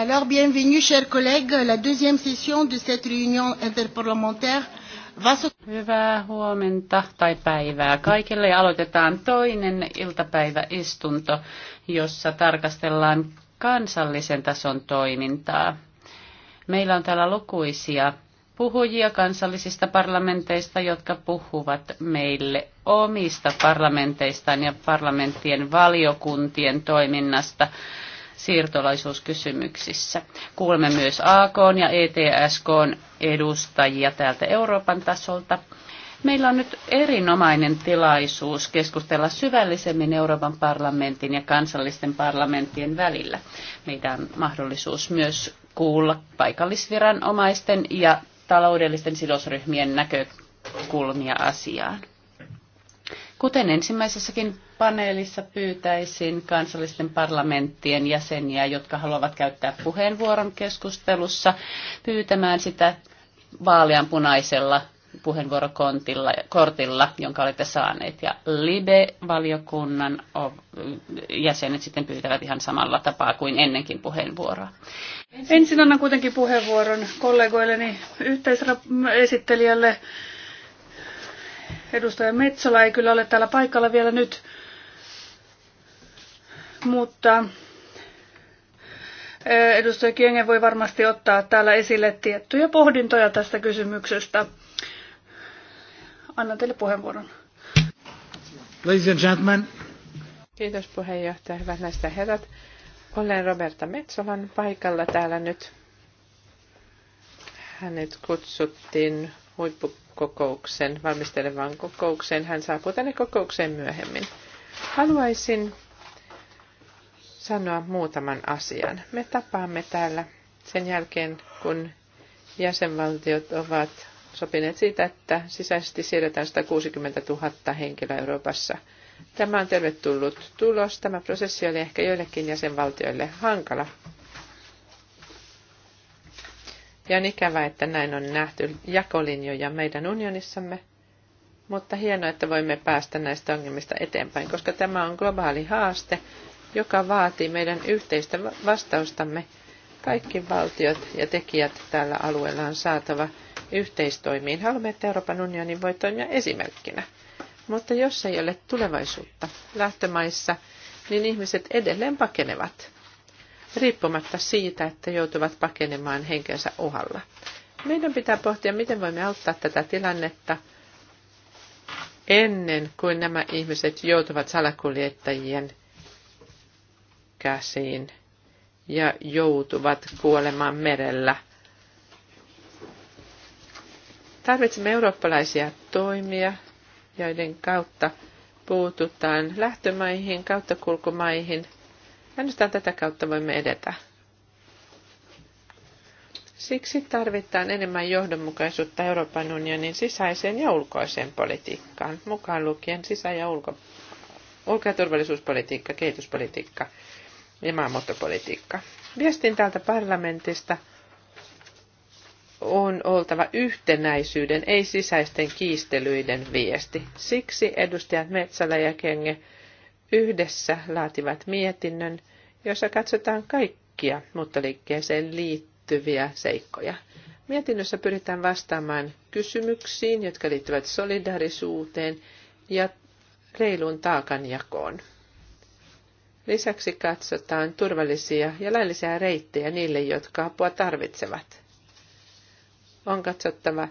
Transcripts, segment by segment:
Alors, bienvenue, chers collègues. La deuxième session de cette réunion interparlementaire va se... Hyvää huomenta tai päivää kaikille. aloitetaan toinen iltapäiväistunto, jossa tarkastellaan kansallisen tason toimintaa. Meillä on täällä lukuisia puhujia kansallisista parlamenteista, jotka puhuvat meille omista parlamenteistaan ja parlamenttien valiokuntien toiminnasta siirtolaisuuskysymyksissä. Kuulemme myös AK ja ETSK edustajia täältä Euroopan tasolta. Meillä on nyt erinomainen tilaisuus keskustella syvällisemmin Euroopan parlamentin ja kansallisten parlamenttien välillä. Meidän on mahdollisuus myös kuulla paikallisviranomaisten ja taloudellisten sidosryhmien näkökulmia asiaan. Kuten ensimmäisessäkin paneelissa pyytäisin kansallisten parlamenttien jäseniä, jotka haluavat käyttää puheenvuoron keskustelussa, pyytämään sitä vaaleanpunaisella puheenvuorokortilla, jonka olette saaneet. Ja Libe-valiokunnan jäsenet sitten pyytävät ihan samalla tapaa kuin ennenkin puheenvuoroa. Ensin annan kuitenkin puheenvuoron kollegoilleni yhteisesittelijälle Edustaja Metsola ei kyllä ole täällä paikalla vielä nyt, mutta edustaja Kienge voi varmasti ottaa täällä esille tiettyjä pohdintoja tästä kysymyksestä. Annan teille puheenvuoron. Ladies and gentlemen. Kiitos puheenjohtaja, hyvät näistä herrat. Olen Roberta Metsolan paikalla täällä nyt. Hänet kutsuttiin huippu kokouksen, valmistelevan kokouksen. Hän saapuu tänne kokoukseen myöhemmin. Haluaisin sanoa muutaman asian. Me tapaamme täällä sen jälkeen, kun jäsenvaltiot ovat sopineet siitä, että sisäisesti siirretään 160 000 henkilöä Euroopassa. Tämä on tervetullut tulos. Tämä prosessi oli ehkä joillekin jäsenvaltioille hankala, ja on ikävä, että näin on nähty jakolinjoja meidän unionissamme, mutta hienoa, että voimme päästä näistä ongelmista eteenpäin, koska tämä on globaali haaste, joka vaatii meidän yhteistä vastaustamme. Kaikki valtiot ja tekijät tällä alueella on saatava yhteistoimiin. Haluamme, että Euroopan unioni voi toimia esimerkkinä. Mutta jos ei ole tulevaisuutta lähtömaissa, niin ihmiset edelleen pakenevat riippumatta siitä, että joutuvat pakenemaan henkensä uhalla. Meidän pitää pohtia, miten voimme auttaa tätä tilannetta ennen kuin nämä ihmiset joutuvat salakuljettajien käsiin ja joutuvat kuolemaan merellä. Tarvitsemme eurooppalaisia toimia, joiden kautta puututaan lähtömaihin, kauttakulkumaihin – Ainoastaan tätä kautta voimme edetä. Siksi tarvitaan enemmän johdonmukaisuutta Euroopan unionin sisäiseen ja ulkoiseen politiikkaan, mukaan lukien sisä- ja ulko, ulko- ja turvallisuuspolitiikka, kehityspolitiikka ja maanmuuttopolitiikka. Viestin täältä parlamentista on oltava yhtenäisyyden, ei sisäisten kiistelyiden viesti. Siksi edustajat Metsälä ja Kenge yhdessä laativat mietinnön, jossa katsotaan kaikkia muuttoliikkeeseen liittyviä seikkoja. Mietinnössä pyritään vastaamaan kysymyksiin, jotka liittyvät solidarisuuteen ja reiluun taakanjakoon. Lisäksi katsotaan turvallisia ja laillisia reittejä niille, jotka apua tarvitsevat. On katsottava,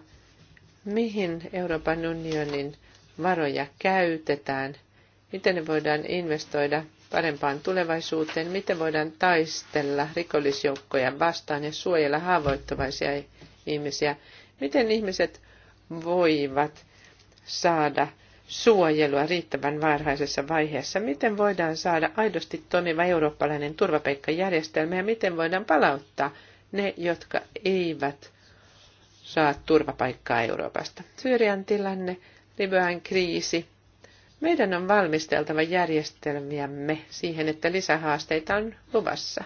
mihin Euroopan unionin varoja käytetään, miten ne voidaan investoida parempaan tulevaisuuteen, miten voidaan taistella rikollisjoukkoja vastaan ja suojella haavoittuvaisia ihmisiä, miten ihmiset voivat saada suojelua riittävän varhaisessa vaiheessa, miten voidaan saada aidosti toimiva eurooppalainen turvapaikkajärjestelmä ja miten voidaan palauttaa ne, jotka eivät saa turvapaikkaa Euroopasta. Syyrian tilanne, Libyan kriisi, meidän on valmisteltava järjestelmiämme siihen, että lisähaasteita on luvassa.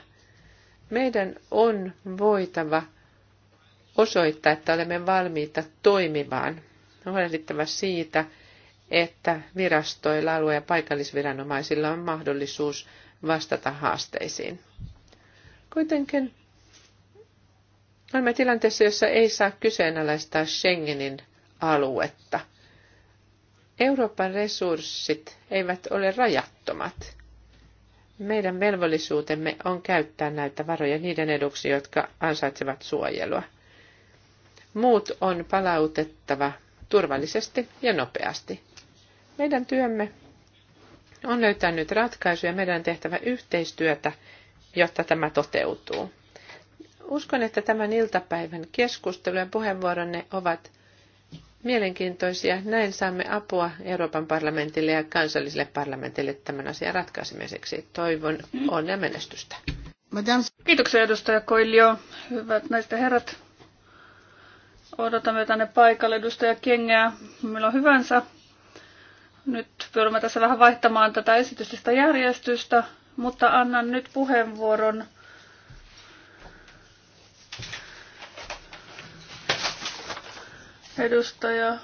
Meidän on voitava osoittaa, että olemme valmiita toimimaan. On huolehdittava siitä, että virastoilla, alue- ja paikallisviranomaisilla on mahdollisuus vastata haasteisiin. Kuitenkin olemme tilanteessa, jossa ei saa kyseenalaistaa Schengenin aluetta – Euroopan resurssit eivät ole rajattomat. Meidän velvollisuutemme on käyttää näitä varoja niiden eduksi, jotka ansaitsevat suojelua. Muut on palautettava turvallisesti ja nopeasti. Meidän työmme on löytää nyt ratkaisuja, meidän on tehtävä yhteistyötä, jotta tämä toteutuu. Uskon, että tämän iltapäivän keskustelu ja puheenvuoronne ovat mielenkiintoisia. Näin saamme apua Euroopan parlamentille ja kansallisille parlamentille tämän asian ratkaisemiseksi. Toivon onnea menestystä. Kiitoksia edustaja Koilio. Hyvät naiset ja herrat. Odotamme tänne paikalle edustaja Kengeä milloin hyvänsä. Nyt pyrimme tässä vähän vaihtamaan tätä esitystä järjestystä, mutta annan nyt puheenvuoron edustaja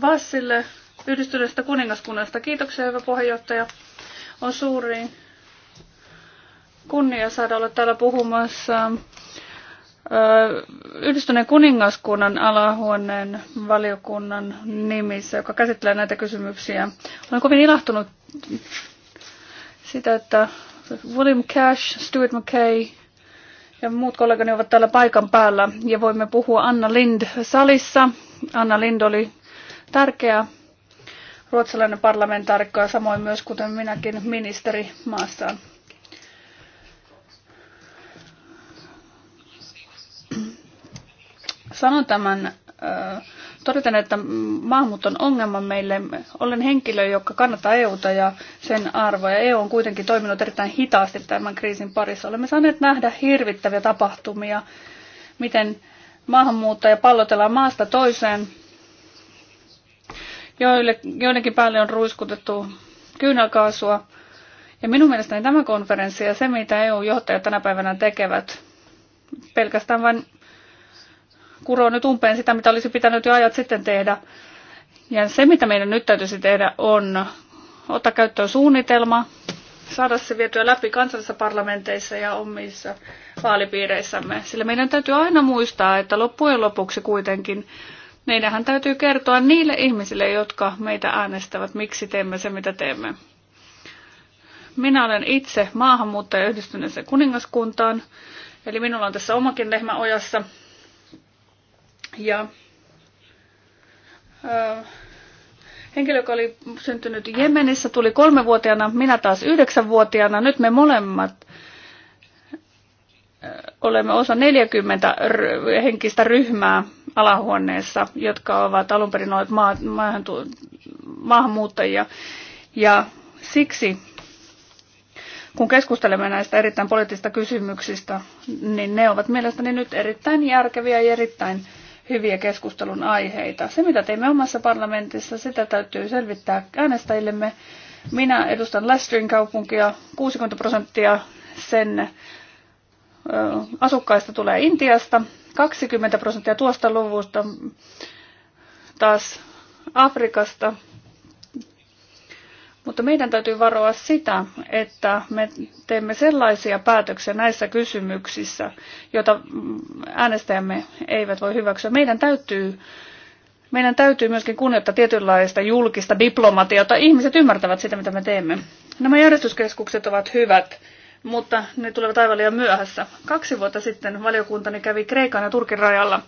Vassille yhdistyneestä kuningaskunnasta. Kiitoksia, hyvä puheenjohtaja. On suuri kunnia saada olla täällä puhumassa Yhdistyneen kuningaskunnan alahuoneen valiokunnan nimissä, joka käsittelee näitä kysymyksiä. Olen kovin ilahtunut sitä, että William Cash, Stuart McKay ja muut kollegani ovat täällä paikan päällä ja voimme puhua Anna Lind salissa. Anna Lind oli tärkeä ruotsalainen parlamentaarikko ja samoin myös kuten minäkin ministeri maassaan. Sanon tämän todetaan, että maahanmuutto on ongelma meille. Olen henkilö, joka kannattaa EUta ja sen arvoja. EU on kuitenkin toiminut erittäin hitaasti tämän kriisin parissa. Olemme saaneet nähdä hirvittäviä tapahtumia, miten maahanmuuttaja pallotellaan maasta toiseen. Joille, joidenkin päälle on ruiskutettu kyynäkaasua. Ja minun mielestäni tämä konferenssi ja se, mitä EU-johtajat tänä päivänä tekevät, pelkästään vain kuroo nyt umpeen sitä, mitä olisi pitänyt jo ajat sitten tehdä. Ja se, mitä meidän nyt täytyisi tehdä, on ottaa käyttöön suunnitelma, saada se vietyä läpi kansallisissa parlamenteissa ja omissa vaalipiireissämme. Sillä meidän täytyy aina muistaa, että loppujen lopuksi kuitenkin meidän täytyy kertoa niille ihmisille, jotka meitä äänestävät, miksi teemme se, mitä teemme. Minä olen itse maahanmuuttaja yhdistyneeseen kuningaskuntaan, eli minulla on tässä omakin lehmä ojassa – ja ö, henkilö, joka oli syntynyt Jemenissä, tuli kolmevuotiaana, minä taas yhdeksänvuotiaana. Nyt me molemmat olemme osa 40 henkistä ryhmää alahuoneessa, jotka ovat alun perin olleet maa, maahan, maahanmuuttajia. Ja siksi, kun keskustelemme näistä erittäin poliittisista kysymyksistä, niin ne ovat mielestäni nyt erittäin järkeviä ja erittäin hyviä keskustelun aiheita. Se, mitä teimme omassa parlamentissa, sitä täytyy selvittää äänestäjillemme. Minä edustan Leicesterin kaupunkia. 60 prosenttia sen asukkaista tulee Intiasta. 20 prosenttia tuosta luvusta taas Afrikasta mutta meidän täytyy varoa sitä, että me teemme sellaisia päätöksiä näissä kysymyksissä, joita äänestäjämme eivät voi hyväksyä. Meidän täytyy, meidän täytyy myöskin kunnioittaa tietynlaista julkista diplomatiaa, jotta ihmiset ymmärtävät sitä, mitä me teemme. Nämä järjestyskeskukset ovat hyvät, mutta ne tulevat aivan liian myöhässä. Kaksi vuotta sitten valiokuntani kävi Kreikan ja Turkin rajalla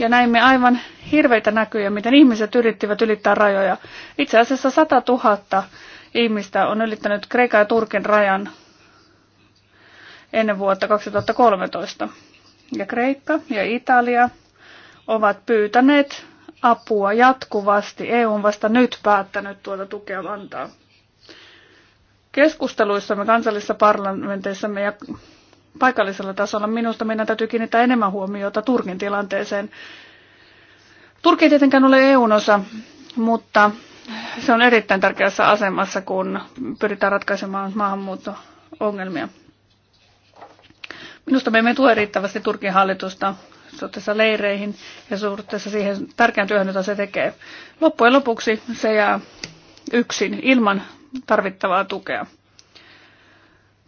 ja näimme aivan hirveitä näkyjä, miten ihmiset yrittivät ylittää rajoja. Itse asiassa 100 000 ihmistä on ylittänyt Kreikan ja Turkin rajan ennen vuotta 2013. Ja Kreikka ja Italia ovat pyytäneet apua jatkuvasti. EU on vasta nyt päättänyt tuota tukea antaa. Keskusteluissamme kansallisissa parlamenteissamme ja paikallisella tasolla minusta meidän täytyy kiinnittää enemmän huomiota Turkin tilanteeseen. Turkki ei tietenkään ole EUn osa, mutta se on erittäin tärkeässä asemassa, kun pyritään ratkaisemaan maahanmuutto-ongelmia. Minusta me emme tue riittävästi Turkin hallitusta suhteessa leireihin ja suhteessa siihen tärkeän työhön, jota se tekee. Loppujen lopuksi se jää yksin ilman tarvittavaa tukea.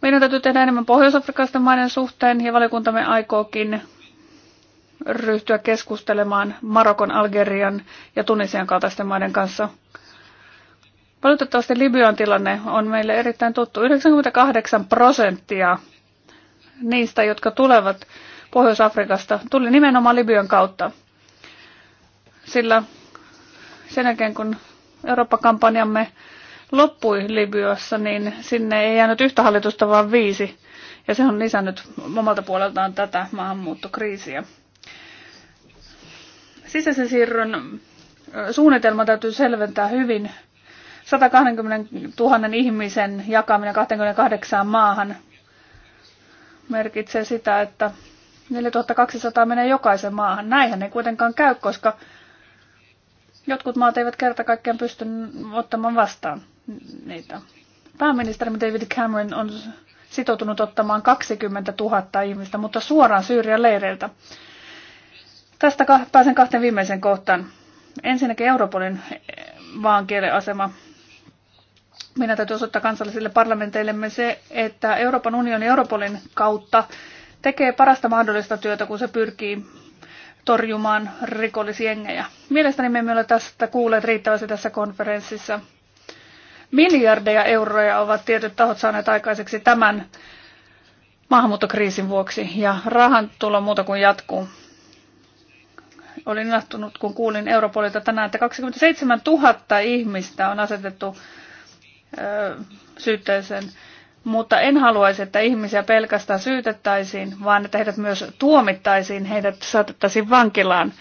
Meidän täytyy tehdä enemmän pohjois-afrikkalaisten maiden suhteen ja valiokuntamme aikookin ryhtyä keskustelemaan Marokon, Algerian ja Tunisian kaltaisten maiden kanssa. Valitettavasti Libyan tilanne on meille erittäin tuttu. 98 prosenttia niistä, jotka tulevat Pohjois-Afrikasta, tuli nimenomaan Libyan kautta. Sillä sen jälkeen, kun Eurooppa-kampanjamme loppui Libyassa, niin sinne ei jäänyt yhtä hallitusta, vaan viisi. Ja se on lisännyt omalta puoleltaan tätä maahanmuuttokriisiä. Sisäisen siirron suunnitelma täytyy selventää hyvin. 120 000 ihmisen jakaminen 28 maahan merkitsee sitä, että 4200 menee jokaisen maahan. Näinhän ei kuitenkaan käy, koska jotkut maat eivät kerta kaikkiaan pysty ottamaan vastaan niitä. Pääministeri David Cameron on sitoutunut ottamaan 20 000 ihmistä, mutta suoraan Syyrian leireiltä. Tästä pääsen kahteen viimeiseen kohtaan. Ensinnäkin Europolin vaankielen eh, asema. Minä täytyy osoittaa kansallisille parlamenteillemme se, että Euroopan unioni, Europolin kautta tekee parasta mahdollista työtä, kun se pyrkii torjumaan rikollisjengejä. Mielestäni me emme ole tästä kuulleet riittävästi tässä konferenssissa – Miljardeja euroja ovat tietyt tahot saaneet aikaiseksi tämän maahanmuuttokriisin vuoksi ja rahan tulo muuta kuin jatkuu. Olin ilahtunut, kun kuulin Europolilta tänään, että 27 000 ihmistä on asetettu ö, syytteeseen, mutta en haluaisi, että ihmisiä pelkästään syytettäisiin, vaan että heidät myös tuomittaisiin, heidät saatettaisiin vankilaan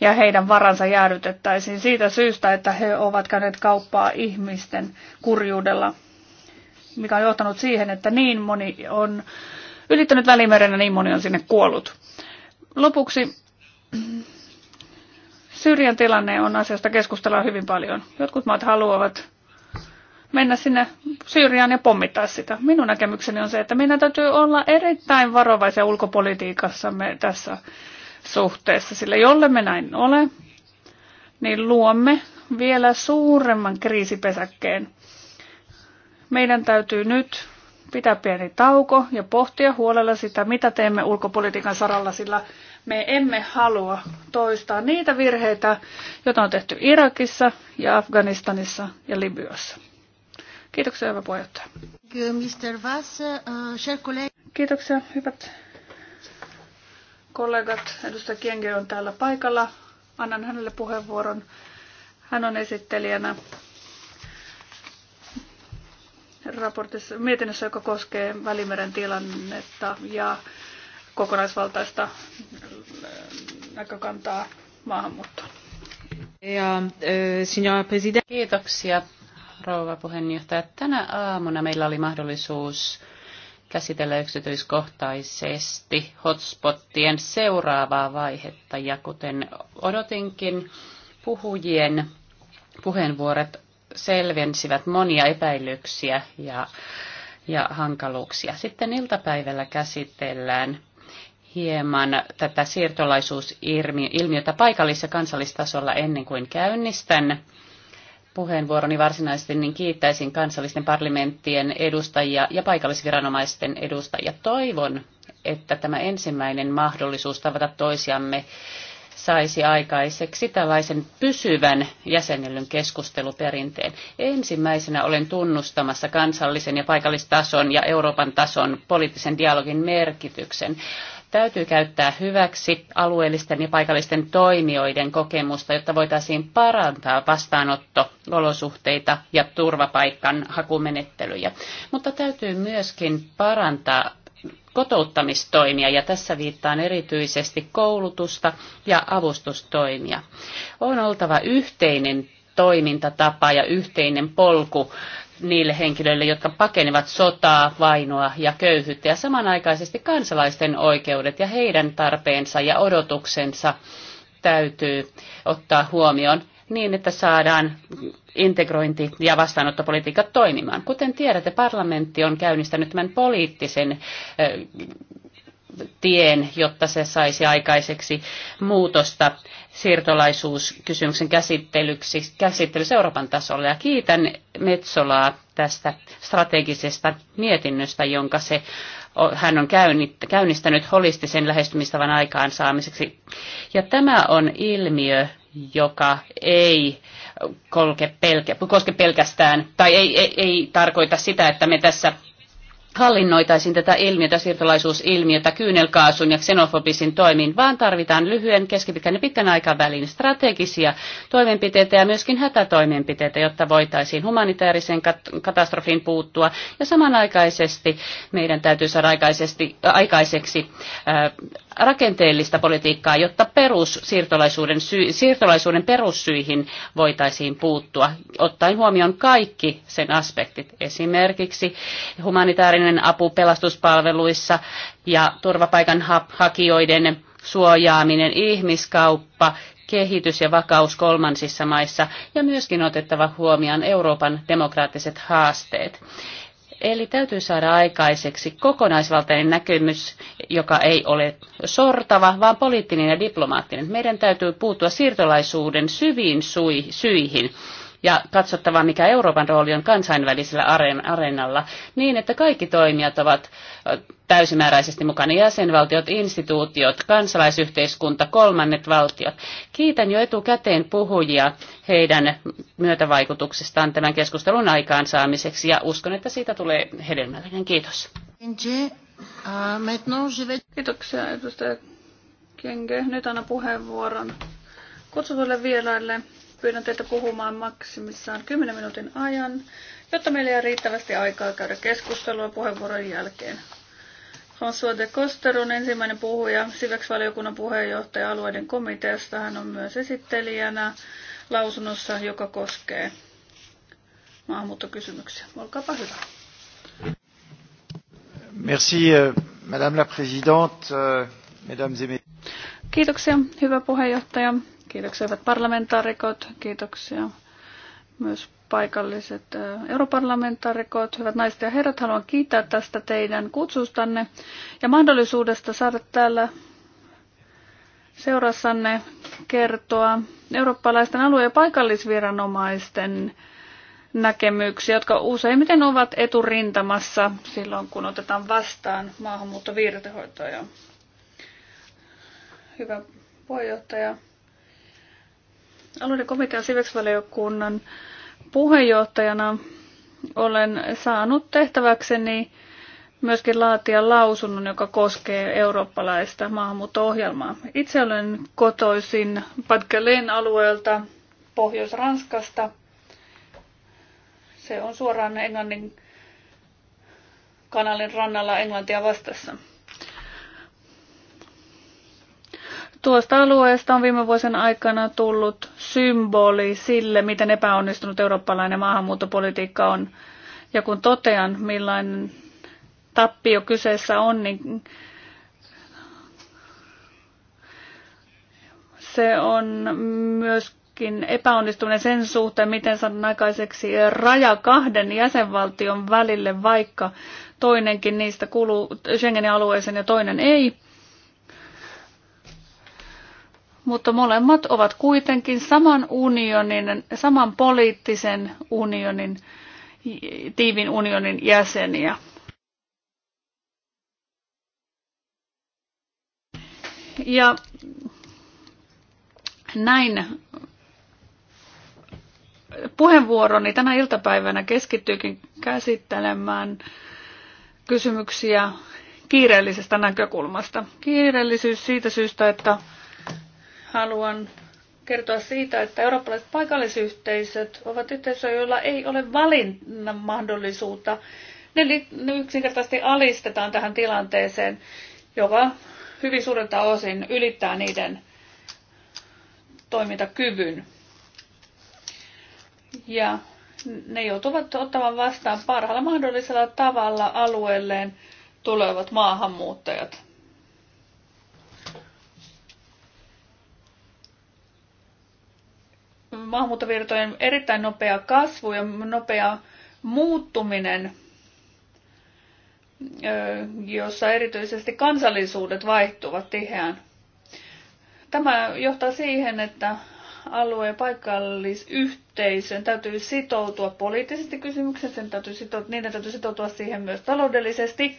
ja heidän varansa jäädytettäisiin siitä syystä, että he ovat käyneet kauppaa ihmisten kurjuudella, mikä on johtanut siihen, että niin moni on ylittänyt välimeren ja niin moni on sinne kuollut. Lopuksi Syyrian tilanne on asiasta keskustellaan hyvin paljon. Jotkut maat haluavat mennä sinne Syyriaan ja pommittaa sitä. Minun näkemykseni on se, että meidän täytyy olla erittäin varovaisia ulkopolitiikassamme tässä suhteessa, sillä jolle me näin ole, niin luomme vielä suuremman kriisipesäkkeen. Meidän täytyy nyt pitää pieni tauko ja pohtia huolella sitä, mitä teemme ulkopolitiikan saralla, sillä me emme halua toistaa niitä virheitä, joita on tehty Irakissa ja Afganistanissa ja Libyassa. Kiitoksia, hyvä puheenjohtaja. Uh, Kiitoksia, hyvät kollegat. Edustaja Kienge on täällä paikalla. Annan hänelle puheenvuoron. Hän on esittelijänä raportissa, mietinnössä, joka koskee Välimeren tilannetta ja kokonaisvaltaista äh, näkökantaa maahanmuuttoon. Ja, äh, signora Kiitoksia, rouva puheenjohtaja. Tänä aamuna meillä oli mahdollisuus käsitellä yksityiskohtaisesti hotspottien seuraavaa vaihetta. Ja kuten odotinkin, puhujien puheenvuorot selvensivät monia epäilyksiä ja, ja hankaluuksia. Sitten iltapäivällä käsitellään hieman tätä siirtolaisuusilmiötä paikallis- ja kansallistasolla ennen kuin käynnistän puheenvuoroni varsinaisesti, niin kiittäisin kansallisten parlamenttien edustajia ja paikallisviranomaisten edustajia. Toivon, että tämä ensimmäinen mahdollisuus tavata toisiamme saisi aikaiseksi tällaisen pysyvän jäsenellyn keskusteluperinteen. Ensimmäisenä olen tunnustamassa kansallisen ja paikallistason ja Euroopan tason poliittisen dialogin merkityksen täytyy käyttää hyväksi alueellisten ja paikallisten toimijoiden kokemusta, jotta voitaisiin parantaa vastaanotto, vastaanotto-olosuhteita ja turvapaikan hakumenettelyjä. Mutta täytyy myöskin parantaa kotouttamistoimia ja tässä viittaan erityisesti koulutusta ja avustustoimia. On oltava yhteinen toimintatapa ja yhteinen polku niille henkilöille, jotka pakenevat sotaa, vainoa ja köyhyyttä ja samanaikaisesti kansalaisten oikeudet ja heidän tarpeensa ja odotuksensa täytyy ottaa huomioon niin, että saadaan integrointi- ja vastaanottopolitiikat toimimaan. Kuten tiedätte, parlamentti on käynnistänyt tämän poliittisen tien, jotta se saisi aikaiseksi muutosta siirtolaisuuskysymyksen käsittelyksi, käsittelyksi Euroopan tasolla. Ja kiitän Metsolaa tästä strategisesta mietinnöstä, jonka se, hän on käynnistänyt holistisen lähestymistavan aikaansaamiseksi. Ja tämä on ilmiö, joka ei kolke pelkä, koske pelkästään, tai ei, ei, ei tarkoita sitä, että me tässä hallinnoitaisiin tätä ilmiötä, siirtolaisuusilmiötä kyynelkaasun ja xenofobisin toimin, vaan tarvitaan lyhyen, keskipitkän ja pitkän aikavälin strategisia toimenpiteitä ja myöskin hätätoimenpiteitä, jotta voitaisiin humanitaariseen kat- katastrofin puuttua. Ja samanaikaisesti meidän täytyy saada aikaisesti, aikaiseksi ää, äh, rakenteellista politiikkaa, jotta perus siirtolaisuuden, sy- siirtolaisuuden perussyihin voitaisiin puuttua, ottaen huomioon kaikki sen aspektit, esimerkiksi humanitaarinen humanitaarinen apu pelastuspalveluissa ja turvapaikanhakijoiden suojaaminen, ihmiskauppa, kehitys ja vakaus kolmansissa maissa ja myöskin otettava huomioon Euroopan demokraattiset haasteet. Eli täytyy saada aikaiseksi kokonaisvaltainen näkemys, joka ei ole sortava, vaan poliittinen ja diplomaattinen. Meidän täytyy puuttua siirtolaisuuden syviin syihin ja katsottava, mikä Euroopan rooli on kansainvälisellä areenalla, niin että kaikki toimijat ovat täysimääräisesti mukana jäsenvaltiot, instituutiot, kansalaisyhteiskunta, kolmannet valtiot. Kiitän jo etukäteen puhujia heidän myötävaikutuksestaan tämän keskustelun aikaansaamiseksi ja uskon, että siitä tulee hedelmällinen. Kiitos. Kiitoksia edustaja Kenge. Nyt annan puheenvuoron kutsutulle vieraille pyydän teitä puhumaan maksimissaan 10 minuutin ajan, jotta meillä jää riittävästi aikaa käydä keskustelua puheenvuoron jälkeen. François de Coster on ensimmäinen puhuja, Sivex-valiokunnan puheenjohtaja alueiden komiteasta. Hän on myös esittelijänä lausunnossa, joka koskee maahanmuuttokysymyksiä. Olkaapa hyvä. Merci, euh, Madame la Présidente, euh, Mesdames et Kiitoksia, hyvä puheenjohtaja, Kiitoksia hyvät parlamentaarikot, kiitoksia myös paikalliset europarlamentaarikot, hyvät naiset ja herrat, haluan kiittää tästä teidän kutsustanne ja mahdollisuudesta saada täällä seurassanne kertoa eurooppalaisten alue- ja paikallisviranomaisten näkemyksiä, jotka useimmiten ovat eturintamassa silloin, kun otetaan vastaan maahanmuuttovirtehoitoja. Hyvä puheenjohtaja, alueiden komitean sivexvaliokunnan puheenjohtajana olen saanut tehtäväkseni myöskin laatia lausunnon, joka koskee eurooppalaista maahanmuutto-ohjelmaa. Itse olen kotoisin Padkeleen alueelta Pohjois-Ranskasta. Se on suoraan Englannin kanalin rannalla Englantia vastassa. Tuosta alueesta on viime vuosien aikana tullut symboli sille, miten epäonnistunut eurooppalainen maahanmuuttopolitiikka on. Ja kun totean, millainen tappio kyseessä on, niin se on myöskin epäonnistuneen sen suhteen, miten saadaan aikaiseksi raja kahden jäsenvaltion välille, vaikka toinenkin niistä kuuluu Schengenin alueeseen ja toinen ei mutta molemmat ovat kuitenkin saman unionin, saman poliittisen unionin, tiivin unionin jäseniä. Ja näin puheenvuoroni tänä iltapäivänä keskittyykin käsittelemään kysymyksiä kiireellisestä näkökulmasta. Kiireellisyys siitä syystä, että haluan kertoa siitä, että eurooppalaiset paikallisyhteisöt ovat yhteisöjä, joilla ei ole valinnan mahdollisuutta. Ne yksinkertaisesti alistetaan tähän tilanteeseen, joka hyvin suurelta osin ylittää niiden toimintakyvyn. Ja ne joutuvat ottamaan vastaan parhaalla mahdollisella tavalla alueelleen tulevat maahanmuuttajat. maahanmuuttovirtojen erittäin nopea kasvu ja nopea muuttuminen, jossa erityisesti kansallisuudet vaihtuvat tiheään. Tämä johtaa siihen, että alue- ja paikallisyhteisön täytyy sitoutua poliittisesti kysymykseen, sen täytyy sitoutua, niiden täytyy sitoutua siihen myös taloudellisesti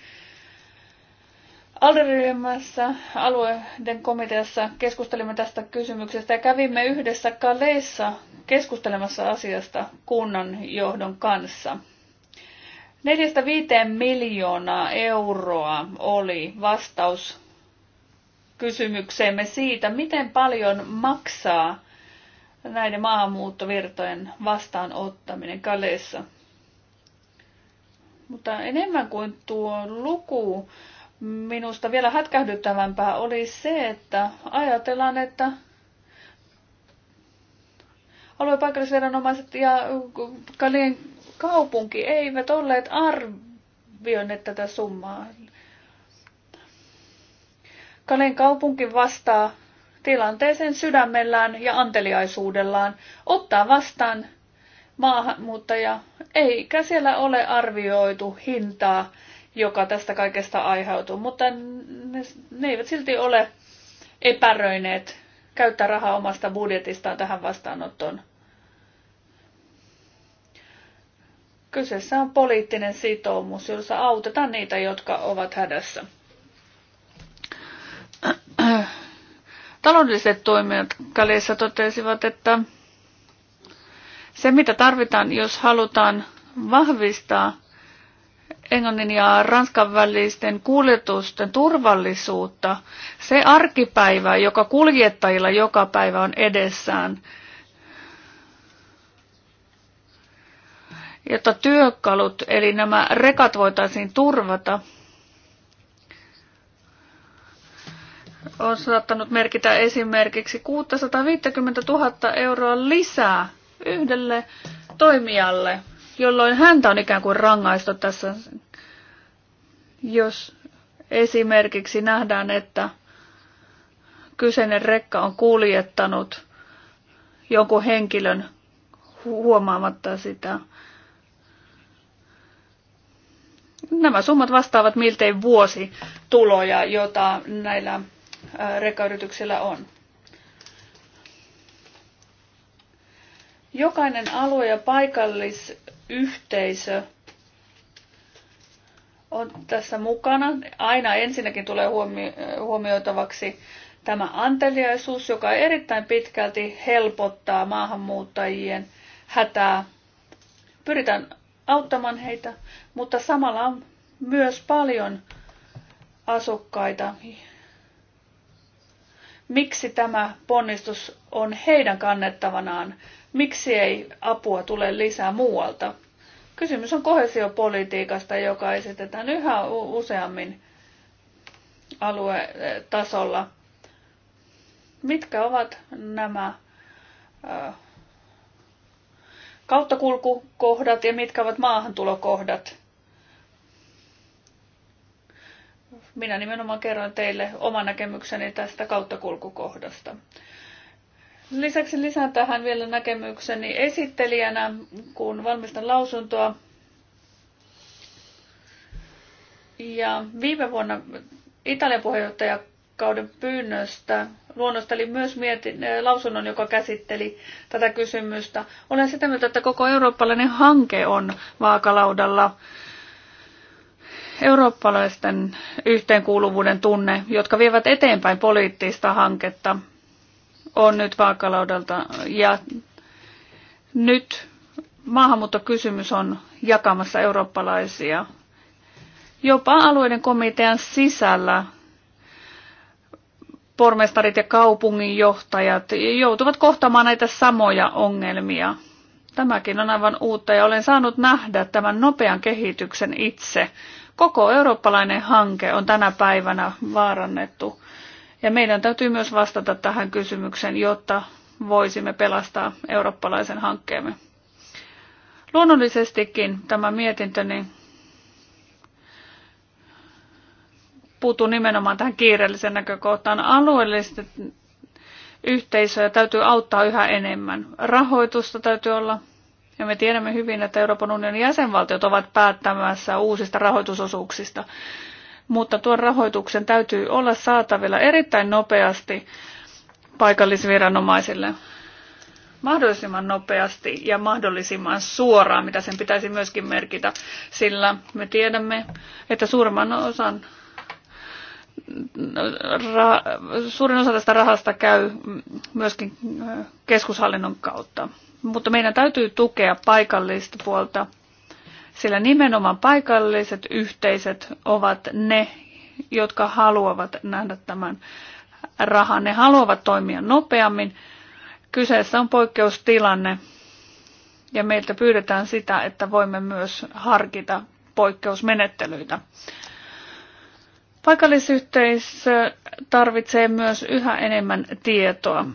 Alderyhmässä alueiden komiteassa keskustelimme tästä kysymyksestä ja kävimme yhdessä Kaleissa keskustelemassa asiasta kunnan johdon kanssa. 4-5 miljoonaa euroa oli vastaus kysymykseemme siitä, miten paljon maksaa näiden maahanmuuttovirtojen vastaanottaminen Kaleissa. Mutta enemmän kuin tuo luku minusta vielä hätkähdyttävämpää oli se, että ajatellaan, että aluepaikallisviranomaiset ja Kalien kaupunki eivät olleet arvioineet tätä summaa. Kalien kaupunki vastaa tilanteeseen sydämellään ja anteliaisuudellaan, ottaa vastaan maahanmuuttaja, eikä siellä ole arvioitu hintaa joka tästä kaikesta aiheutuu, mutta ne, ne eivät silti ole epäröineet käyttää rahaa omasta budjetistaan tähän vastaanottoon. Kyseessä on poliittinen sitoumus, jossa autetaan niitä, jotka ovat hädässä. Taloudelliset toimijat Kaleissa totesivat, että se mitä tarvitaan, jos halutaan vahvistaa Englannin ja Ranskan välisten kuljetusten turvallisuutta, se arkipäivä, joka kuljettajilla joka päivä on edessään, jotta työkalut, eli nämä rekat voitaisiin turvata, on saattanut merkitä esimerkiksi 650 000 euroa lisää yhdelle toimijalle jolloin häntä on ikään kuin rangaistu tässä, jos esimerkiksi nähdään, että kyseinen rekka on kuljettanut jonkun henkilön huomaamatta sitä. Nämä summat vastaavat miltei vuosi tuloja, jota näillä rekkayrityksillä on. Jokainen alue- ja paikallis yhteisö on tässä mukana. Aina ensinnäkin tulee huomioitavaksi tämä anteliaisuus, joka erittäin pitkälti helpottaa maahanmuuttajien hätää. Pyritään auttamaan heitä, mutta samalla on myös paljon asukkaita. Miksi tämä ponnistus on heidän kannettavanaan? Miksi ei apua tule lisää muualta? Kysymys on kohesiopolitiikasta, joka esitetään yhä useammin aluetasolla. Mitkä ovat nämä kauttakulkukohdat ja mitkä ovat maahantulokohdat? Minä nimenomaan kerron teille oman näkemykseni tästä kauttakulkukohdasta. Lisäksi lisään tähän vielä näkemykseni esittelijänä, kun valmistan lausuntoa. Ja viime vuonna Italian puheenjohtajakauden pyynnöstä luonnosteli myös mietin, äh, lausunnon, joka käsitteli tätä kysymystä. Olen sitä mieltä, että koko eurooppalainen hanke on vaakalaudalla eurooppalaisten yhteenkuuluvuuden tunne, jotka vievät eteenpäin poliittista hanketta – on nyt vaakalaudalta. Ja nyt maahanmuuttokysymys on jakamassa eurooppalaisia jopa alueiden komitean sisällä pormestarit ja kaupunginjohtajat joutuvat kohtaamaan näitä samoja ongelmia. Tämäkin on aivan uutta ja olen saanut nähdä tämän nopean kehityksen itse. Koko eurooppalainen hanke on tänä päivänä vaarannettu. Ja meidän täytyy myös vastata tähän kysymykseen, jotta voisimme pelastaa eurooppalaisen hankkeemme. Luonnollisestikin tämä mietintö niin puuttuu nimenomaan tähän kiireelliseen näkökohtaan. Alueelliset yhteisöjä täytyy auttaa yhä enemmän. Rahoitusta täytyy olla. Ja me tiedämme hyvin, että Euroopan unionin jäsenvaltiot ovat päättämässä uusista rahoitusosuuksista mutta tuon rahoituksen täytyy olla saatavilla erittäin nopeasti paikallisviranomaisille mahdollisimman nopeasti ja mahdollisimman suoraan, mitä sen pitäisi myöskin merkitä, sillä me tiedämme, että suurimman osan ra, suurin osa tästä rahasta käy myöskin keskushallinnon kautta. Mutta meidän täytyy tukea paikallista puolta sillä nimenomaan paikalliset yhteisöt ovat ne, jotka haluavat nähdä tämän rahan. Ne haluavat toimia nopeammin. Kyseessä on poikkeustilanne ja meiltä pyydetään sitä, että voimme myös harkita poikkeusmenettelyitä. Paikallisyhteisö tarvitsee myös yhä enemmän tietoa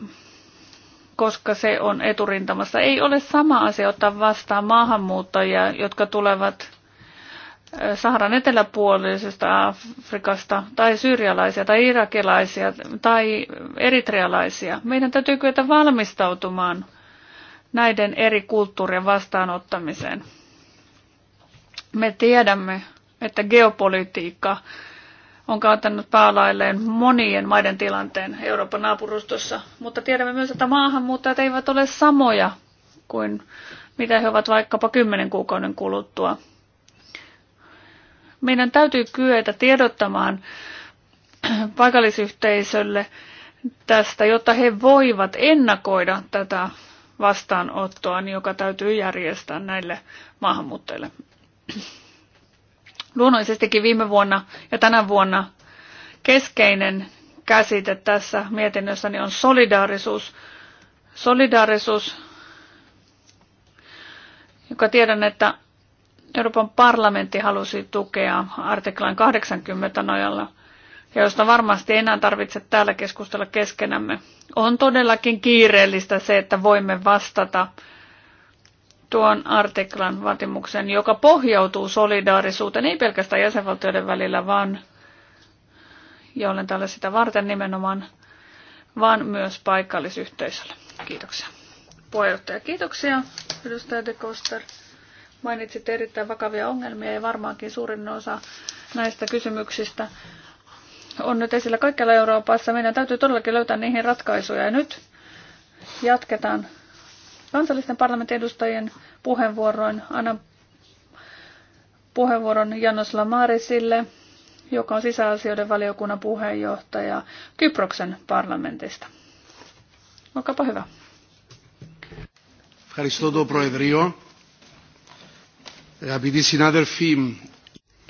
koska se on eturintamassa. Ei ole sama asia ottaa vastaan maahanmuuttajia, jotka tulevat Saharan eteläpuolisesta Afrikasta, tai syyrialaisia, tai irakilaisia, tai eritrealaisia. Meidän täytyy kyetä valmistautumaan näiden eri kulttuurien vastaanottamiseen. Me tiedämme, että geopolitiikka on kaatanut päälailleen monien maiden tilanteen Euroopan naapurustossa, mutta tiedämme myös, että maahanmuuttajat eivät ole samoja kuin mitä he ovat vaikkapa kymmenen kuukauden kuluttua. Meidän täytyy kyetä tiedottamaan paikallisyhteisölle tästä, jotta he voivat ennakoida tätä vastaanottoa, joka täytyy järjestää näille maahanmuuttajille. Luonnollisestikin viime vuonna ja tänä vuonna keskeinen käsite tässä mietinnössäni on solidaarisuus. Solidaarisuus, joka tiedän, että Euroopan parlamentti halusi tukea artiklan 80 nojalla, ja josta varmasti enää tarvitse täällä keskustella keskenämme. On todellakin kiireellistä se, että voimme vastata tuon artiklan vaatimuksen, joka pohjautuu solidaarisuuteen, ei pelkästään jäsenvaltioiden välillä, vaan, ja olen täällä sitä varten nimenomaan, vaan myös paikallisyhteisölle. Kiitoksia. Puheenjohtaja, kiitoksia. Edustaja De Koster, mainitsit erittäin vakavia ongelmia ja varmaankin suurin osa näistä kysymyksistä on nyt esillä kaikkialla Euroopassa. Meidän täytyy todellakin löytää niihin ratkaisuja ja nyt jatketaan kansallisten parlamentin edustajien puheenvuoroin. Annan puheenvuoron Janos Lamarisille, joka on sisäasioiden valiokunnan puheenjohtaja Kyproksen parlamentista. Olkaapa hyvä.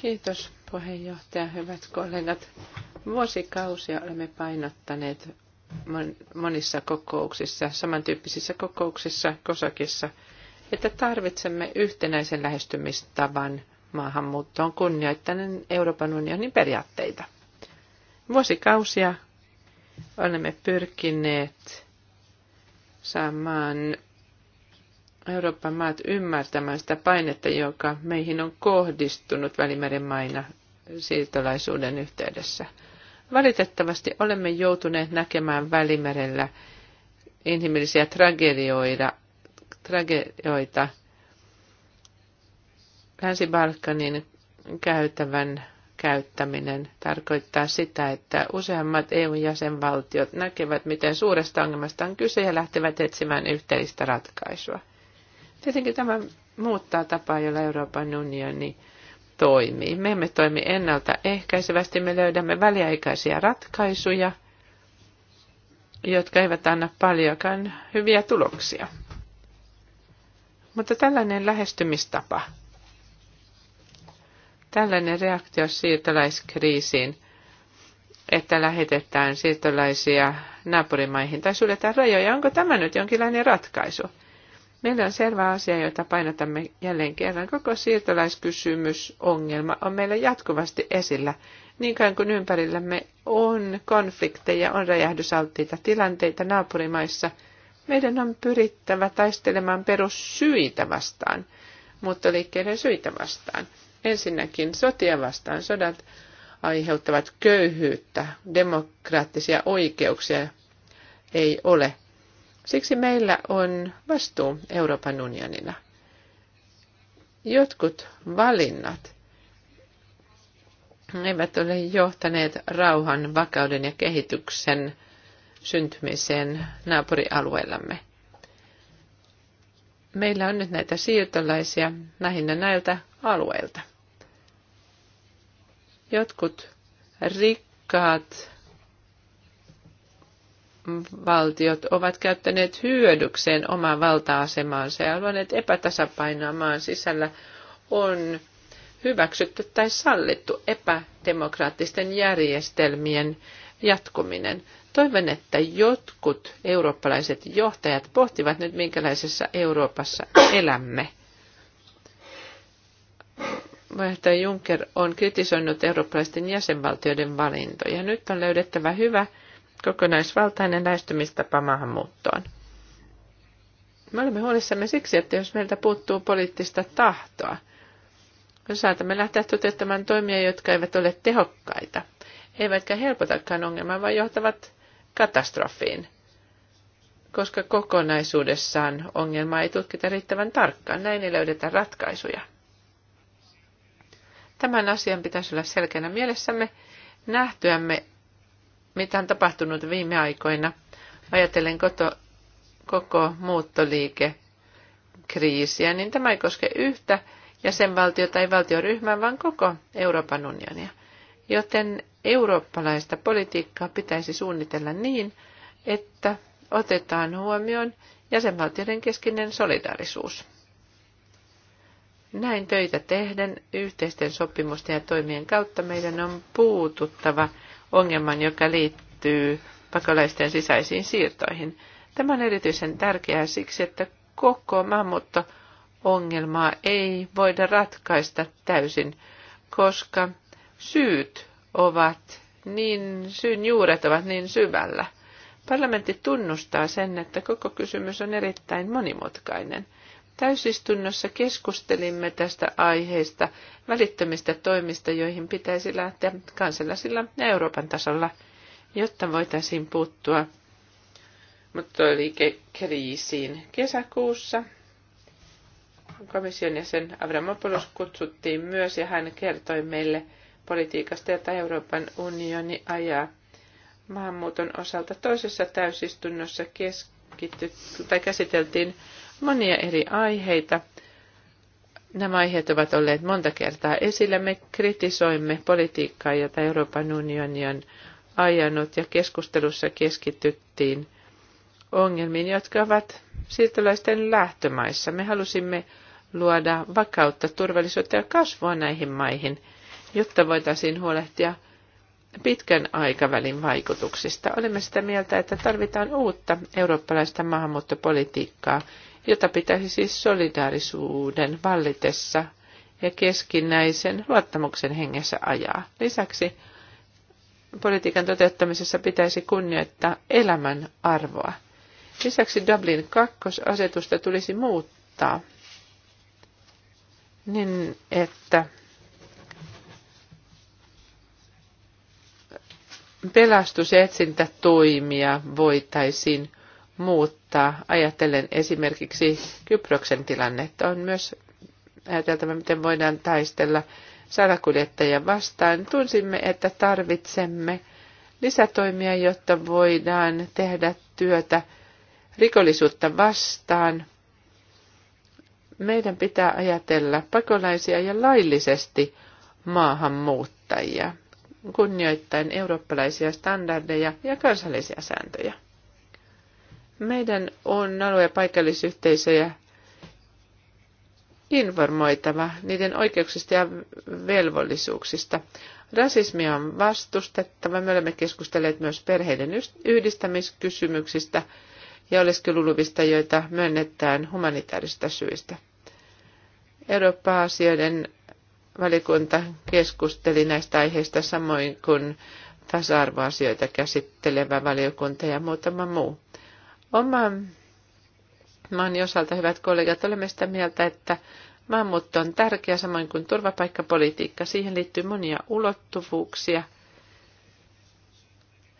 Kiitos puheenjohtaja, hyvät kollegat. Vuosikausia olemme painottaneet monissa kokouksissa, samantyyppisissä kokouksissa, kosakissa, että tarvitsemme yhtenäisen lähestymistavan maahanmuuttoon kunnioittaneen Euroopan unionin periaatteita. Vuosikausia olemme pyrkineet saamaan Euroopan maat ymmärtämään sitä painetta, joka meihin on kohdistunut Välimeren maina siirtolaisuuden yhteydessä – Valitettavasti olemme joutuneet näkemään välimerellä inhimillisiä tragedioita, tragedioita Länsi-Balkanin käytävän käyttäminen tarkoittaa sitä, että useammat EU-jäsenvaltiot näkevät, miten suuresta ongelmasta on kyse ja lähtevät etsimään yhteistä ratkaisua. Tietenkin tämä muuttaa tapaa, jolla Euroopan unioni toimii. Me emme toimi ennaltaehkäisevästi, me löydämme väliaikaisia ratkaisuja, jotka eivät anna paljonkaan hyviä tuloksia. Mutta tällainen lähestymistapa, tällainen reaktio siirtolaiskriisiin, että lähetetään siirtolaisia naapurimaihin tai suljetaan rajoja, onko tämä nyt jonkinlainen ratkaisu? Meillä on selvä asia, jota painotamme jälleen kerran. Koko siirtolaiskysymysongelma on meillä jatkuvasti esillä. Niin kuin ympärillämme on konflikteja, on räjähdysalttiita tilanteita naapurimaissa, meidän on pyrittävä taistelemaan perussyitä vastaan, mutta liikkeiden syitä vastaan. Ensinnäkin sotia vastaan. Sodat aiheuttavat köyhyyttä, demokraattisia oikeuksia ei ole. Siksi meillä on vastuu Euroopan unionina. Jotkut valinnat eivät ole johtaneet rauhan, vakauden ja kehityksen syntymiseen naapurialueellamme. Meillä on nyt näitä siirtolaisia lähinnä näiltä alueilta. Jotkut rikkaat valtiot ovat käyttäneet hyödykseen omaa valta-asemaansa ja luoneet epätasapainoa maan sisällä, on hyväksytty tai sallittu epädemokraattisten järjestelmien jatkuminen. Toivon, että jotkut eurooppalaiset johtajat pohtivat nyt, minkälaisessa Euroopassa elämme. Puheenjohtaja Juncker on kritisoinut eurooppalaisten jäsenvaltioiden valintoja. Nyt on löydettävä hyvä kokonaisvaltainen lähestymistapa maahanmuuttoon. Me olemme huolissamme siksi, että jos meiltä puuttuu poliittista tahtoa, me saatamme lähteä toteuttamaan toimia, jotka eivät ole tehokkaita, eivätkä helpotakaan ongelmaa, vaan johtavat katastrofiin, koska kokonaisuudessaan ongelmaa ei tutkita riittävän tarkkaan, näin ei löydetä ratkaisuja. Tämän asian pitäisi olla selkeänä mielessämme nähtyämme, mitä on tapahtunut viime aikoina. Ajatellen koto, koko kriisiä, niin tämä ei koske yhtä jäsenvaltiota tai valtioryhmää, vaan koko Euroopan unionia. Joten eurooppalaista politiikkaa pitäisi suunnitella niin, että otetaan huomioon jäsenvaltioiden keskinen solidaarisuus. Näin töitä tehden yhteisten sopimusten ja toimien kautta meidän on puututtava – ongelman, joka liittyy pakolaisten sisäisiin siirtoihin. Tämä on erityisen tärkeää siksi, että koko maahanmuutto-ongelmaa ei voida ratkaista täysin, koska syyt ovat niin, syyn juuret ovat niin syvällä. Parlamentti tunnustaa sen, että koko kysymys on erittäin monimutkainen – Täysistunnossa keskustelimme tästä aiheesta välittömistä toimista, joihin pitäisi lähteä kansalaisilla ja Euroopan tasolla, jotta voitaisiin puuttua muuttoliikekriisiin. Kesäkuussa komission jäsen Avramopoulos kutsuttiin myös ja hän kertoi meille politiikasta, jota Euroopan unioni ajaa maahanmuuton osalta. Toisessa täysistunnossa keskitty, tai käsiteltiin monia eri aiheita. Nämä aiheet ovat olleet monta kertaa esillä. Me kritisoimme politiikkaa, jota Euroopan unioni on ajanut, ja keskustelussa keskityttiin ongelmiin, jotka ovat siirtolaisten lähtömaissa. Me halusimme luoda vakautta, turvallisuutta ja kasvua näihin maihin, jotta voitaisiin huolehtia – pitkän aikavälin vaikutuksista. Olemme sitä mieltä, että tarvitaan uutta eurooppalaista maahanmuuttopolitiikkaa, jota pitäisi siis solidaarisuuden vallitessa ja keskinäisen luottamuksen hengessä ajaa. Lisäksi politiikan toteuttamisessa pitäisi kunnioittaa elämän arvoa. Lisäksi Dublin 2 asetusta tulisi muuttaa niin, että pelastusetsintätoimia voitaisiin muuttaa. Ajatellen esimerkiksi Kyproksen tilannetta on myös ajateltava, miten voidaan taistella salakuljettajia vastaan. Tunsimme, että tarvitsemme lisätoimia, jotta voidaan tehdä työtä rikollisuutta vastaan. Meidän pitää ajatella pakolaisia ja laillisesti maahanmuuttajia kunnioittain eurooppalaisia standardeja ja kansallisia sääntöjä. Meidän on alue- ja paikallisyhteisöjä informoitava niiden oikeuksista ja velvollisuuksista. Rasismia on vastustettava. Me olemme keskustelleet myös perheiden yhdistämiskysymyksistä ja oleskeluluvista, joita myönnetään humanitaarista syistä. Eurooppa-asioiden valiokunta keskusteli näistä aiheista samoin kuin tasa-arvoasioita käsittelevä valiokunta ja muutama muu. Oma maani osalta, hyvät kollegat, olemme sitä mieltä, että maanmuutto on tärkeä samoin kuin turvapaikkapolitiikka. Siihen liittyy monia ulottuvuuksia.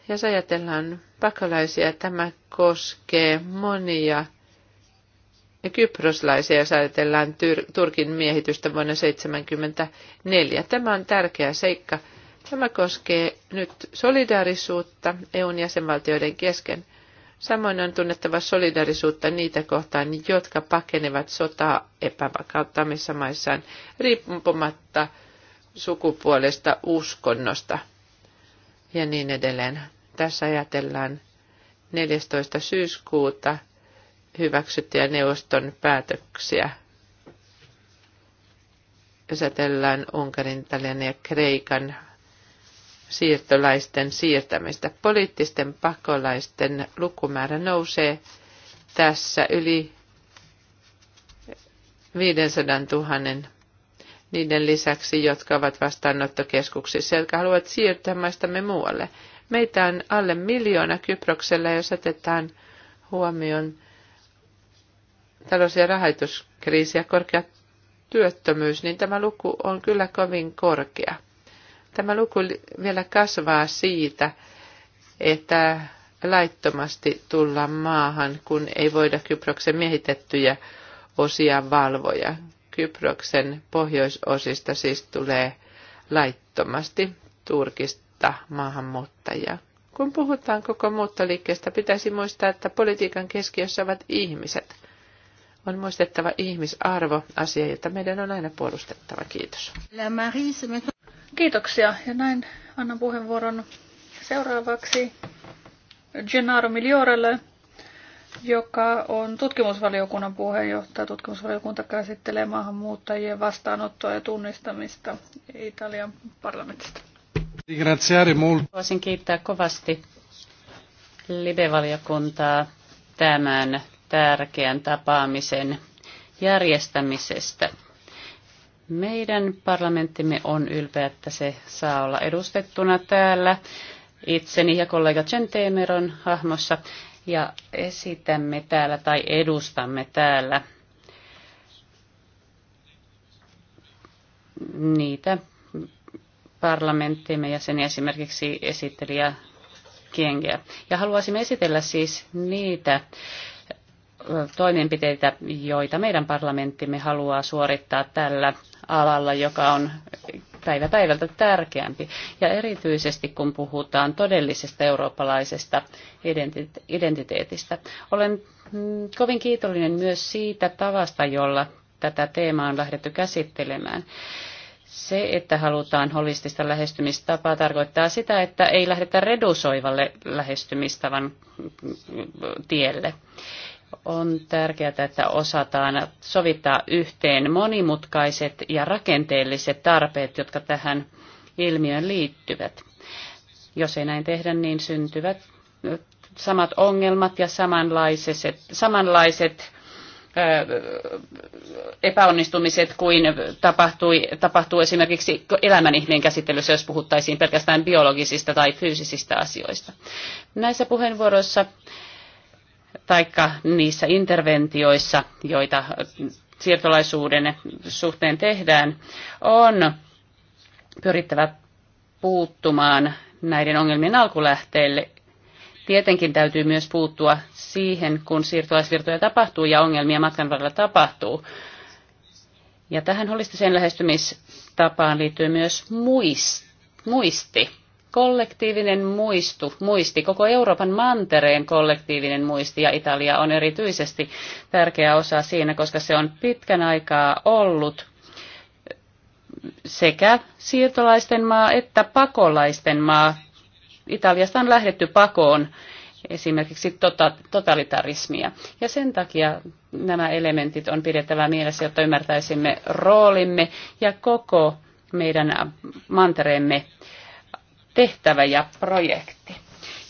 Jos ajatellaan pakolaisia, tämä koskee monia kyproslaisia, jos ajatellaan Turkin miehitystä vuonna 1974. Tämä on tärkeä seikka. Tämä koskee nyt solidaarisuutta EUn jäsenvaltioiden kesken. Samoin on tunnettava solidaarisuutta niitä kohtaan, jotka pakenevat sotaa epävakautta maissaan, riippumatta sukupuolesta, uskonnosta ja niin edelleen. Tässä ajatellaan 14. syyskuuta – hyväksyttyjä neuvoston päätöksiä. Jos Unkarin, Italian ja Kreikan siirtolaisten siirtämistä. Poliittisten pakolaisten lukumäärä nousee tässä yli 500 000 niiden lisäksi, jotka ovat vastaanottokeskuksissa, jotka haluavat siirtää maistamme muualle. Meitä on alle miljoona Kyproksella, jos otetaan huomioon talous- ja rahoituskriisi ja korkea työttömyys, niin tämä luku on kyllä kovin korkea. Tämä luku vielä kasvaa siitä, että laittomasti tulla maahan, kun ei voida Kyproksen miehitettyjä osia valvoja. Kyproksen pohjoisosista siis tulee laittomasti Turkista maahanmuuttajia. Kun puhutaan koko muuttoliikkeestä, pitäisi muistaa, että politiikan keskiössä ovat ihmiset on muistettava ihmisarvo, asia, jota meidän on aina puolustettava. Kiitos. Kiitoksia. Ja näin annan puheenvuoron seuraavaksi Gennaro Migliorelle, joka on tutkimusvaliokunnan puheenjohtaja. Tutkimusvaliokunta käsittelee maahanmuuttajien vastaanottoa ja tunnistamista Italian parlamentista. Voisin kiittää kovasti live-valiokuntaa tämän tärkeän tapaamisen järjestämisestä. Meidän parlamenttimme on ylpeä, että se saa olla edustettuna täällä itseni ja kollega Gentemeron hahmossa ja esitämme täällä tai edustamme täällä niitä parlamenttimme jäseniä, esimerkiksi esittelijä Kiengeä. Ja haluaisimme esitellä siis niitä toimenpiteitä, joita meidän parlamenttimme haluaa suorittaa tällä alalla, joka on päivä päivältä tärkeämpi. Ja erityisesti kun puhutaan todellisesta eurooppalaisesta identiteetistä. Olen mm, kovin kiitollinen myös siitä tavasta, jolla tätä teemaa on lähdetty käsittelemään. Se, että halutaan holistista lähestymistapaa, tarkoittaa sitä, että ei lähdetä redusoivalle lähestymistavan tielle on tärkeää, että osataan sovittaa yhteen monimutkaiset ja rakenteelliset tarpeet, jotka tähän ilmiöön liittyvät. Jos ei näin tehdä, niin syntyvät samat ongelmat ja samanlaiset, samanlaiset epäonnistumiset kuin tapahtui, tapahtuu esimerkiksi elämän ihmeen käsittelyssä, jos puhuttaisiin pelkästään biologisista tai fyysisistä asioista. Näissä puheenvuoroissa taikka niissä interventioissa, joita siirtolaisuuden suhteen tehdään, on pyrittävä puuttumaan näiden ongelmien alkulähteille. Tietenkin täytyy myös puuttua siihen, kun siirtolaisvirtoja tapahtuu ja ongelmia matkan varrella tapahtuu. Ja tähän holistiseen lähestymistapaan liittyy myös muisti kollektiivinen muistu, muisti, koko Euroopan mantereen kollektiivinen muisti ja Italia on erityisesti tärkeä osa siinä, koska se on pitkän aikaa ollut sekä siirtolaisten maa että pakolaisten maa. Italiasta on lähdetty pakoon esimerkiksi tota, totalitarismia. Ja sen takia nämä elementit on pidettävä mielessä, jotta ymmärtäisimme roolimme ja koko meidän mantereemme tehtävä ja projekti.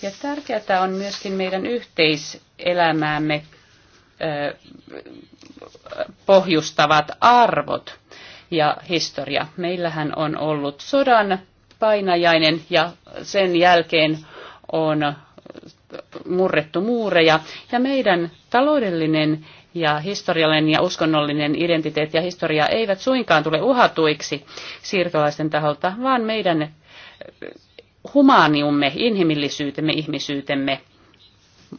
Ja tärkeää on myöskin meidän yhteiselämäämme pohjustavat arvot ja historia. Meillähän on ollut sodan painajainen ja sen jälkeen on murrettu muureja ja meidän taloudellinen ja historiallinen ja uskonnollinen identiteetti ja historia eivät suinkaan tule uhatuiksi siirtolaisten taholta, vaan meidän humaniumme, inhimillisyytemme, ihmisyytemme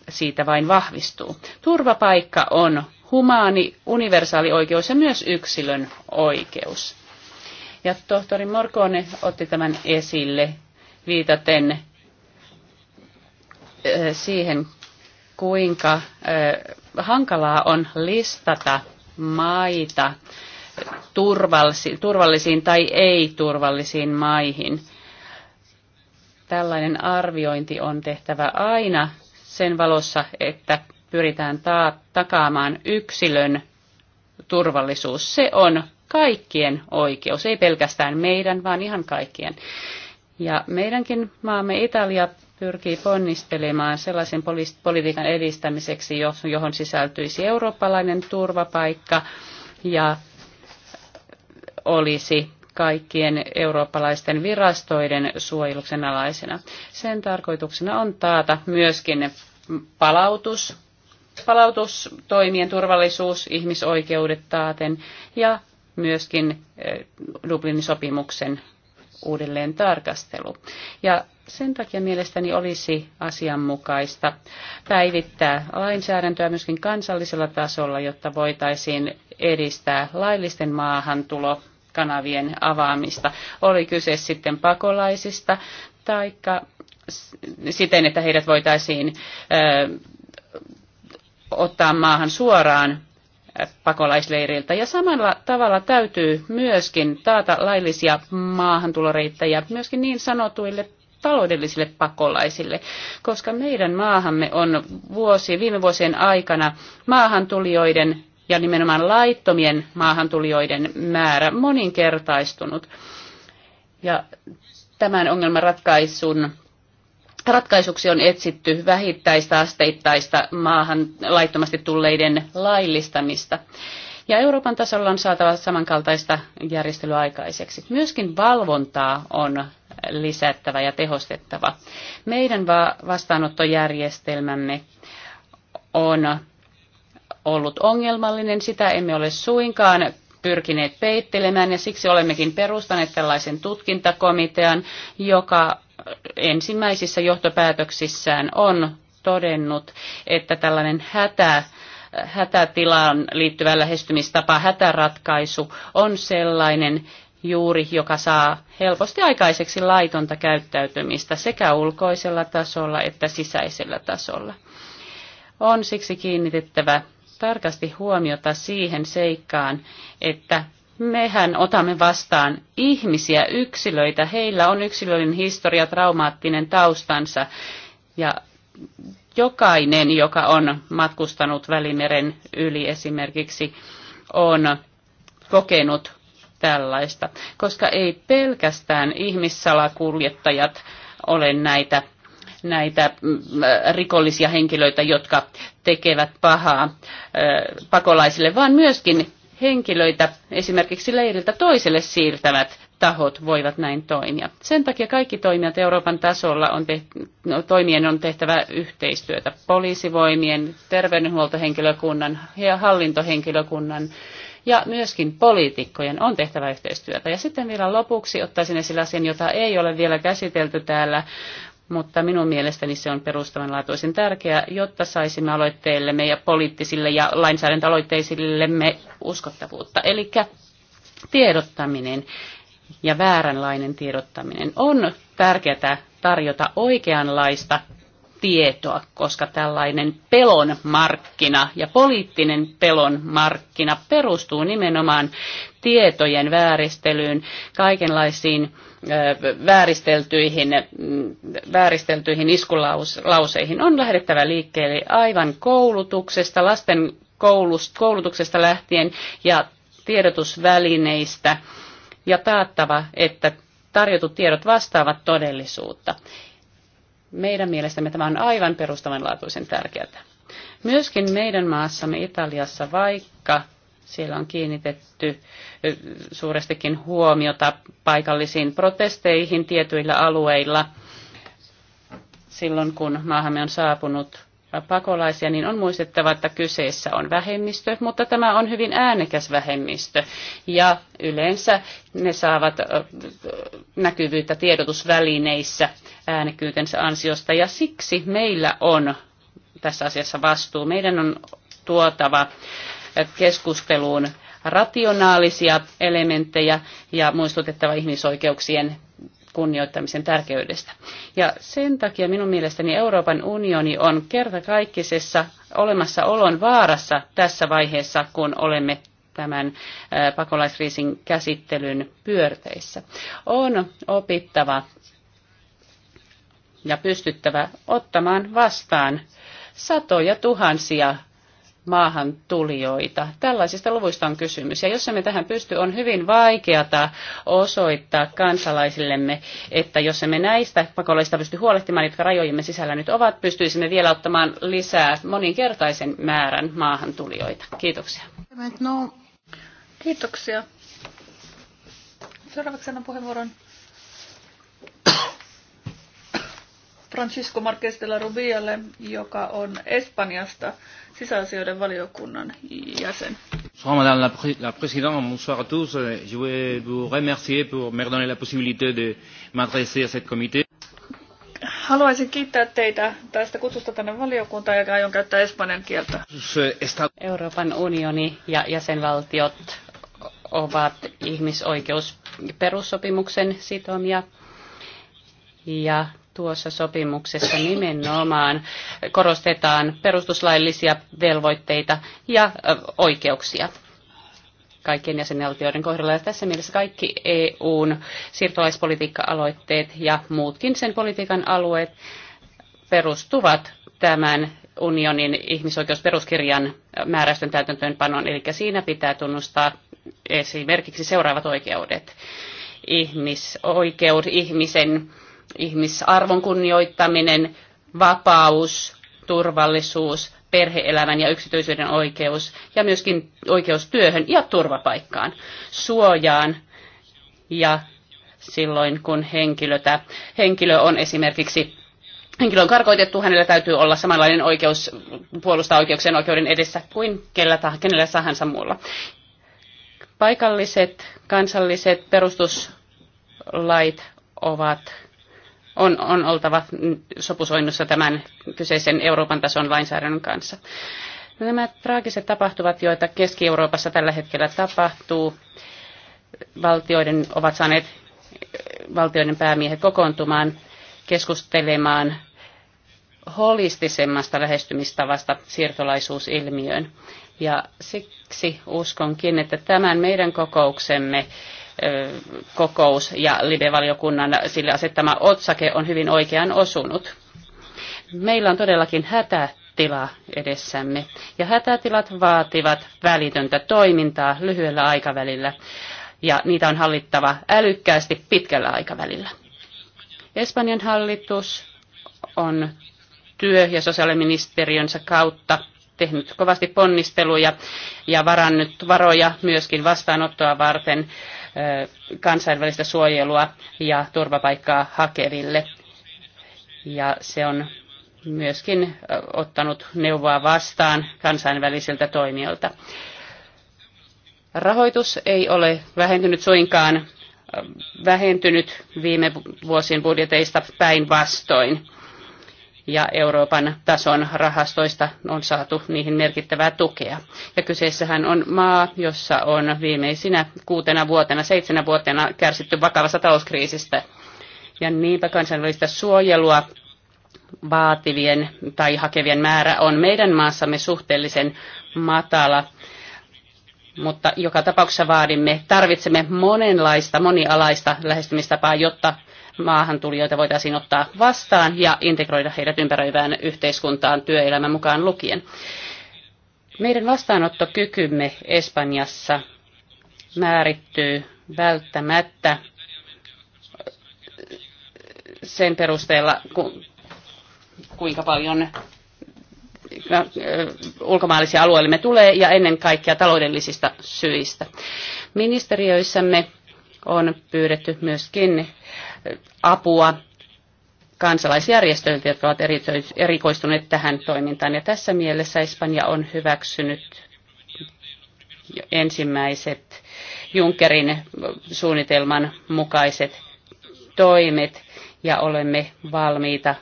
siitä vain vahvistuu. Turvapaikka on humaani, universaali oikeus ja myös yksilön oikeus. Ja tohtori Morkone otti tämän esille viitaten siihen, kuinka hankalaa on listata maita turvallisiin tai ei-turvallisiin maihin – tällainen arviointi on tehtävä aina sen valossa, että pyritään ta- takaamaan yksilön turvallisuus. Se on kaikkien oikeus, ei pelkästään meidän, vaan ihan kaikkien. Ja meidänkin maamme Italia pyrkii ponnistelemaan sellaisen politiikan edistämiseksi, johon sisältyisi eurooppalainen turvapaikka ja olisi kaikkien eurooppalaisten virastoiden suojeluksen alaisena. Sen tarkoituksena on taata myöskin palautus, palautustoimien turvallisuus, ihmisoikeudet taaten ja myöskin eh, Dublinin sopimuksen uudelleen tarkastelu. Ja sen takia mielestäni olisi asianmukaista päivittää lainsäädäntöä myöskin kansallisella tasolla, jotta voitaisiin edistää laillisten maahantulo kanavien avaamista. Oli kyse sitten pakolaisista tai siten, että heidät voitaisiin ottaa maahan suoraan pakolaisleiriltä. Ja samalla tavalla täytyy myöskin taata laillisia maahantuloreittejä myöskin niin sanotuille taloudellisille pakolaisille, koska meidän maahamme on vuosi, viime vuosien aikana maahantulijoiden ja nimenomaan laittomien maahantulijoiden määrä moninkertaistunut. Ja tämän ongelman ratkaisun ratkaisuksi on etsitty vähittäistä asteittaista maahan laittomasti tulleiden laillistamista. Ja Euroopan tasolla on saatava samankaltaista järjestelyä aikaiseksi. Myöskin valvontaa on lisättävä ja tehostettava. Meidän vastaanottojärjestelmämme on ollut ongelmallinen, sitä emme ole suinkaan pyrkineet peittelemään ja siksi olemmekin perustaneet tällaisen tutkintakomitean, joka ensimmäisissä johtopäätöksissään on todennut, että tällainen hätä, hätätilaan liittyvä lähestymistapa, hätäratkaisu on sellainen juuri, joka saa helposti aikaiseksi laitonta käyttäytymistä sekä ulkoisella tasolla että sisäisellä tasolla. On siksi kiinnitettävä tarkasti huomiota siihen seikkaan, että mehän otamme vastaan ihmisiä, yksilöitä. Heillä on yksilöllinen historia, traumaattinen taustansa ja jokainen, joka on matkustanut Välimeren yli esimerkiksi, on kokenut tällaista, koska ei pelkästään ihmissalakuljettajat ole näitä näitä mm, rikollisia henkilöitä, jotka tekevät pahaa pakolaisille, vaan myöskin henkilöitä esimerkiksi leiriltä toiselle siirtävät tahot voivat näin toimia. Sen takia kaikki toimijat Euroopan tasolla on teht- no, toimien on tehtävä yhteistyötä poliisivoimien, terveydenhuoltohenkilökunnan ja hallintohenkilökunnan ja myöskin poliitikkojen on tehtävä yhteistyötä. Ja sitten vielä lopuksi ottaisin esille asian, jota ei ole vielä käsitelty täällä, mutta minun mielestäni se on perustavanlaatuisen tärkeää, jotta saisimme aloitteillemme ja poliittisille ja lainsäädäntöaloitteisillemme uskottavuutta. Eli tiedottaminen ja vääränlainen tiedottaminen on tärkeää tarjota oikeanlaista tietoa, koska tällainen pelon markkina ja poliittinen pelon markkina perustuu nimenomaan tietojen vääristelyyn, kaikenlaisiin vääristeltyihin, vääristeltyihin iskulauseihin. On lähdettävä liikkeelle aivan koulutuksesta, lasten koulust, koulutuksesta lähtien ja tiedotusvälineistä ja taattava, että tarjotut tiedot vastaavat todellisuutta. Meidän mielestämme tämä on aivan perustavanlaatuisen tärkeää. Myöskin meidän maassamme Italiassa, vaikka siellä on kiinnitetty suurestikin huomiota paikallisiin protesteihin tietyillä alueilla. Silloin kun maahamme on saapunut pakolaisia, niin on muistettava, että kyseessä on vähemmistö, mutta tämä on hyvin äänekäs vähemmistö. Ja yleensä ne saavat näkyvyyttä tiedotusvälineissä äänekyytensä ansiosta. Ja siksi meillä on tässä asiassa vastuu. Meidän on tuotava keskusteluun rationaalisia elementtejä ja muistutettava ihmisoikeuksien kunnioittamisen tärkeydestä. Ja sen takia minun mielestäni Euroopan unioni on kertakaikkisessa olemassaolon vaarassa tässä vaiheessa, kun olemme tämän pakolaiskriisin käsittelyn pyörteissä. On opittava ja pystyttävä ottamaan vastaan satoja tuhansia maahan tulijoita Tällaisista luvuista on kysymys. Ja jos emme tähän pysty, on hyvin vaikeata osoittaa kansalaisillemme, että jos emme näistä pakolaisista pysty huolehtimaan, jotka rajojemme sisällä nyt ovat, pystyisimme vielä ottamaan lisää moninkertaisen määrän maahan tulijoita. Kiitoksia. No, kiitoksia. Seuraavaksi annan puheenvuoron Francisco Marquez de la Rubialle, joka on Espanjasta sisäasioiden valiokunnan jäsen. Bonsoir Madame la, Pré la Présidente, bonsoir à tous. Euh, je voulais vous remercier pour me donner la possibilité de m'adresser à cette comité. Haluaisin kiittää teitä tästä kutsusta tänne valiokuntaan, joka aion käyttää espanjan kieltä. Euroopan unioni ja jäsenvaltiot ovat ihmisoikeusperussopimuksen sitomia ja tuossa sopimuksessa nimenomaan korostetaan perustuslaillisia velvoitteita ja oikeuksia kaikkien jäsenvaltioiden kohdalla. Ja tässä mielessä kaikki EUn siirtolaispolitiikka-aloitteet ja muutkin sen politiikan alueet perustuvat tämän unionin ihmisoikeusperuskirjan määräysten täytäntöönpanoon. Eli siinä pitää tunnustaa esimerkiksi seuraavat oikeudet. Ihmisoikeus, ihmisen ihmisarvon kunnioittaminen, vapaus, turvallisuus, perhe-elämän ja yksityisyyden oikeus ja myöskin oikeus työhön ja turvapaikkaan, suojaan ja silloin kun henkilötä, henkilö on esimerkiksi henkilö on karkoitettu, hänellä täytyy olla samanlainen oikeus puolustaa oikeuksien oikeuden edessä kuin kenellä, tah- kenellä tahansa muulla. Paikalliset, kansalliset perustuslait ovat on, on oltava sopusoinnussa tämän kyseisen Euroopan tason lainsäädännön kanssa. Nämä traagiset tapahtuvat, joita Keski-Euroopassa tällä hetkellä tapahtuu, valtioiden ovat saaneet valtioiden päämiehet kokoontumaan keskustelemaan holistisemmasta lähestymistavasta siirtolaisuusilmiöön. Ja siksi uskonkin, että tämän meidän kokouksemme kokous ja libe valiokunnan sille asettama otsake on hyvin oikeaan osunut. Meillä on todellakin hätätila edessämme ja hätätilat vaativat välitöntä toimintaa lyhyellä aikavälillä ja niitä on hallittava älykkäästi pitkällä aikavälillä. Espanjan hallitus on työ- ja sosiaaliministeriönsä kautta tehnyt kovasti ponnisteluja ja varannut varoja myöskin vastaanottoa varten kansainvälistä suojelua ja turvapaikkaa hakeville. Ja se on myöskin ottanut neuvoa vastaan kansainvälisiltä toimijoilta. Rahoitus ei ole vähentynyt suinkaan vähentynyt viime vuosien budjeteista päinvastoin ja Euroopan tason rahastoista on saatu niihin merkittävää tukea. Ja kyseessähän on maa, jossa on viimeisinä kuutena vuotena, seitsemänä vuotena kärsitty vakavasta talouskriisistä. Ja niinpä kansainvälistä suojelua vaativien tai hakevien määrä on meidän maassamme suhteellisen matala. Mutta joka tapauksessa vaadimme, tarvitsemme monenlaista, monialaista lähestymistapaa, jotta maahantulijoita voitaisiin ottaa vastaan ja integroida heidät ympäröivään yhteiskuntaan työelämän mukaan lukien. Meidän vastaanottokykymme Espanjassa määrittyy välttämättä sen perusteella, kuinka paljon no, ulkomaalaisia alueellemme tulee ja ennen kaikkea taloudellisista syistä. Ministeriöissämme on pyydetty myöskin apua kansalaisjärjestöiltä, jotka ovat erikoistuneet tähän toimintaan. Ja tässä mielessä Espanja on hyväksynyt ensimmäiset Junckerin suunnitelman mukaiset toimet ja olemme valmiita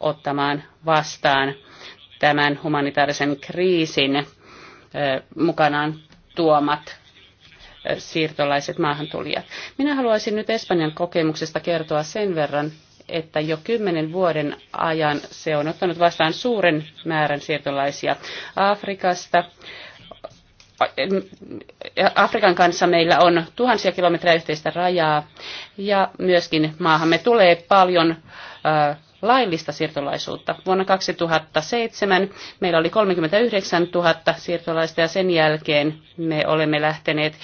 ottamaan vastaan tämän humanitaarisen kriisin mukanaan tuomat siirtolaiset maahantulijat. Minä haluaisin nyt Espanjan kokemuksesta kertoa sen verran, että jo kymmenen vuoden ajan se on ottanut vastaan suuren määrän siirtolaisia Afrikasta. Afrikan kanssa meillä on tuhansia kilometrejä yhteistä rajaa ja myöskin maahamme tulee paljon äh, laillista siirtolaisuutta. Vuonna 2007 meillä oli 39 000 siirtolaista ja sen jälkeen me olemme lähteneet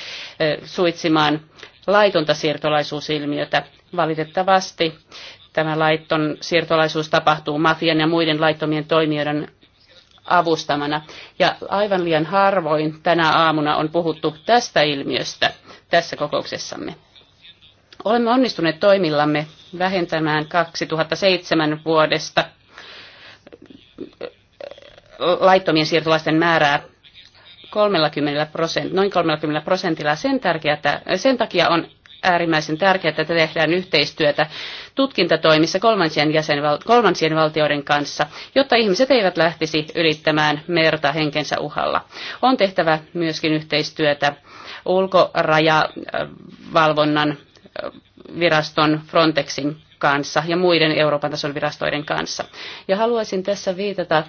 suitsimaan laitonta siirtolaisuusilmiötä. Valitettavasti tämä laitton siirtolaisuus tapahtuu mafian ja muiden laittomien toimijoiden avustamana. Ja aivan liian harvoin tänä aamuna on puhuttu tästä ilmiöstä tässä kokouksessamme. Olemme onnistuneet toimillamme vähentämään 2007 vuodesta äh, laittomien siirtolaisten määrää 30 prosent, noin 30 prosentilla. Sen, tärkeätä, sen takia on äärimmäisen tärkeää, että tehdään yhteistyötä tutkintatoimissa kolmansien, jäsenval, kolmansien valtioiden kanssa, jotta ihmiset eivät lähtisi ylittämään merta henkensä uhalla. On tehtävä myöskin yhteistyötä ulkorajavalvonnan viraston Frontexin kanssa ja muiden Euroopan tason virastoiden kanssa. Ja haluaisin tässä viitata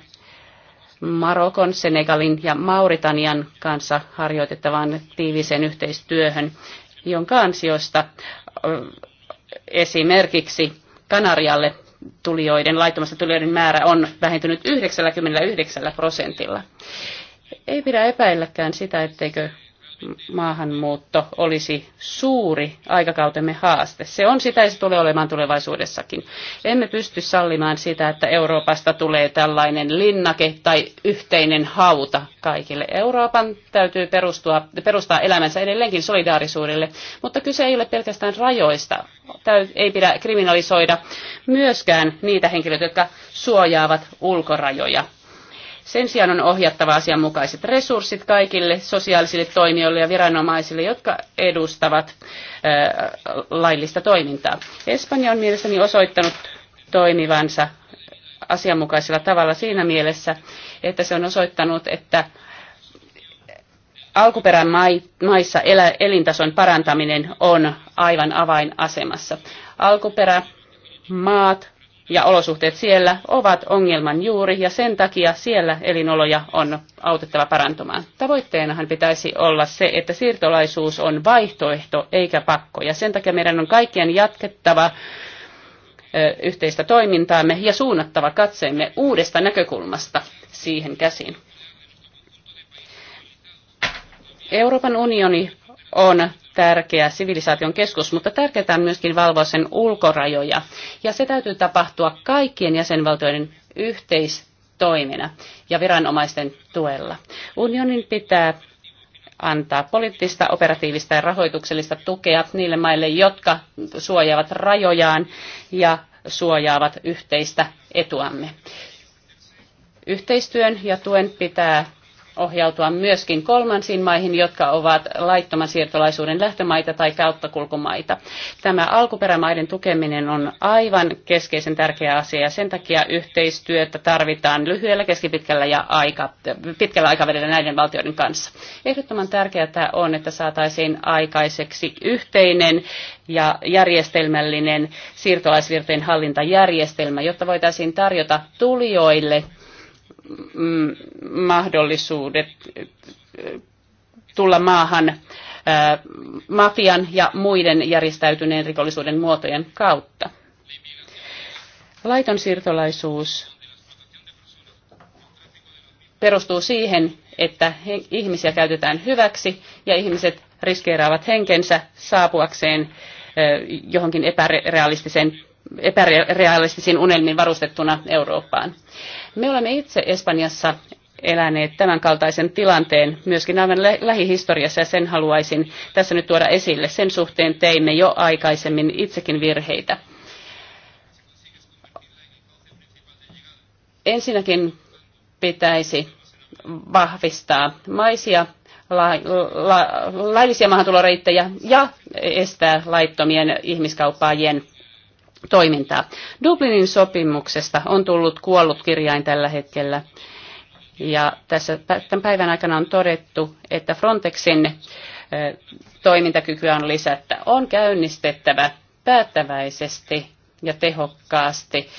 Marokon, Senegalin ja Mauritanian kanssa harjoitettavaan tiiviseen yhteistyöhön, jonka ansiosta esimerkiksi Kanarialle tulijoiden, laittomasta tulijoiden määrä on vähentynyt 99 prosentilla. Ei pidä epäilläkään sitä, etteikö maahanmuutto olisi suuri aikakautemme haaste. Se on sitä ja se tulee olemaan tulevaisuudessakin. Emme pysty sallimaan sitä, että Euroopasta tulee tällainen linnake tai yhteinen hauta kaikille. Euroopan täytyy perustua, perustaa elämänsä edelleenkin solidaarisuudelle, mutta kyse ei ole pelkästään rajoista. Täy, ei pidä kriminalisoida myöskään niitä henkilöitä, jotka suojaavat ulkorajoja sen sijaan on ohjattava asianmukaiset resurssit kaikille sosiaalisille toimijoille ja viranomaisille, jotka edustavat laillista toimintaa. Espanja on mielestäni osoittanut toimivansa asianmukaisella tavalla siinä mielessä, että se on osoittanut, että alkuperän maissa elintason parantaminen on aivan avainasemassa. Alkuperämaat ja olosuhteet siellä ovat ongelman juuri ja sen takia siellä elinoloja on autettava parantumaan. Tavoitteenahan pitäisi olla se, että siirtolaisuus on vaihtoehto eikä pakko ja sen takia meidän on kaikkien jatkettava yhteistä toimintaamme ja suunnattava katseemme uudesta näkökulmasta siihen käsiin. Euroopan unioni on tärkeä sivilisaation keskus, mutta tärkeää on myöskin valvoa sen ulkorajoja. Ja se täytyy tapahtua kaikkien jäsenvaltioiden yhteistoimina ja viranomaisten tuella. Unionin pitää antaa poliittista, operatiivista ja rahoituksellista tukea niille maille, jotka suojaavat rajojaan ja suojaavat yhteistä etuamme. Yhteistyön ja tuen pitää ohjautua myöskin kolmansiin maihin, jotka ovat laittoman siirtolaisuuden lähtömaita tai kauttakulkumaita. Tämä alkuperämaiden tukeminen on aivan keskeisen tärkeä asia ja sen takia yhteistyötä tarvitaan lyhyellä, keskipitkällä ja aika, pitkällä aikavälillä näiden valtioiden kanssa. Ehdottoman tärkeää on, että saataisiin aikaiseksi yhteinen ja järjestelmällinen siirtolaisvirtojen hallintajärjestelmä, jotta voitaisiin tarjota tulijoille Mm, mahdollisuudet äh, tulla maahan äh, mafian ja muiden järjestäytyneen rikollisuuden muotojen kautta. Laiton siirtolaisuus perustuu siihen, että ihmisiä käytetään hyväksi ja ihmiset riskeeraavat henkensä saapuakseen äh, johonkin epärealistiseen epärealistisiin unelmiin varustettuna Eurooppaan. Me olemme itse Espanjassa eläneet tämän kaltaisen tilanteen myöskin aivan lähihistoriassa ja sen haluaisin tässä nyt tuoda esille. Sen suhteen teimme jo aikaisemmin itsekin virheitä. Ensinnäkin pitäisi vahvistaa maisia la, la, laillisia maahantuloreittejä ja estää laittomien ihmiskauppaajien toimintaa. Dublinin sopimuksesta on tullut kuollut kirjain tällä hetkellä. Ja tässä tämän päivän aikana on todettu, että Frontexin toimintakykyä on lisättä. On käynnistettävä päättäväisesti ja tehokkaasti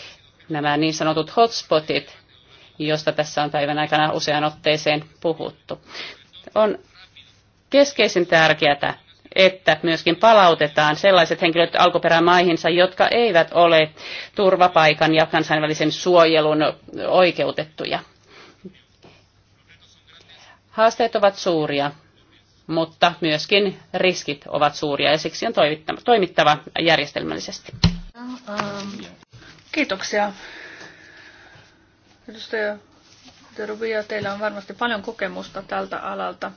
nämä niin sanotut hotspotit, josta tässä on päivän aikana usean otteeseen puhuttu. On keskeisen tärkeää että myöskin palautetaan sellaiset henkilöt alkuperämaihinsa, jotka eivät ole turvapaikan ja kansainvälisen suojelun oikeutettuja. Haasteet ovat suuria, mutta myöskin riskit ovat suuria ja siksi on toimittava järjestelmällisesti. Kiitoksia. Edustaja Rubia, teillä on varmasti paljon kokemusta tältä alalta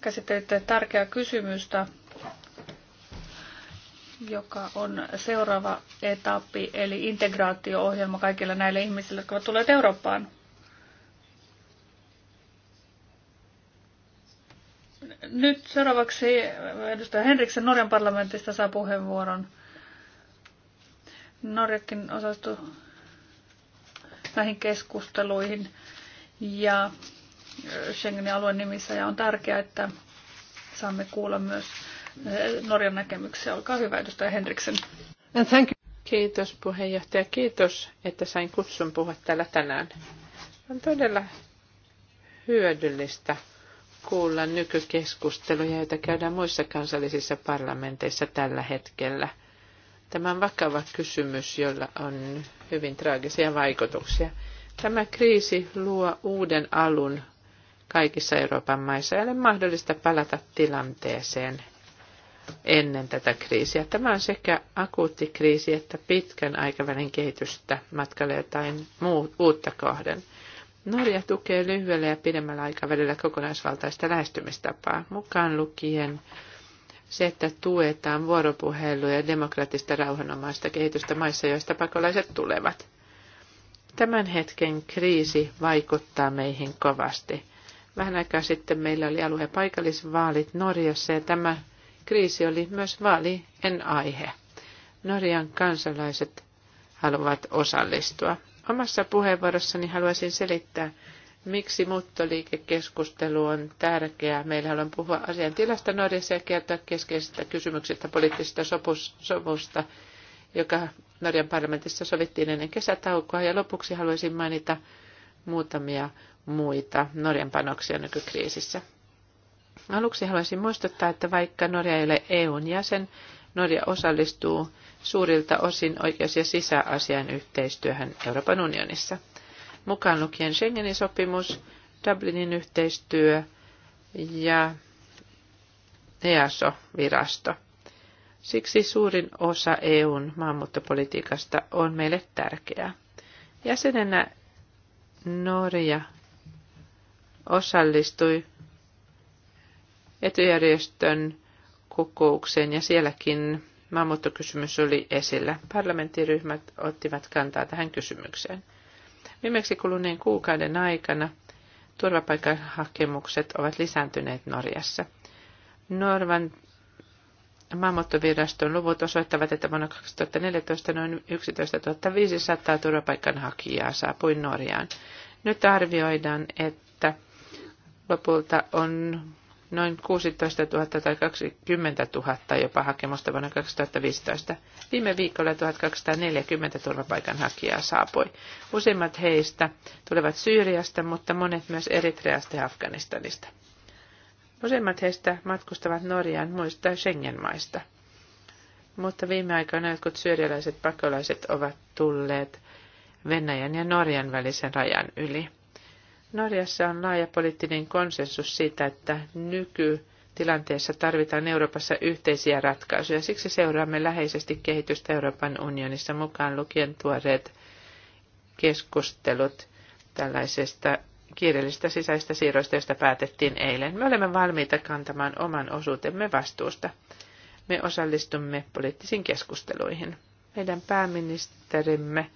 käsittelitte tärkeää kysymystä, joka on seuraava etappi, eli integraatio-ohjelma kaikille näille ihmisille, jotka ovat tulleet Eurooppaan. Nyt seuraavaksi edustaja Henriksen Norjan parlamentista saa puheenvuoron. Norjakin osallistui näihin keskusteluihin ja Schengenin alueen nimissä ja on tärkeää, että saamme kuulla myös eh, Norjan näkemyksiä. Olkaa hyvä, edustaja Henriksen. Thank you. Kiitos puheenjohtaja, kiitos, että sain kutsun puhua täällä tänään. On todella hyödyllistä kuulla nykykeskusteluja, joita käydään muissa kansallisissa parlamenteissa tällä hetkellä. Tämä on vakava kysymys, jolla on hyvin traagisia vaikutuksia. Tämä kriisi luo uuden alun kaikissa Euroopan maissa ei ole mahdollista palata tilanteeseen ennen tätä kriisiä. Tämä on sekä akuutti kriisi että pitkän aikavälin kehitystä matkalle jotain muut, uutta kohden. Norja tukee lyhyellä ja pidemmällä aikavälillä kokonaisvaltaista lähestymistapaa, mukaan lukien se, että tuetaan vuoropuhelua ja demokraattista rauhanomaista kehitystä maissa, joista pakolaiset tulevat. Tämän hetken kriisi vaikuttaa meihin kovasti – Vähän aikaa sitten meillä oli alue- ja paikallisvaalit Norjassa ja tämä kriisi oli myös vaalien aihe. Norjan kansalaiset haluavat osallistua. Omassa puheenvuorossani haluaisin selittää, miksi muuttoliikekeskustelu on tärkeää. Meillä haluan puhua asian tilasta Norjassa ja kertoa keskeisistä kysymyksistä poliittisesta sovusta, joka Norjan parlamentissa sovittiin ennen kesätaukoa. Ja lopuksi haluaisin mainita muutamia muita Norjan panoksia nykykriisissä. Aluksi haluaisin muistuttaa, että vaikka Norja ei ole EUn jäsen, Norja osallistuu suurilta osin oikeus- ja sisäasian yhteistyöhön Euroopan unionissa, mukaan lukien Schengenin sopimus, Dublinin yhteistyö ja EASO-virasto. Siksi suurin osa EUn maahanmuuttopolitiikasta on meille tärkeää. Jäsenenä Norja osallistui etujärjestön kokoukseen ja sielläkin maahanmuuttokysymys oli esillä. Parlamenttiryhmät ottivat kantaa tähän kysymykseen. Viimeksi kuluneen kuukauden aikana turvapaikanhakemukset ovat lisääntyneet Norjassa. Norvan maahanmuuttoviraston luvut osoittavat, että vuonna 2014 noin 11 500 turvapaikanhakijaa saapui Norjaan. Nyt arvioidaan, että lopulta on noin 16 000 tai 20 000 jopa hakemusta vuonna 2015. Viime viikolla 1240 turvapaikanhakijaa saapui. Useimmat heistä tulevat Syyriasta, mutta monet myös Eritreasta ja Afganistanista. Useimmat heistä matkustavat Norjaan muista Schengen-maista. Mutta viime aikoina jotkut syyrialaiset pakolaiset ovat tulleet Venäjän ja Norjan välisen rajan yli. Norjassa on laaja poliittinen konsensus siitä, että nykytilanteessa tarvitaan Euroopassa yhteisiä ratkaisuja. Siksi seuraamme läheisesti kehitystä Euroopan unionissa mukaan lukien tuoreet keskustelut tällaisesta kiireellisistä sisäistä siirroista, joista päätettiin eilen. Me olemme valmiita kantamaan oman osuutemme vastuusta. Me osallistumme poliittisiin keskusteluihin. Meidän pääministerimme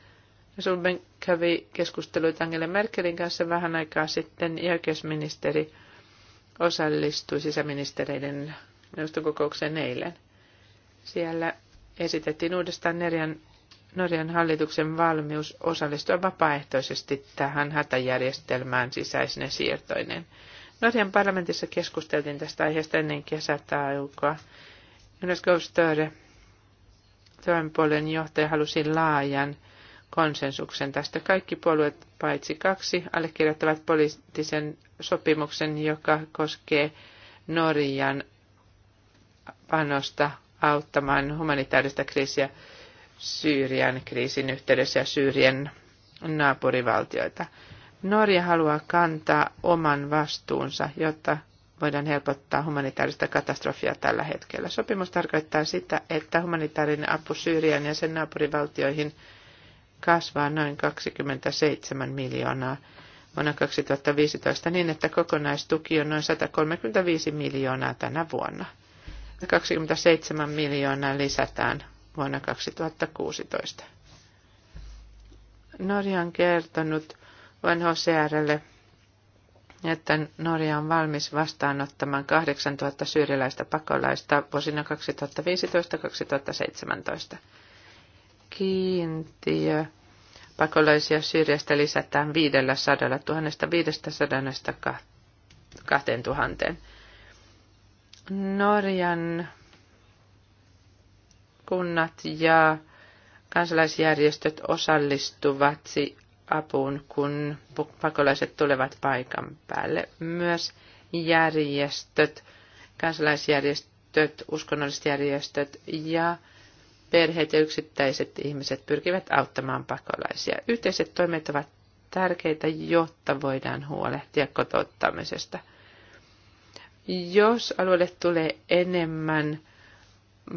Sulben kävi keskusteluita Angela Merkelin kanssa vähän aikaa sitten ja oikeusministeri osallistui sisäministereiden neuvoston kokoukseen eilen. Siellä esitettiin uudestaan Norjan, Norjan hallituksen valmius osallistua vapaaehtoisesti tähän hätäjärjestelmään sisäisine siirtoineen. Norjan parlamentissa keskusteltiin tästä aiheesta ennen kesätaukoa. Jonas Gostöre, toimen puolen johtaja, halusi laajan konsensuksen tästä. Kaikki puolueet paitsi kaksi allekirjoittavat poliittisen sopimuksen, joka koskee Norjan panosta auttamaan humanitaarista kriisiä Syyrian kriisin yhteydessä ja Syyrian naapurivaltioita. Norja haluaa kantaa oman vastuunsa, jotta voidaan helpottaa humanitaarista katastrofia tällä hetkellä. Sopimus tarkoittaa sitä, että humanitaarinen apu Syyrian ja sen naapurivaltioihin – kasvaa noin 27 miljoonaa vuonna 2015 niin, että kokonaistuki on noin 135 miljoonaa tänä vuonna. 27 miljoonaa lisätään vuonna 2016. Norja on kertonut UNHCRlle, että Norja on valmis vastaanottamaan 8000 syyriläistä pakolaista vuosina 2015-2017 kiintiö pakolaisia Syyriasta lisätään 500 1500 2000. Norjan kunnat ja kansalaisjärjestöt osallistuvat apuun, kun pakolaiset tulevat paikan päälle. Myös järjestöt, kansalaisjärjestöt, uskonnolliset järjestöt ja perheet ja yksittäiset ihmiset pyrkivät auttamaan pakolaisia. Yhteiset toimet ovat tärkeitä, jotta voidaan huolehtia kotouttamisesta. Jos alueelle tulee enemmän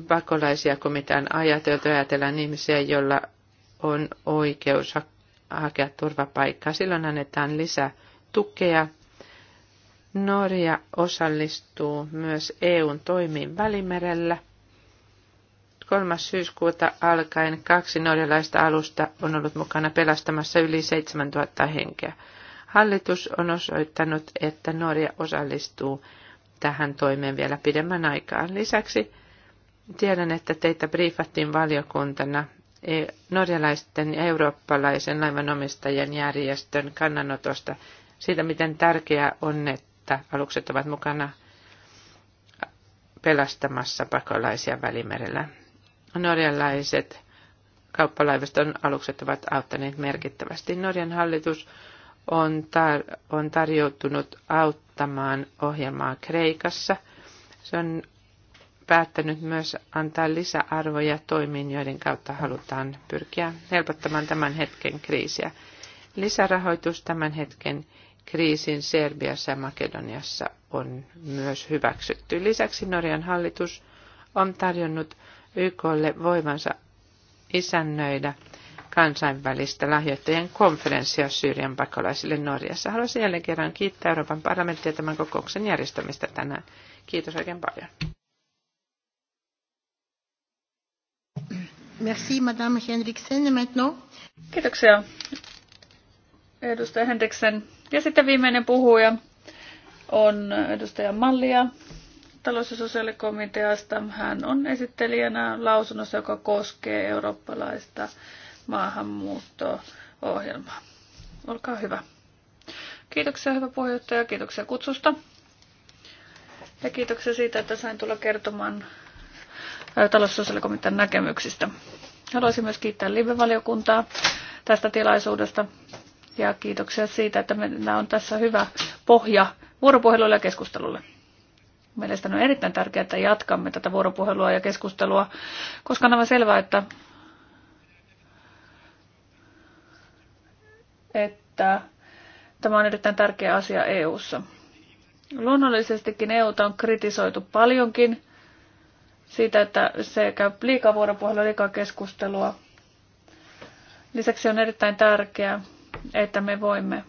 pakolaisia kuin mitään ajateltu, ajatellaan ihmisiä, joilla on oikeus hakea turvapaikkaa. Silloin annetaan lisää tukea. Norja osallistuu myös EUn toimiin välimerellä. 3. syyskuuta alkaen kaksi norjalaista alusta on ollut mukana pelastamassa yli 7000 henkeä. Hallitus on osoittanut, että Norja osallistuu tähän toimeen vielä pidemmän aikaa. Lisäksi tiedän, että teitä briefattiin valiokuntana e- norjalaisten ja eurooppalaisen laivanomistajien järjestön kannanotosta siitä, miten tärkeää on, että alukset ovat mukana pelastamassa pakolaisia välimerellä norjalaiset kauppalaivaston alukset ovat auttaneet merkittävästi. Norjan hallitus on, tar- on tarjoutunut auttamaan ohjelmaa Kreikassa. Se on päättänyt myös antaa lisäarvoja toimiin, joiden kautta halutaan pyrkiä helpottamaan tämän hetken kriisiä. Lisärahoitus tämän hetken kriisin Serbiassa ja Makedoniassa on myös hyväksytty. Lisäksi Norjan hallitus on tarjonnut YKlle voimansa isännöidä kansainvälistä lahjoittajien konferenssia Syyrian pakolaisille Norjassa. Haluaisin jälleen kerran kiittää Euroopan parlamenttia tämän kokouksen järjestämistä tänään. Kiitos oikein paljon. Merci, Madame Henriksen. Maintenant. Kiitoksia, edustaja Henriksen. Ja sitten viimeinen puhuja on edustaja Mallia talous- ja sosiaalikomiteasta. Hän on esittelijänä lausunnossa, joka koskee eurooppalaista maahanmuutto-ohjelmaa. Olkaa hyvä. Kiitoksia hyvä puheenjohtaja, kiitoksia kutsusta. Ja kiitoksia siitä, että sain tulla kertomaan talous- ja näkemyksistä. Haluaisin myös kiittää live-valiokuntaa tästä tilaisuudesta ja kiitoksia siitä, että meillä on tässä hyvä pohja vuoropuhelulle ja keskustelulle. Mielestäni on erittäin tärkeää, että jatkamme tätä vuoropuhelua ja keskustelua, koska on aivan selvää, että, että tämä on erittäin tärkeä asia EU:ssa. Luonnollisestikin EUta on kritisoitu paljonkin siitä, että se käy liikaa vuoropuhelua, liikaa keskustelua. Lisäksi on erittäin tärkeää, että me voimme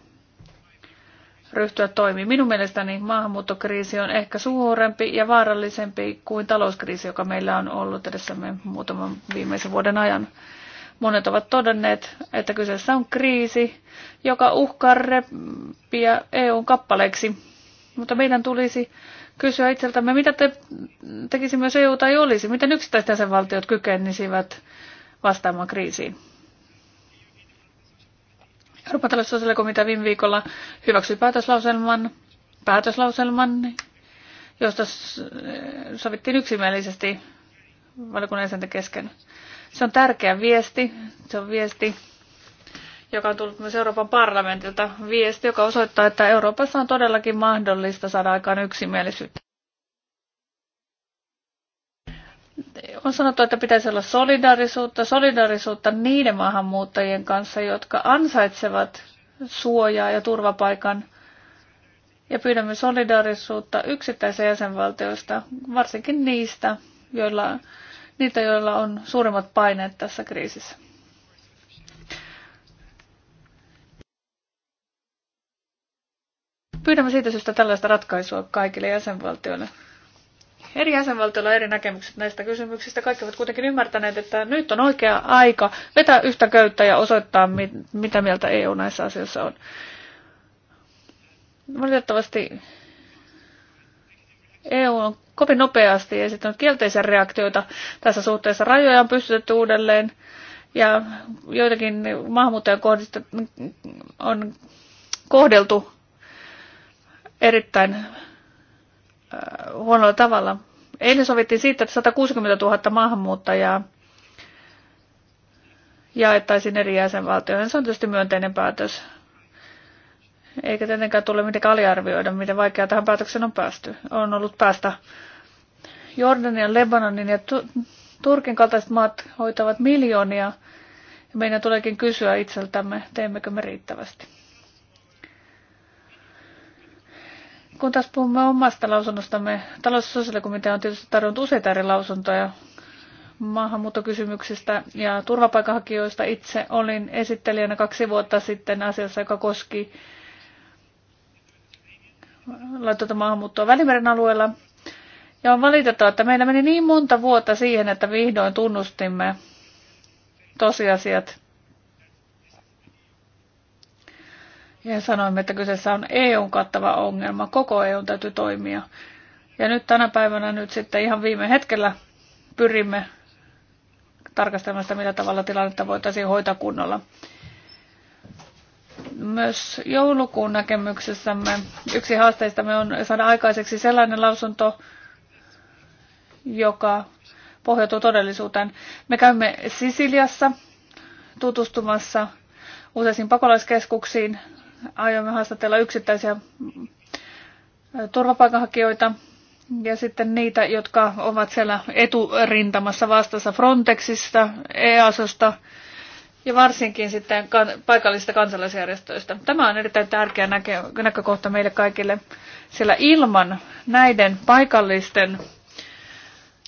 ryhtyä toimiin. Minun mielestäni maahanmuuttokriisi on ehkä suurempi ja vaarallisempi kuin talouskriisi, joka meillä on ollut edessämme muutaman viimeisen vuoden ajan. Monet ovat todenneet, että kyseessä on kriisi, joka uhkaa repiä EUn kappaleiksi. Mutta meidän tulisi kysyä itseltämme, mitä te tekisimme, jos EU tai olisi? Miten yksittäiset jäsenvaltiot kykenisivät vastaamaan kriisiin? Euroopan taloussosiaalikomitea viime viikolla hyväksyi päätöslauselman, päätöslauselman josta sovittiin yksimielisesti valiokunnan jäsenten kesken. Se on tärkeä viesti. Se on viesti, joka on tullut myös Euroopan parlamentilta. Viesti, joka osoittaa, että Euroopassa on todellakin mahdollista saada aikaan yksimielisyyttä. on sanottu, että pitäisi olla solidaarisuutta, solidaarisuutta niiden maahanmuuttajien kanssa, jotka ansaitsevat suojaa ja turvapaikan. Ja pyydämme solidaarisuutta yksittäisistä jäsenvaltioista, varsinkin niistä, joilla, niitä, joilla on suurimmat paineet tässä kriisissä. Pyydämme siitä syystä tällaista ratkaisua kaikille jäsenvaltioille eri jäsenvaltioilla eri näkemykset näistä kysymyksistä. Kaikki ovat kuitenkin ymmärtäneet, että nyt on oikea aika vetää yhtä köyttä ja osoittaa, mitä mieltä EU näissä asioissa on. Valitettavasti EU on kovin nopeasti esittänyt kielteisiä reaktioita tässä suhteessa. Rajoja on pystytetty uudelleen ja joitakin maahanmuuttajia on kohdeltu erittäin huonolla tavalla. Eilen sovittiin siitä, että 160 000 maahanmuuttajaa jaettaisiin eri jäsenvaltioihin. Se on tietysti myönteinen päätös. Eikä tietenkään tule mitenkään aliarvioida, miten vaikeaa tähän päätökseen on päästy. On ollut päästä Jordanian, Lebanonin ja Turkin kaltaiset maat hoitavat miljoonia. meidän tuleekin kysyä itseltämme, teemmekö me riittävästi. Kun taas puhumme omasta lausunnostamme, talous- ja sosiaalikomitea on tietysti tarjonnut useita eri lausuntoja maahanmuuttokysymyksistä ja turvapaikanhakijoista. Itse olin esittelijänä kaksi vuotta sitten asiassa, joka koski laitonta maahanmuuttoa Välimeren alueella. Ja on valitettavaa, että meillä meni niin monta vuotta siihen, että vihdoin tunnustimme tosiasiat Ja sanoimme, että kyseessä on EUn kattava ongelma, koko EUn täytyy toimia. Ja nyt tänä päivänä nyt sitten ihan viime hetkellä pyrimme tarkastelemaan sitä, millä tavalla tilannetta voitaisiin hoitaa kunnolla. Myös joulukuun näkemyksessämme yksi haasteistamme on saada aikaiseksi sellainen lausunto, joka pohjautuu todellisuuteen. Me käymme Sisiliassa tutustumassa useisiin pakolaiskeskuksiin, aiomme haastatella yksittäisiä turvapaikanhakijoita ja sitten niitä, jotka ovat siellä eturintamassa vastassa Frontexista, EASosta ja varsinkin sitten paikallisista kansalaisjärjestöistä. Tämä on erittäin tärkeä näkö- näkökohta meille kaikille, sillä ilman näiden paikallisten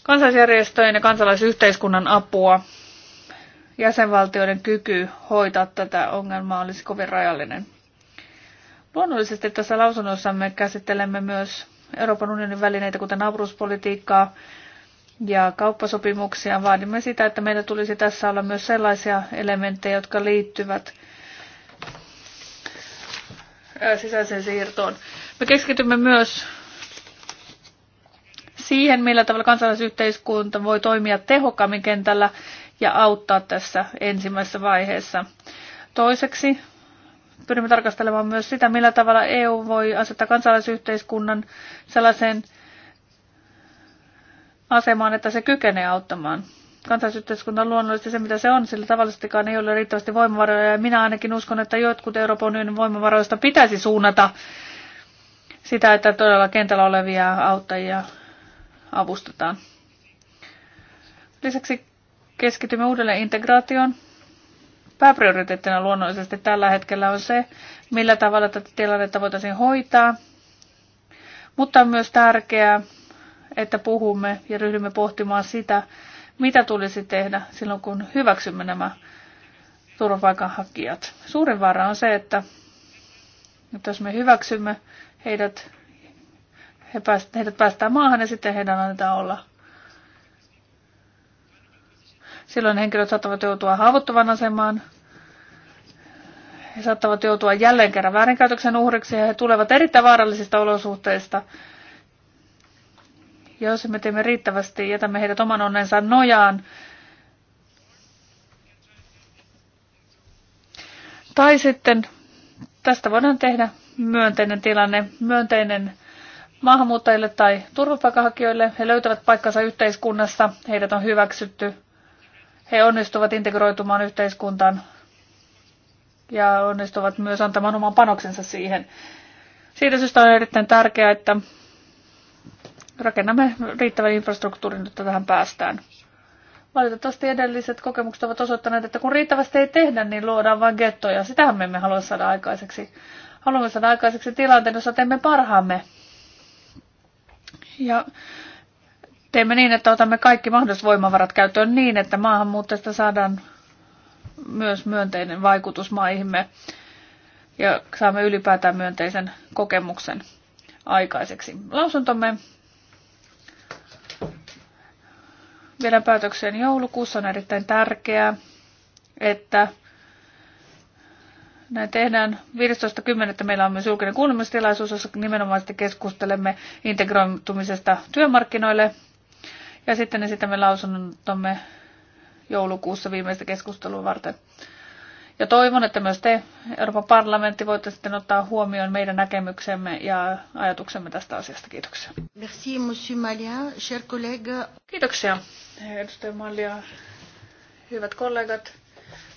kansalaisjärjestöjen ja kansalaisyhteiskunnan apua jäsenvaltioiden kyky hoitaa tätä ongelmaa olisi kovin rajallinen. Luonnollisesti tässä lausunnossamme käsittelemme myös Euroopan unionin välineitä, kuten avaruuspolitiikkaa ja kauppasopimuksia. Vaadimme sitä, että meillä tulisi tässä olla myös sellaisia elementtejä, jotka liittyvät sisäiseen siirtoon. Me keskitymme myös siihen, millä tavalla kansalaisyhteiskunta voi toimia tehokkaammin kentällä ja auttaa tässä ensimmäisessä vaiheessa. Toiseksi pyrimme tarkastelemaan myös sitä, millä tavalla EU voi asettaa kansalaisyhteiskunnan sellaiseen asemaan, että se kykenee auttamaan. Kansalaisyhteiskunta on luonnollisesti se, mitä se on, sillä tavallisestikaan ei ole riittävästi voimavaroja, ja minä ainakin uskon, että jotkut Euroopan unionin voimavaroista pitäisi suunnata sitä, että todella kentällä olevia auttajia avustetaan. Lisäksi keskitymme uudelleen integraatioon pääprioriteettina luonnollisesti tällä hetkellä on se, millä tavalla tätä tilannetta voitaisiin hoitaa. Mutta on myös tärkeää, että puhumme ja ryhdymme pohtimaan sitä, mitä tulisi tehdä silloin, kun hyväksymme nämä turvapaikanhakijat. Suurin vaara on se, että, että jos me hyväksymme heidät, he pääst, heidät päästään maahan ja sitten heidän annetaan olla Silloin henkilöt saattavat joutua haavoittuvan asemaan. He saattavat joutua jälleen kerran väärinkäytöksen uhriksi ja he tulevat erittäin vaarallisista olosuhteista. Ja jos me teemme riittävästi, jätämme heidät oman onnensa nojaan. Tai sitten tästä voidaan tehdä myönteinen tilanne, myönteinen maahanmuuttajille tai turvapaikanhakijoille. He löytävät paikkansa yhteiskunnassa, heidät on hyväksytty he onnistuvat integroitumaan yhteiskuntaan ja onnistuvat myös antamaan oman panoksensa siihen. Siitä syystä on erittäin tärkeää, että rakennamme riittävän infrastruktuurin, jotta tähän päästään. Valitettavasti edelliset kokemukset ovat osoittaneet, että kun riittävästi ei tehdä, niin luodaan vain gettoja. Sitähän me emme halua saada aikaiseksi. Haluamme saada aikaiseksi tilanteen, jossa teemme parhaamme. Ja Teemme niin, että otamme kaikki mahdolliset voimavarat käyttöön niin, että maahanmuuttajista saadaan myös myönteinen vaikutus maihimme ja saamme ylipäätään myönteisen kokemuksen aikaiseksi. Lausuntomme vielä päätökseen joulukuussa on erittäin tärkeää, että näin tehdään. 15.10. meillä on myös julkinen kuulemistilaisuus, jossa nimenomaan keskustelemme integroitumisesta työmarkkinoille. Ja sitten esitämme tuomme joulukuussa viimeistä keskustelua varten. Ja toivon, että myös te, Euroopan parlamentti, voitte sitten ottaa huomioon meidän näkemyksemme ja ajatuksemme tästä asiasta. Kiitoksia. Merci, monsieur Malia, cher collègue. Kiitoksia, edustaja Malia. Hyvät kollegat,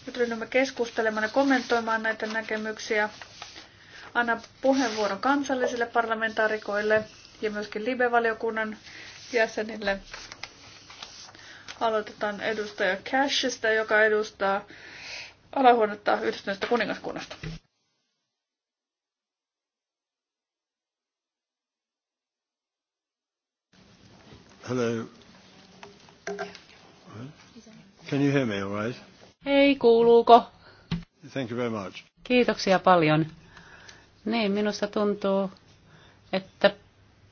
nyt ryhdymme keskustelemaan ja kommentoimaan näitä näkemyksiä. Anna puheenvuoron kansallisille parlamentaarikoille ja myöskin live-valiokunnan jäsenille. Aloitetaan edustaja Cashista, joka edustaa alahuonetta yhdistyneestä kuningaskunnasta. Hello. Can you hear me all right? Hei, kuuluuko? Thank you very much. Kiitoksia paljon. Niin, minusta tuntuu, että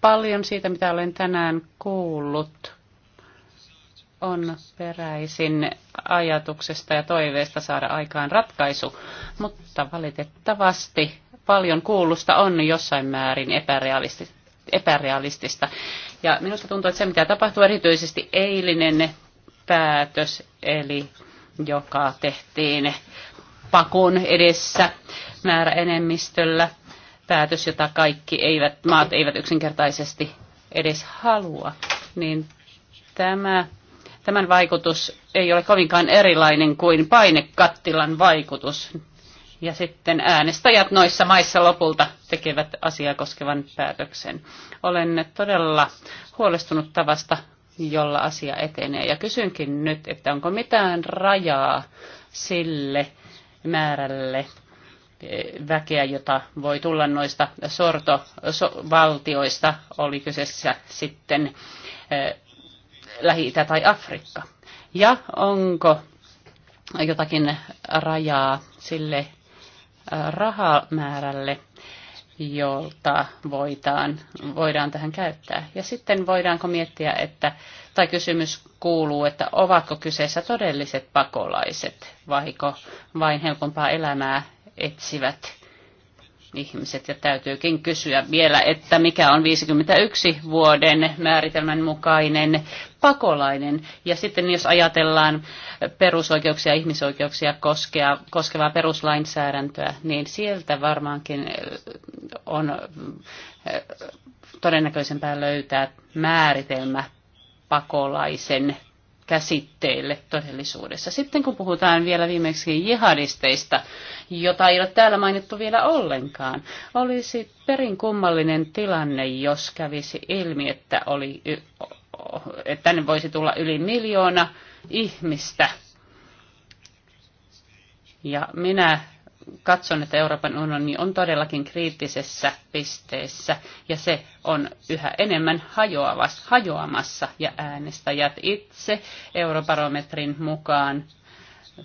paljon siitä, mitä olen tänään kuullut, on peräisin ajatuksesta ja toiveesta saada aikaan ratkaisu, mutta valitettavasti paljon kuulusta on jossain määrin epärealistista. epärealistista. Ja minusta tuntuu, että se mitä tapahtuu erityisesti eilinen päätös, eli joka tehtiin pakon edessä määräenemmistöllä, päätös, jota kaikki eivät, maat eivät yksinkertaisesti edes halua, niin tämä Tämän vaikutus ei ole kovinkaan erilainen kuin painekattilan vaikutus. Ja sitten äänestäjät noissa maissa lopulta tekevät asiaa koskevan päätöksen. Olen todella huolestunut tavasta, jolla asia etenee. Ja kysynkin nyt, että onko mitään rajaa sille määrälle eh, väkeä, jota voi tulla noista sortovaltioista, oli kyseessä sitten eh, lähi tai Afrikka? Ja onko jotakin rajaa sille rahamäärälle, jolta voidaan, voidaan tähän käyttää. Ja sitten voidaanko miettiä, että, tai kysymys kuuluu, että ovatko kyseessä todelliset pakolaiset, vaiko vain helpompaa elämää etsivät ihmiset. Ja täytyykin kysyä vielä, että mikä on 51 vuoden määritelmän mukainen pakolainen. Ja sitten jos ajatellaan perusoikeuksia ja ihmisoikeuksia koskea, koskevaa peruslainsäädäntöä, niin sieltä varmaankin äh, on äh, todennäköisempää löytää määritelmä pakolaisen käsitteille todellisuudessa. Sitten kun puhutaan vielä viimeksi jihadisteista, jota ei ole täällä mainittu vielä ollenkaan, olisi perin kummallinen tilanne, jos kävisi ilmi, että, oli, että tänne voisi tulla yli miljoona ihmistä. Ja minä katson, että Euroopan unioni on todellakin kriittisessä pisteessä ja se on yhä enemmän hajoamassa ja äänestäjät itse eurobarometrin mukaan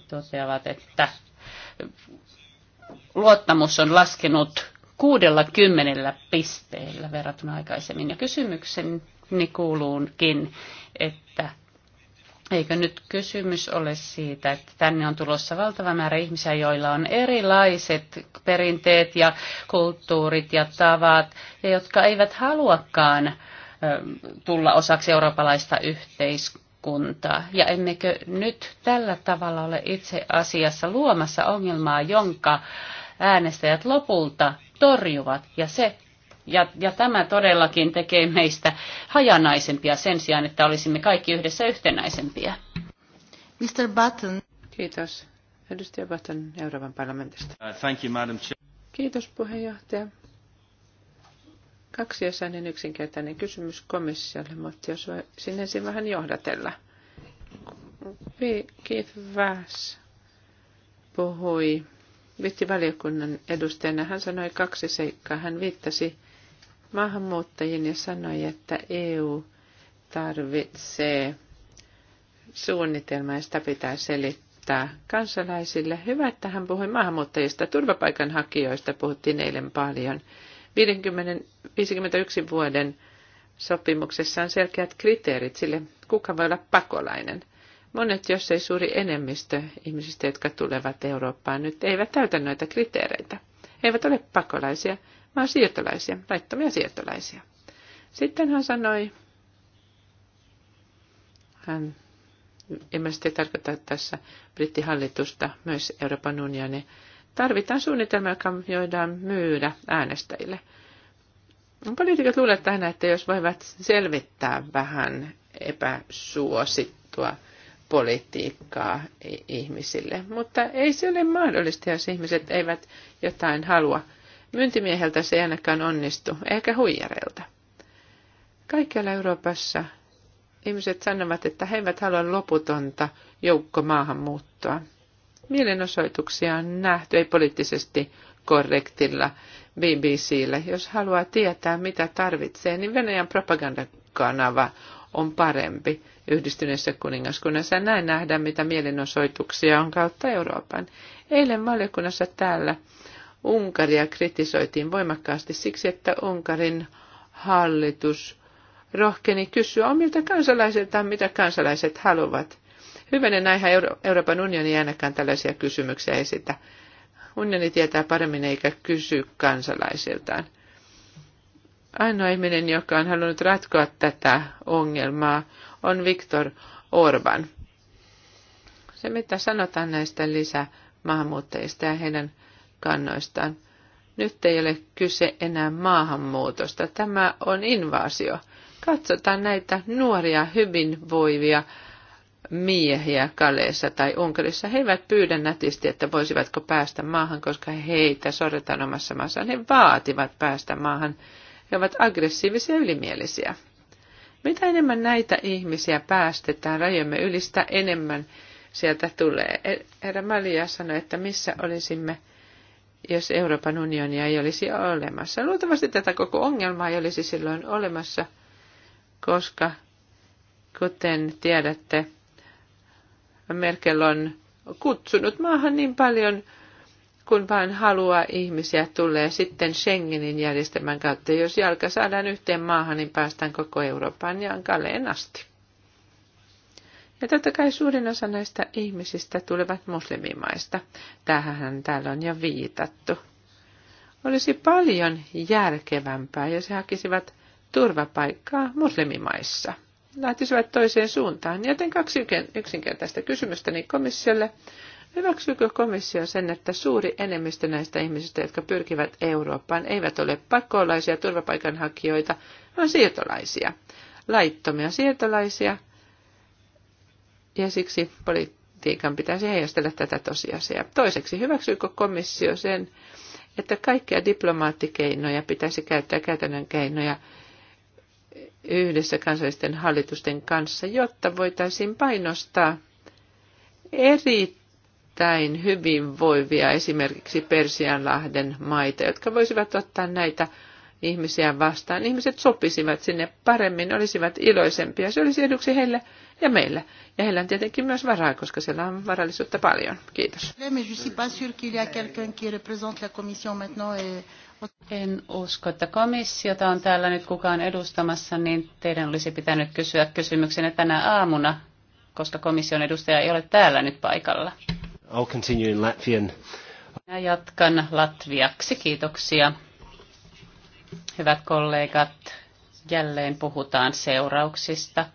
toteavat, että luottamus on laskenut 60 pisteellä verrattuna aikaisemmin. Ja kysymykseni kuuluukin, että Eikö nyt kysymys ole siitä, että tänne on tulossa valtava määrä ihmisiä, joilla on erilaiset perinteet ja kulttuurit ja tavat, ja jotka eivät haluakaan tulla osaksi eurooppalaista yhteiskuntaa. Ja emmekö nyt tällä tavalla ole itse asiassa luomassa ongelmaa, jonka äänestäjät lopulta torjuvat, ja se ja, ja tämä todellakin tekee meistä hajanaisempia sen sijaan, että olisimme kaikki yhdessä yhtenäisempiä. Mr. Button. Kiitos. Edustaja Button Euroopan parlamentista. Uh, thank you, Madam Chair. Kiitos puheenjohtaja. Kaksijasainen yksinkertainen kysymys komissiolle, mutta jos sinne ensin vähän johdatella. Keith Vass puhui valiokunnan edustajana. Hän sanoi kaksi seikkaa. Hän viittasi maahanmuuttajien ja sanoi, että EU tarvitsee suunnitelmaa ja sitä pitää selittää kansalaisille. Hyvä, että hän puhui maahanmuuttajista. Turvapaikanhakijoista puhuttiin eilen paljon. 50, 51 vuoden sopimuksessa on selkeät kriteerit sille, kuka voi olla pakolainen. Monet, jos ei suuri enemmistö ihmisistä, jotka tulevat Eurooppaan nyt, eivät täytä noita kriteereitä. He eivät ole pakolaisia vaan siirtolaisia, laittomia siirtolaisia. Sitten hän sanoi, hän ilmeisesti tarkoittaa tässä brittihallitusta, myös Euroopan unioni, tarvitaan suunnitelma, joka voidaan myydä äänestäjille. Poliitikot luulevat aina, että jos voivat selvittää vähän epäsuosittua politiikkaa ihmisille, mutta ei se ole mahdollista, jos ihmiset eivät jotain halua Myyntimieheltä se ei ainakaan onnistu, eikä huijareilta. Kaikkialla Euroopassa ihmiset sanovat, että he eivät halua loputonta maahanmuuttoa. Mielenosoituksia on nähty, ei poliittisesti korrektilla BBCllä. Jos haluaa tietää, mitä tarvitsee, niin Venäjän propagandakanava on parempi yhdistyneessä kuningaskunnassa. Näin nähdään, mitä mielenosoituksia on kautta Euroopan. Eilen valiokunnassa täällä Unkaria kritisoitiin voimakkaasti siksi, että Unkarin hallitus rohkeni kysyä omilta kansalaisiltaan, mitä kansalaiset haluavat. Hyvänen näinhän Euro- Euroopan unioni ei ainakaan tällaisia kysymyksiä esitä. Unioni tietää paremmin eikä kysy kansalaisiltaan. Ainoa ihminen, joka on halunnut ratkoa tätä ongelmaa, on Viktor Orban. Se, mitä sanotaan näistä lisämaahanmuuttajista ja heidän kannoistaan. Nyt ei ole kyse enää maahanmuutosta. Tämä on invaasio. Katsotaan näitä nuoria, hyvinvoivia miehiä Kaleessa tai Unkarissa. He eivät pyydä nätisti, että voisivatko päästä maahan, koska heitä sorretaan omassa maassaan. He vaativat päästä maahan. He ovat aggressiivisia ja ylimielisiä. Mitä enemmän näitä ihmisiä päästetään rajoimme ylistä, enemmän sieltä tulee. E- Herra Malia sanoi, että missä olisimme – jos Euroopan unionia ei olisi olemassa. Luultavasti tätä koko ongelmaa ei olisi silloin olemassa, koska kuten tiedätte, Merkel on kutsunut maahan niin paljon kun vain haluaa ihmisiä tulee sitten Schengenin järjestelmän kautta. Jos jalka saadaan yhteen maahan, niin päästään koko Euroopan jankaleen asti. Ja totta kai suurin osa näistä ihmisistä tulevat muslimimaista. Tähän täällä on jo viitattu. Olisi paljon järkevämpää, jos he hakisivat turvapaikkaa muslimimaissa. Lähtisivät toiseen suuntaan, joten kaksi yksinkertaista kysymystäni niin komissiolle. Hyväksyykö komissio sen, että suuri enemmistö näistä ihmisistä, jotka pyrkivät Eurooppaan, eivät ole pakolaisia turvapaikanhakijoita, vaan siirtolaisia? Laittomia siirtolaisia – ja siksi politiikan pitäisi heijastella tätä tosiasiaa. Toiseksi, hyväksyykö komissio sen, että kaikkia diplomaattikeinoja pitäisi käyttää käytännön keinoja yhdessä kansallisten hallitusten kanssa, jotta voitaisiin painostaa erittäin hyvinvoivia esimerkiksi Persianlahden maita, jotka voisivat ottaa näitä ihmisiä vastaan. Ihmiset sopisivat sinne paremmin, olisivat iloisempia. Se olisi eduksi heille ja meillä. Ja heillä on tietenkin myös varaa, koska siellä on varallisuutta paljon. Kiitos. En usko, että komissiota on täällä nyt kukaan edustamassa, niin teidän olisi pitänyt kysyä kysymyksenä tänä aamuna, koska komission edustaja ei ole täällä nyt paikalla. I'll continue in Latvian. Minä jatkan latviaksi, kiitoksia. Hyvät kollegat, jälleen puhutaan seurauksista.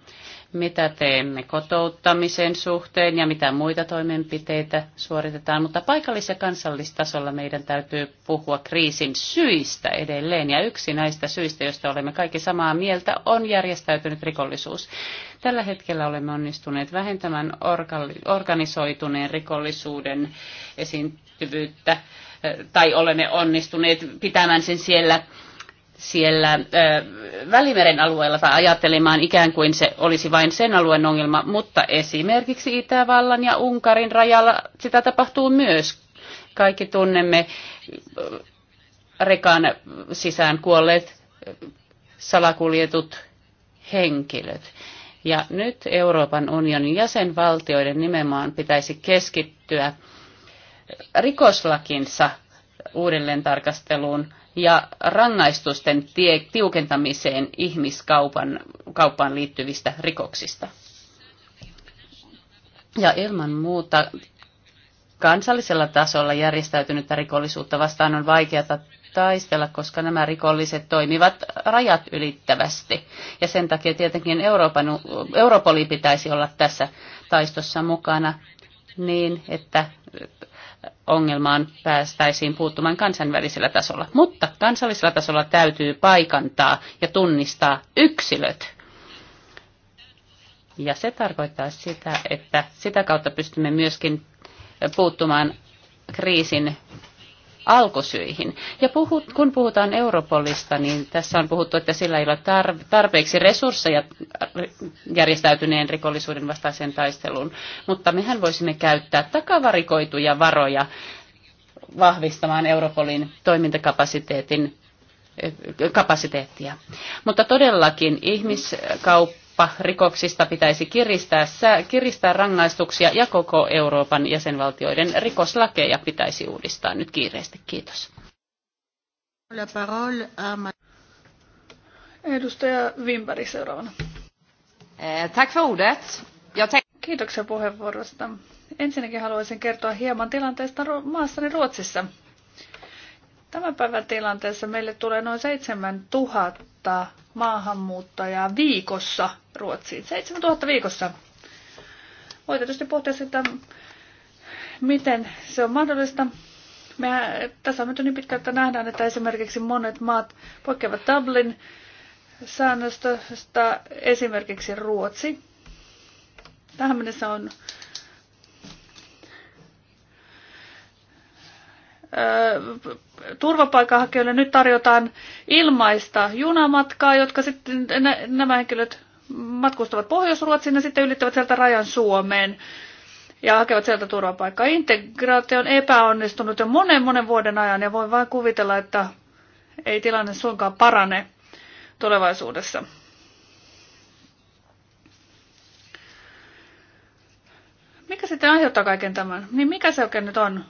Mitä teemme kotouttamisen suhteen ja mitä muita toimenpiteitä suoritetaan, mutta paikallis- ja kansallistasolla meidän täytyy puhua kriisin syistä edelleen. Ja yksi näistä syistä, joista olemme kaikki samaa mieltä, on järjestäytynyt rikollisuus. Tällä hetkellä olemme onnistuneet vähentämään organisoituneen rikollisuuden esiintyvyyttä eh, tai olemme onnistuneet pitämään sen siellä siellä ö, Välimeren alueella tai ajattelemaan ikään kuin se olisi vain sen alueen ongelma, mutta esimerkiksi Itävallan ja Unkarin rajalla sitä tapahtuu myös. Kaikki tunnemme rekan sisään kuolleet salakuljetut henkilöt. Ja nyt Euroopan unionin jäsenvaltioiden nimenomaan pitäisi keskittyä rikoslakinsa uudelleen tarkasteluun ja rangaistusten tie, tiukentamiseen ihmiskaupan kauppaan liittyvistä rikoksista. Ja ilman muuta kansallisella tasolla järjestäytynyttä rikollisuutta vastaan on vaikeata taistella, koska nämä rikolliset toimivat rajat ylittävästi. Ja sen takia tietenkin Euroopan, Europoli pitäisi olla tässä taistossa mukana niin, että ongelmaan päästäisiin puuttumaan kansainvälisellä tasolla. Mutta kansallisella tasolla täytyy paikantaa ja tunnistaa yksilöt. Ja se tarkoittaa sitä, että sitä kautta pystymme myöskin puuttumaan kriisin alkusyihin. Ja puhut, kun puhutaan Europolista, niin tässä on puhuttu, että sillä ei ole tarpeeksi resursseja järjestäytyneen rikollisuuden vastaiseen taisteluun, mutta mehän voisimme käyttää takavarikoituja varoja vahvistamaan Europolin toimintakapasiteetin kapasiteettia. Mutta todellakin ihmiskauppa rikoksista pitäisi kiristää, kiristää rangaistuksia ja koko Euroopan jäsenvaltioiden rikoslakeja pitäisi uudistaa nyt kiireesti. Kiitos. Edustaja Wimberg seuraavana. Eh, tack för ordet. Kiitoksia puheenvuorosta. Ensinnäkin haluaisin kertoa hieman tilanteesta maassani Ruotsissa. Tämän päivän tilanteessa meille tulee noin 7000 maahanmuuttajaa viikossa Ruotsiin. 7000 viikossa. Voi tietysti pohtia sitä, miten se on mahdollista. Me, tässä on nyt niin pitkä, että nähdään, että esimerkiksi monet maat poikkeavat Dublin säännöstöstä, esimerkiksi Ruotsi. Tähän mennessä on turvapaikanhakijoille nyt tarjotaan ilmaista junamatkaa, jotka sitten nämä henkilöt matkustavat Pohjois-Ruotsiin ja sitten ylittävät sieltä rajan Suomeen ja hakevat sieltä turvapaikkaa. Integraatio on epäonnistunut jo monen monen vuoden ajan ja voi vain kuvitella, että ei tilanne suinkaan parane tulevaisuudessa. Mikä sitten aiheuttaa kaiken tämän? Niin mikä se oikein nyt on?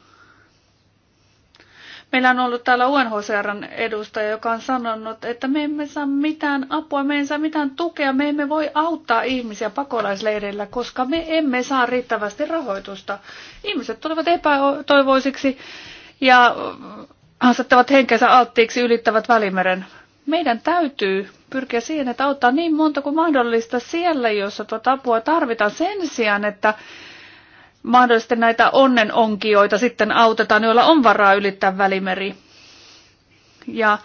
Meillä on ollut täällä UNHCRn edustaja, joka on sanonut, että me emme saa mitään apua, me emme saa mitään tukea, me emme voi auttaa ihmisiä pakolaisleireillä, koska me emme saa riittävästi rahoitusta. Ihmiset tulevat epätoivoisiksi ja asettavat henkensä alttiiksi ylittävät välimeren. Meidän täytyy pyrkiä siihen, että auttaa niin monta kuin mahdollista siellä, jossa tuota apua tarvitaan sen sijaan, että mahdollisesti näitä onnenonkijoita sitten autetaan, joilla on varaa ylittää välimeri. Ja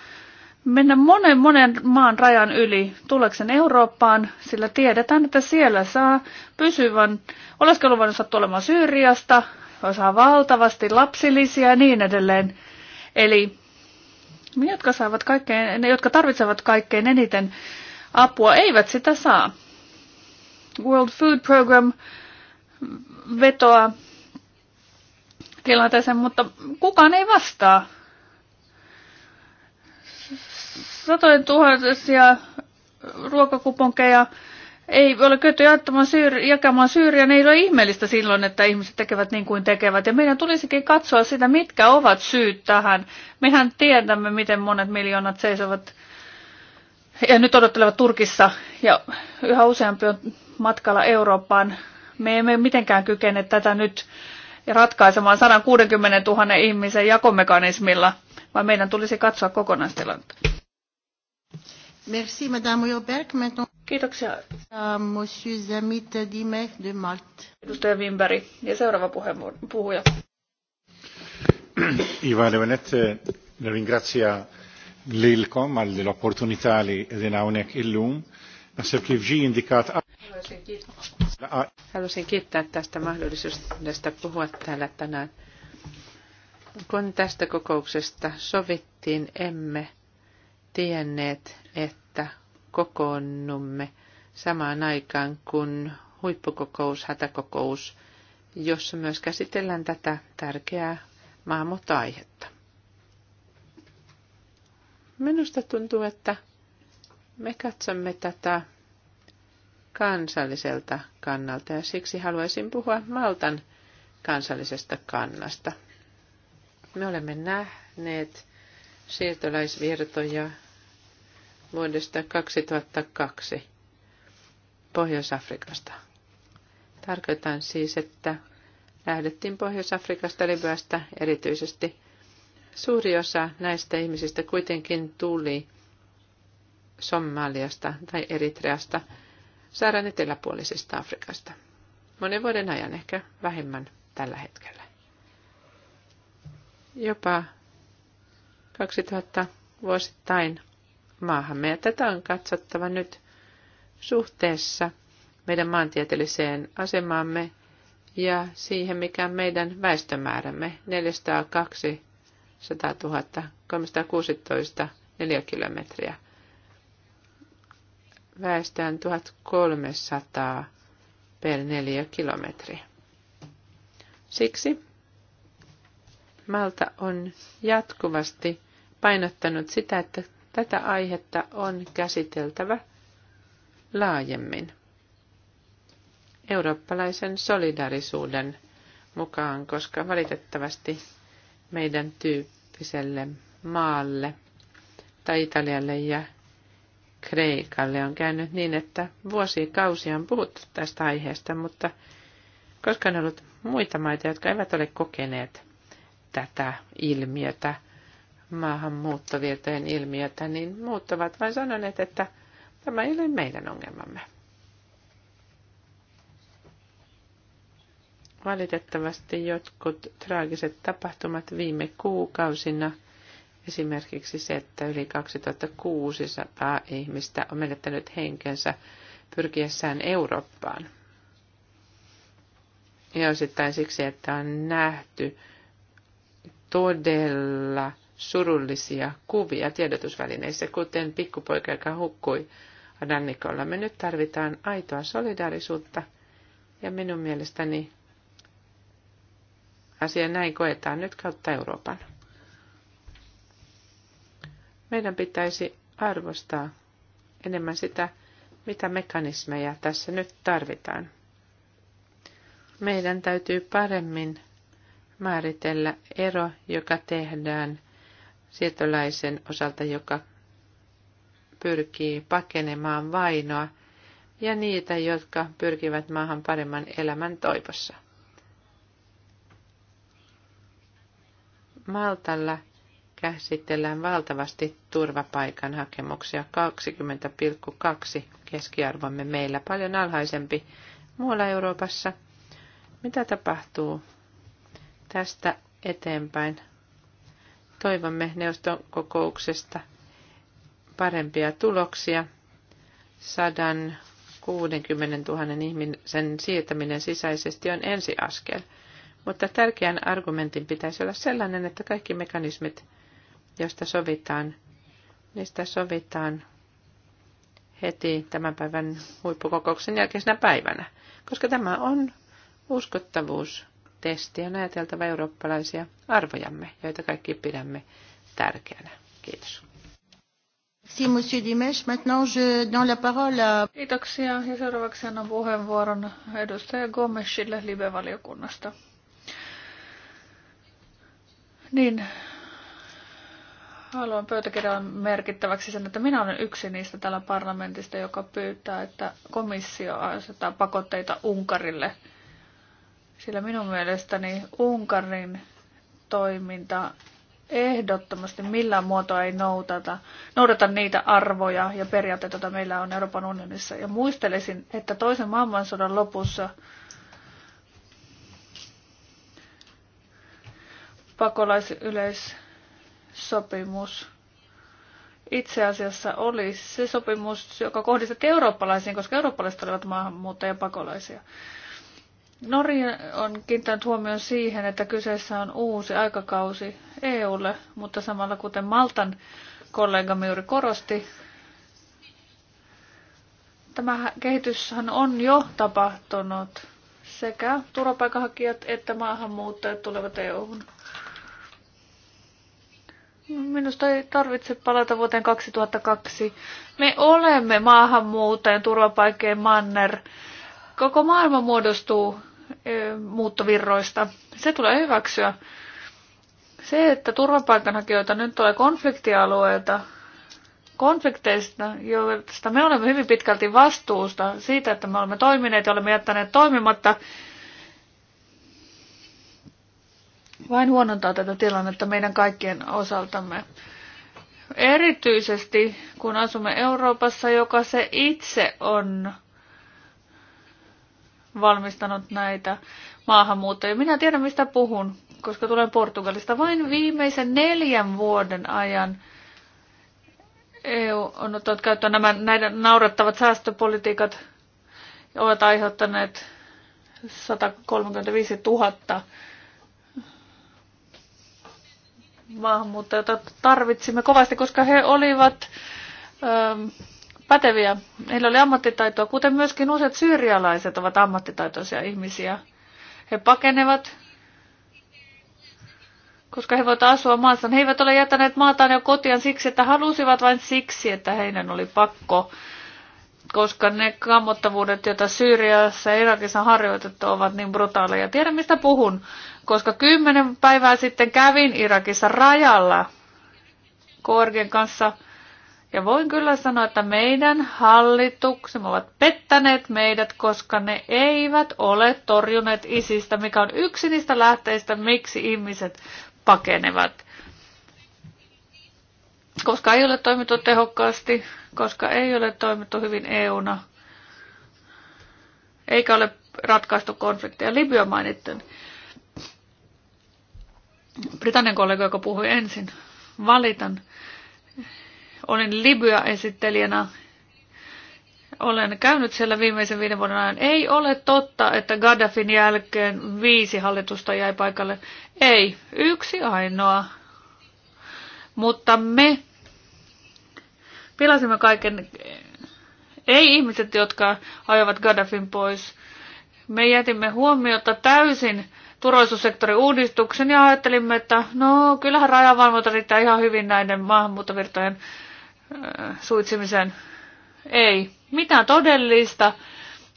mennä monen monen maan rajan yli tuleksen Eurooppaan, sillä tiedetään, että siellä saa pysyvän oleskeluvan saa tulemaan Syyriasta, saa valtavasti lapsilisiä ja niin edelleen. Eli ne, jotka, saavat kaikkein, ne, jotka tarvitsevat kaikkein eniten apua, eivät sitä saa. World Food Program vetoa tilanteeseen, mutta kukaan ei vastaa. Satojen tuhansia ruokakuponkeja ei ole kyetty jakamaan, Syyri- jakamaan Ei ole ihmeellistä silloin, että ihmiset tekevät niin kuin tekevät. Ja meidän tulisikin katsoa sitä, mitkä ovat syyt tähän. Mehän tiedämme, miten monet miljoonat seisovat ja nyt odottelevat Turkissa ja yhä useampi on matkalla Eurooppaan me emme mitenkään kykene tätä nyt ratkaisemaan 160 000 ihmisen jakomekanismilla, vaan meidän tulisi katsoa kokonaistilannetta. Merci, Madame Joberg. Maintenant... Kiitoksia. Euh, Monsieur Zamit Dime de Malte. Edustaja Wimberg. Ja seuraava puhuja. Ivana Venet, eh, ringrazia lilkom għall opportunità edenaunek edina unek illum. Nasib kif ġi indikat Haluaisin kiittää. Haluaisin kiittää tästä mahdollisuudesta puhua täällä tänään. Kun tästä kokouksesta sovittiin, emme tienneet, että kokoonnumme samaan aikaan kuin huippukokous, hätäkokous, jossa myös käsitellään tätä tärkeää maahanmuuttoaihetta. Minusta tuntuu, että me katsomme tätä kansalliselta kannalta ja siksi haluaisin puhua Maltan kansallisesta kannasta. Me olemme nähneet siirtolaisvirtoja vuodesta 2002 Pohjois-Afrikasta. Tarkoitan siis, että lähdettiin Pohjois-Afrikasta, Libyasta erityisesti. Suuri osa näistä ihmisistä kuitenkin tuli Somaliasta tai Eritreasta – saadaan eteläpuolisesta Afrikasta. Monen vuoden ajan ehkä vähemmän tällä hetkellä. Jopa 2000 vuosittain maahamme. Ja tätä on katsottava nyt suhteessa meidän maantieteelliseen asemaamme ja siihen, mikä on meidän väestömäärämme, 402 100 000, 316 neliökilometriä väestään 1300 per neliökilometri. Siksi Malta on jatkuvasti painottanut sitä, että tätä aihetta on käsiteltävä laajemmin eurooppalaisen solidarisuuden mukaan, koska valitettavasti meidän tyyppiselle maalle tai Italialle ja Kreikalle on käynyt niin, että vuosikausia on puhuttu tästä aiheesta, mutta koska on ollut muita maita, jotka eivät ole kokeneet tätä ilmiötä, maahanmuuttovirtojen ilmiötä, niin muut ovat vain sanoneet, että tämä ei ole meidän ongelmamme. Valitettavasti jotkut traagiset tapahtumat viime kuukausina – Esimerkiksi se, että yli 2600 ihmistä on menettänyt henkensä pyrkiessään Eurooppaan. Ja osittain siksi, että on nähty todella surullisia kuvia tiedotusvälineissä, kuten pikkupoika, joka hukkui rannikolla. Me nyt tarvitaan aitoa solidaarisuutta ja minun mielestäni asia näin koetaan nyt kautta Euroopan. Meidän pitäisi arvostaa enemmän sitä, mitä mekanismeja tässä nyt tarvitaan. Meidän täytyy paremmin määritellä ero, joka tehdään siirtolaisen osalta, joka pyrkii pakenemaan vainoa, ja niitä, jotka pyrkivät maahan paremman elämän toivossa. Maltalla käsitellään valtavasti turvapaikan hakemuksia, 20,2 keskiarvomme meillä, paljon alhaisempi muualla Euroopassa. Mitä tapahtuu tästä eteenpäin? Toivomme neuvoston kokouksesta parempia tuloksia. 160 000 ihmisen siirtäminen sisäisesti on ensiaskel mutta tärkeän argumentin pitäisi olla sellainen, että kaikki mekanismit josta sovitaan, niistä sovitaan heti tämän päivän huippukokouksen jälkeisenä päivänä, koska tämä on uskottavuustesti ja ajateltava eurooppalaisia arvojamme, joita kaikki pidämme tärkeänä. Kiitos. Merci, Monsieur Dimesh. Maintenant, je donne la parole à... Kiitoksia. Ja seuraavaksi annan puheenvuoron edustaja Gomesille live-valiokunnasta. Niin, haluan pöytäkirjaan merkittäväksi sen, että minä olen yksi niistä täällä parlamentista, joka pyytää, että komissio asettaa pakotteita Unkarille. Sillä minun mielestäni Unkarin toiminta ehdottomasti millään muotoa ei noudata, noudata niitä arvoja ja periaatteita, joita meillä on Euroopan unionissa. Ja muistelisin, että toisen maailmansodan lopussa pakolaisyleis sopimus itse asiassa oli se sopimus, joka kohdistettiin eurooppalaisiin, koska eurooppalaiset olivat maahanmuuttajapakolaisia. Norja on kiinnittänyt huomioon siihen, että kyseessä on uusi aikakausi EUlle, mutta samalla kuten Maltan kollega juuri korosti, tämä kehityshän on jo tapahtunut. Sekä turvapaikanhakijat että maahanmuuttajat tulevat EUhun. Minusta ei tarvitse palata vuoteen 2002. Me olemme maahanmuuttajien turvapaikkeen manner. Koko maailma muodostuu e, muuttovirroista. Se tulee hyväksyä. Se, että turvapaikanhakijoita nyt tulee konfliktialueelta, konflikteista, joista me olemme hyvin pitkälti vastuusta siitä, että me olemme toimineet ja olemme jättäneet toimimatta, vain huonontaa tätä tilannetta meidän kaikkien osaltamme. Erityisesti kun asumme Euroopassa, joka se itse on valmistanut näitä maahanmuuttajia. Minä tiedän, mistä puhun, koska tulen Portugalista. Vain viimeisen neljän vuoden ajan EU on ottanut käyttöön nämä näiden naurettavat säästöpolitiikat ovat aiheuttaneet 135 000 maahanmuuttajia, tarvitsimme kovasti, koska he olivat ö, ähm, päteviä. Heillä oli ammattitaitoa, kuten myöskin useat syyrialaiset ovat ammattitaitoisia ihmisiä. He pakenevat, koska he voivat asua maassa. He eivät ole jättäneet maataan ja kotiaan siksi, että halusivat vain siksi, että heidän oli pakko koska ne kammottavuudet, joita Syyriassa ja Irakissa on harjoitettu, ovat niin brutaaleja. Tiedän, mistä puhun, koska kymmenen päivää sitten kävin Irakissa rajalla Korgen kanssa. Ja voin kyllä sanoa, että meidän hallituksemme ovat pettäneet meidät, koska ne eivät ole torjuneet isistä, mikä on yksi niistä lähteistä, miksi ihmiset pakenevat koska ei ole toimittu tehokkaasti, koska ei ole toimittu hyvin EUna, eikä ole ratkaistu konflikteja. Libya mainittiin. Britannian kollega, joka puhui ensin, valitan. Olin Libya-esittelijänä. Olen käynyt siellä viimeisen viiden vuoden ajan. Ei ole totta, että Gaddafin jälkeen viisi hallitusta jäi paikalle. Ei, yksi ainoa mutta me pilasimme kaiken, ei ihmiset, jotka ajavat Gaddafin pois. Me jätimme huomiota täysin turvallisuussektorin uudistuksen ja ajattelimme, että no kyllähän rajavalvonta riittää ihan hyvin näiden maahanmuuttovirtojen äh, suitsimiseen. Ei, mitään todellista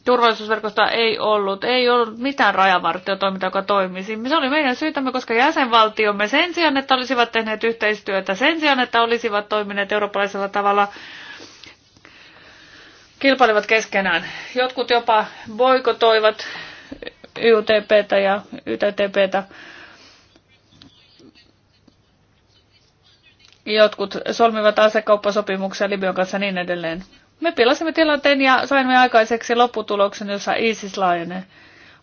turvallisuusverkostoa ei ollut, ei ollut mitään rajavartiotoimintaa, joka toimisi. Se oli meidän syytämme, koska jäsenvaltiomme sen sijaan, että olisivat tehneet yhteistyötä, sen sijaan, että olisivat toimineet eurooppalaisella tavalla, kilpailivat keskenään. Jotkut jopa boikotoivat YTPtä ja YTTPtä. Jotkut solmivat asekauppasopimuksia Libyan kanssa niin edelleen. Me pilasimme tilanteen ja saimme aikaiseksi lopputuloksen, jossa ISIS laajenee.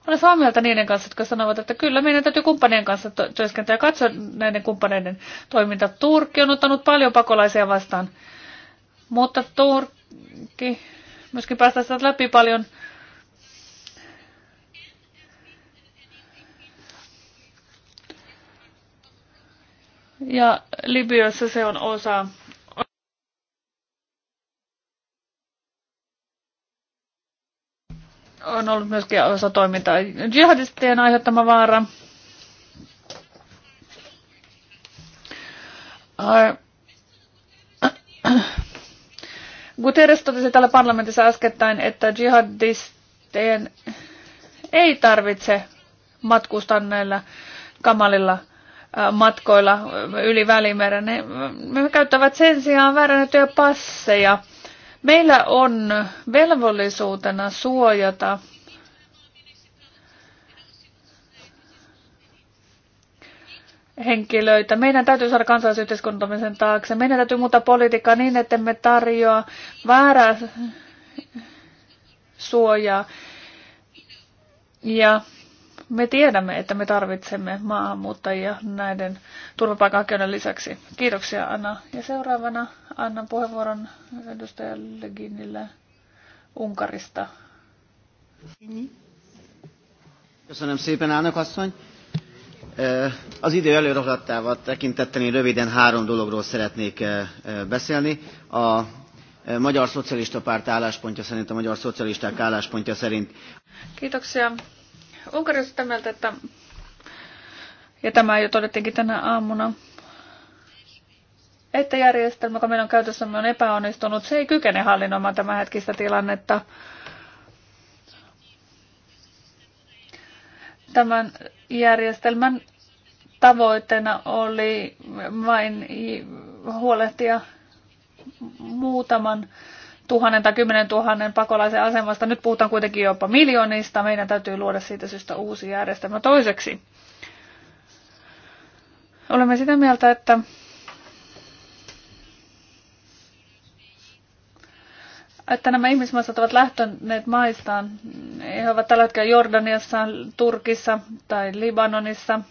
Olen samaa mieltä niiden kanssa, jotka sanovat, että kyllä meidän täytyy kumppanien kanssa työskentää ja katsoa näiden kumppaneiden toiminta. Turkki on ottanut paljon pakolaisia vastaan, mutta Turkki myöskin sitä läpi paljon Ja Libyassa se on osa on ollut myöskin osa toimintaa jihadistien aiheuttama vaara. Guterres totesi täällä parlamentissa äskettäin, että jihadistien ei tarvitse matkustaa näillä kamalilla matkoilla yli Välimeren. Ne, käyttävät sen sijaan väärännettyjä passeja Meillä on velvollisuutena suojata henkilöitä. Meidän täytyy saada kansalaisyhteiskuntamme taakse. Meidän täytyy muuttaa politiikkaa niin, että me tarjoa väärää suojaa. Ja me tiedämme, että me tarvitsemme maahanmuuttajia näiden turvapaikanhakijoiden lisäksi. Kiitoksia Anna. Ja seuraavana annan puheenvuoron edustaja Leginille Unkarista. Köszönöm szépen, elnök asszony. Az idő előragadtával tekintetten én röviden három dologról szeretnék beszélni. A Magyar Szocialista Párt álláspontja szerint, a Magyar Szocialisták álláspontja szerint. Kiitoksia. Unkarissa sitä mieltä, että, ja tämä jo todettiinkin tänä aamuna, että järjestelmä, joka meillä on käytössämme, on epäonnistunut. Se ei kykene hallinnoimaan hetkistä tilannetta. Tämän järjestelmän tavoitteena oli vain huolehtia muutaman tuhannen tai kymmenen tuhannen pakolaisen asemasta. Nyt puhutaan kuitenkin jopa miljoonista. Meidän täytyy luoda siitä syystä uusi järjestelmä toiseksi. Olemme sitä mieltä, että että nämä ihmismassat ovat lähteneet maistaan. He ovat tällä hetkellä Jordaniassa, Turkissa tai Libanonissa –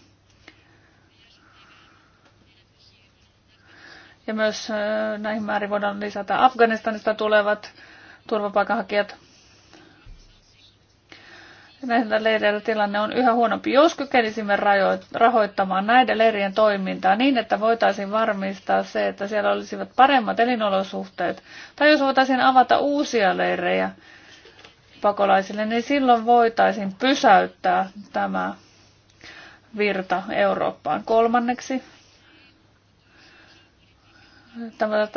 Ja myös äh, näihin määrin voidaan lisätä Afganistanista tulevat turvapaikanhakijat. Näillä leireillä tilanne on yhä huonompi. Jos kykenisimme rahoittamaan näiden leirien toimintaa niin, että voitaisiin varmistaa se, että siellä olisivat paremmat elinolosuhteet, tai jos voitaisiin avata uusia leirejä pakolaisille, niin silloin voitaisiin pysäyttää tämä virta Eurooppaan. Kolmanneksi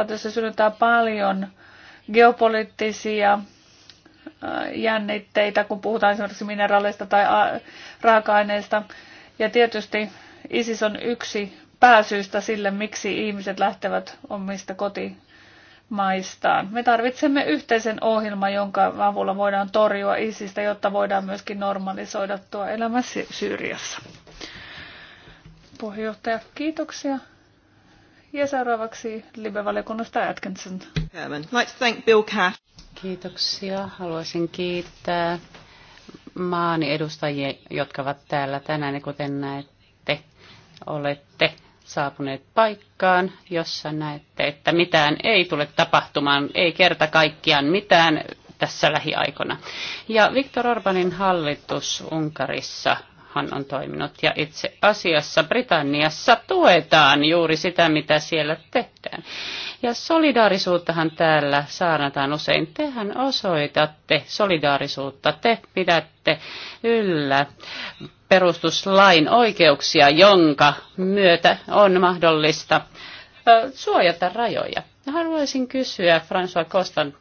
tässä synnyttää paljon geopoliittisia äh, jännitteitä, kun puhutaan esimerkiksi mineraaleista tai äh, raaka-aineista. Ja tietysti ISIS on yksi pääsyystä sille, miksi ihmiset lähtevät omista kotimaistaan. Me tarvitsemme yhteisen ohjelman, jonka avulla voidaan torjua ISISistä, jotta voidaan myöskin normalisoida tuo elämä Syyriassa. Puheenjohtaja, kiitoksia. Ja seuraavaksi Libe-valiokunnasta Atkinson. Kiitoksia. Haluaisin kiittää maani edustajia, jotka ovat täällä tänään. Ja kuten näette, olette saapuneet paikkaan, jossa näette, että mitään ei tule tapahtumaan, ei kerta kaikkiaan mitään tässä lähiaikona. Ja Viktor Orbanin hallitus Unkarissa – hän on toiminut. Ja itse asiassa Britanniassa tuetaan juuri sitä, mitä siellä tehdään. Ja solidaarisuuttahan täällä saarnataan usein. Tehän osoitatte solidaarisuutta, te pidätte yllä perustuslain oikeuksia, jonka myötä on mahdollista suojata rajoja. Haluaisin kysyä François Kostan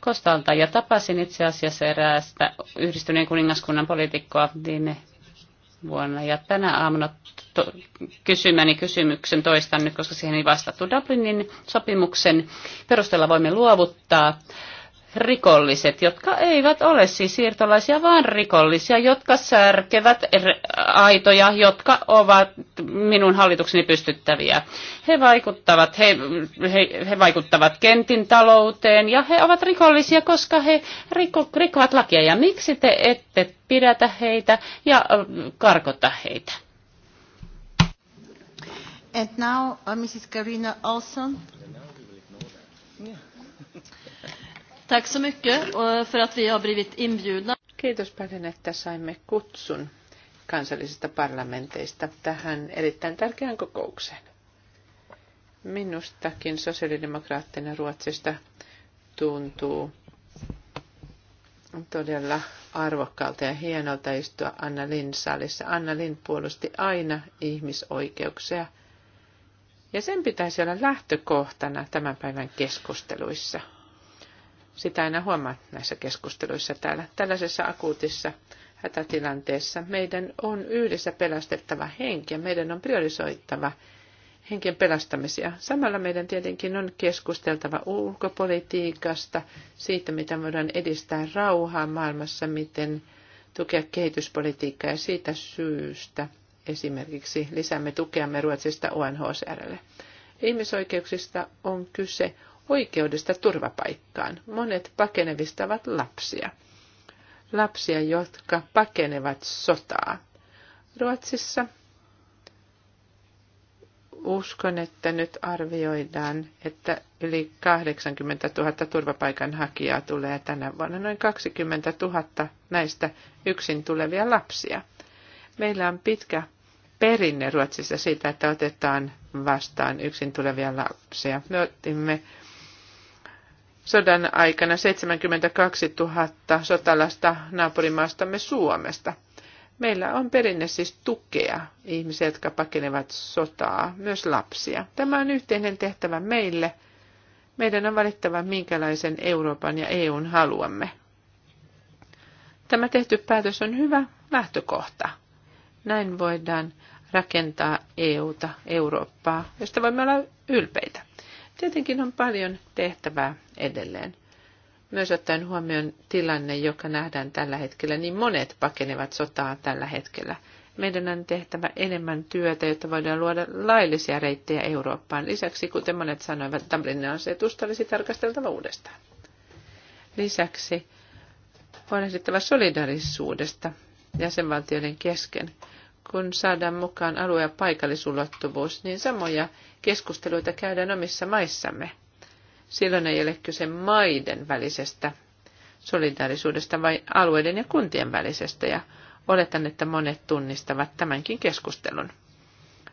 Kostalta ja tapasin itse asiassa eräästä yhdistyneen kuningaskunnan poliitikkoa viime vuonna. Ja tänä aamuna to- kysymäni kysymyksen toistan nyt, koska siihen ei vastattu. Dublinin sopimuksen perusteella voimme luovuttaa rikolliset, jotka eivät ole siis siirtolaisia, vaan rikollisia, jotka särkevät er, aitoja, jotka ovat minun hallitukseni pystyttäviä. He vaikuttavat, he, he, he vaikuttavat kentin talouteen ja he ovat rikollisia, koska he rikko, rikkovat lakia. Ja miksi te ette pidätä heitä ja karkota heitä? And now uh, Mrs. Karina Olson. Yeah. Tack så mycket eh, för att vi har blivit inbjudna. Kiitos paljon, että saimme kutsun kansallisista parlamenteista tähän erittäin tärkeään kokoukseen. Minustakin sosiaalidemokraattina Ruotsista tuntuu todella arvokkaalta ja hienolta istua Anna Lin salissa. Anna Lin puolusti aina ihmisoikeuksia. Ja sen pitäisi olla lähtökohtana tämän päivän keskusteluissa. Sitä aina huomaa näissä keskusteluissa täällä. Tällaisessa akuutissa hätätilanteessa meidän on yhdessä pelastettava henki ja meidän on priorisoittava henken pelastamisia. Samalla meidän tietenkin on keskusteltava ulkopolitiikasta, siitä mitä voidaan edistää rauhaa maailmassa, miten tukea kehityspolitiikkaa ja siitä syystä esimerkiksi lisäämme tukeamme Ruotsista UNHCRlle. Ihmisoikeuksista on kyse oikeudesta turvapaikkaan. Monet pakenevista ovat lapsia. Lapsia, jotka pakenevat sotaa. Ruotsissa uskon, että nyt arvioidaan, että yli 80 000 turvapaikanhakijaa tulee tänä vuonna. Noin 20 000 näistä yksin tulevia lapsia. Meillä on pitkä perinne Ruotsissa siitä, että otetaan vastaan yksin tulevia lapsia. Me otimme sodan aikana 72 000 sotalasta naapurimaastamme Suomesta. Meillä on perinne siis tukea ihmisiä, jotka pakenevat sotaa, myös lapsia. Tämä on yhteinen tehtävä meille. Meidän on valittava, minkälaisen Euroopan ja EUn haluamme. Tämä tehty päätös on hyvä lähtökohta. Näin voidaan rakentaa EUta, Eurooppaa, josta voimme olla ylpeitä. Tietenkin on paljon tehtävää edelleen. Myös ottaen huomioon tilanne, joka nähdään tällä hetkellä, niin monet pakenevat sotaa tällä hetkellä. Meidän on tehtävä enemmän työtä, jotta voidaan luoda laillisia reittejä Eurooppaan. Lisäksi, kuten monet sanoivat, Dublinin asetusta olisi tarkasteltava uudestaan. Lisäksi huolehdittava solidarisuudesta jäsenvaltioiden kesken, kun saadaan mukaan alue- ja paikallisulottuvuus, niin samoja keskusteluita käydään omissa maissamme. Silloin ei ole kyse maiden välisestä solidaarisuudesta, vai alueiden ja kuntien välisestä, ja oletan, että monet tunnistavat tämänkin keskustelun.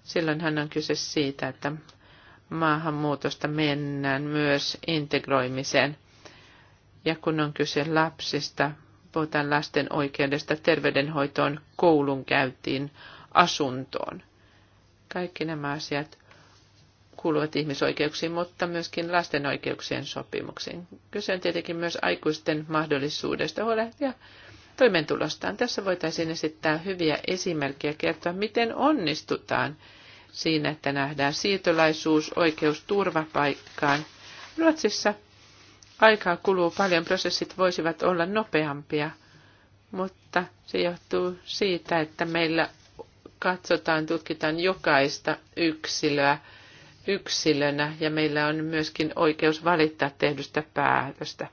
Silloinhan on kyse siitä, että maahanmuutosta mennään myös integroimiseen. Ja kun on kyse lapsista, puhutaan lasten oikeudesta terveydenhoitoon, koulun käyntiin, asuntoon. Kaikki nämä asiat kuuluvat ihmisoikeuksiin, mutta myöskin lasten oikeuksien sopimuksiin. Kyse on tietenkin myös aikuisten mahdollisuudesta huolehtia toimeentulostaan. Tässä voitaisiin esittää hyviä esimerkkejä kertoa, miten onnistutaan siinä, että nähdään siirtolaisuus, oikeus turvapaikkaan. Ruotsissa aikaa kuluu paljon, prosessit voisivat olla nopeampia, mutta se johtuu siitä, että meillä katsotaan, tutkitaan jokaista yksilöä yksilönä ja meillä on myöskin oikeus valittaa tehdystä päätöstä.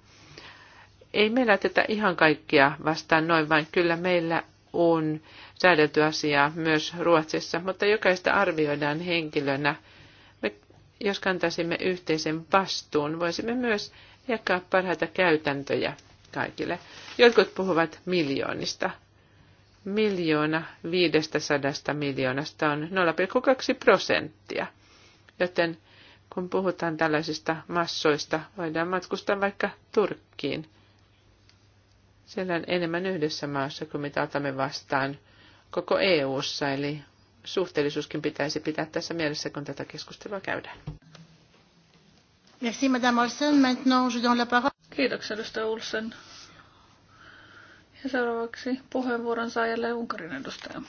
Ei meillä tätä ihan kaikkia vastaan noin, vaan kyllä meillä on säädelty asiaa myös Ruotsissa, mutta jokaista arvioidaan henkilönä. Me, jos kantaisimme yhteisen vastuun, voisimme myös jakaa parhaita käytäntöjä kaikille. Jotkut puhuvat miljoonista. Miljoona viidestä sadasta miljoonasta on 0,2 prosenttia. Joten kun puhutaan tällaisista massoista, voidaan matkustaa vaikka Turkkiin. Siellä on enemmän yhdessä maassa kuin mitä otamme vastaan koko EU:ssa, eli suhteellisuuskin pitäisi pitää tässä mielessä, kun tätä keskustelua käydään. Merci, Madame Olsen. Maintenant, je donne la parole. Kiitoksia, edustaja Olsen. Ja seuraavaksi puheenvuoron saa jälleen Unkarin edustaja.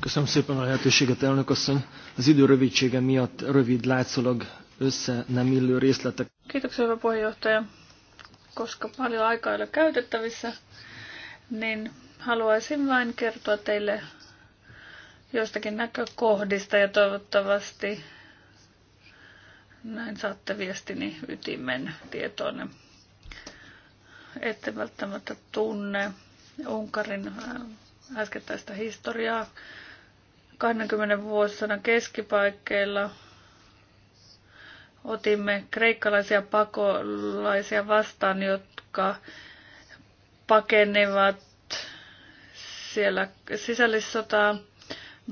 Köszönöm szépen a lehetőséget, elnök asszony. Az idő rövidsége miatt rövid látszólag össze nem illő részletek. Kiitoksia, hyvä puheenjohtaja. Koska paljon aikaa ei ole käytettävissä, niin haluaisin vain kertoa teille joistakin näkökohdista ja toivottavasti näin saatte viestini ytimen tietoinen. Ette välttämättä tunne Unkarin äh, äskettäistä historiaa. 20 vuosina keskipaikkeilla otimme kreikkalaisia pakolaisia vastaan, jotka pakenevat siellä sisällissotaa.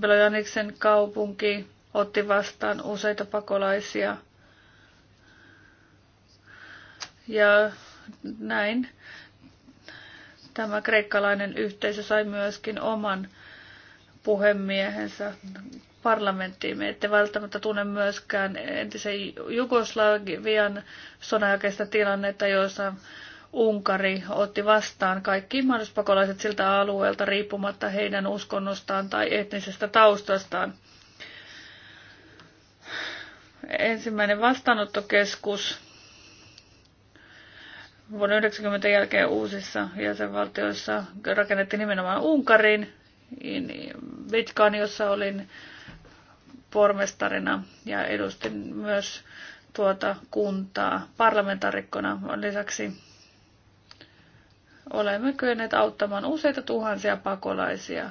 Belojaniksen kaupunki otti vastaan useita pakolaisia – ja näin tämä kreikkalainen yhteisö sai myöskin oman puhemiehensä parlamenttiin. Me ette välttämättä tunne myöskään entisen Jugoslavian sodanjälkeistä tilannetta, joissa Unkari otti vastaan kaikki mahdollispakolaiset siltä alueelta riippumatta heidän uskonnostaan tai etnisestä taustastaan. Ensimmäinen vastaanottokeskus vuonna 90 jälkeen uusissa jäsenvaltioissa rakennettiin nimenomaan Unkarin, niin Vitkaan, jossa olin pormestarina ja edustin myös tuota kuntaa parlamentaarikkona. Lisäksi olemme kyenneet auttamaan useita tuhansia pakolaisia,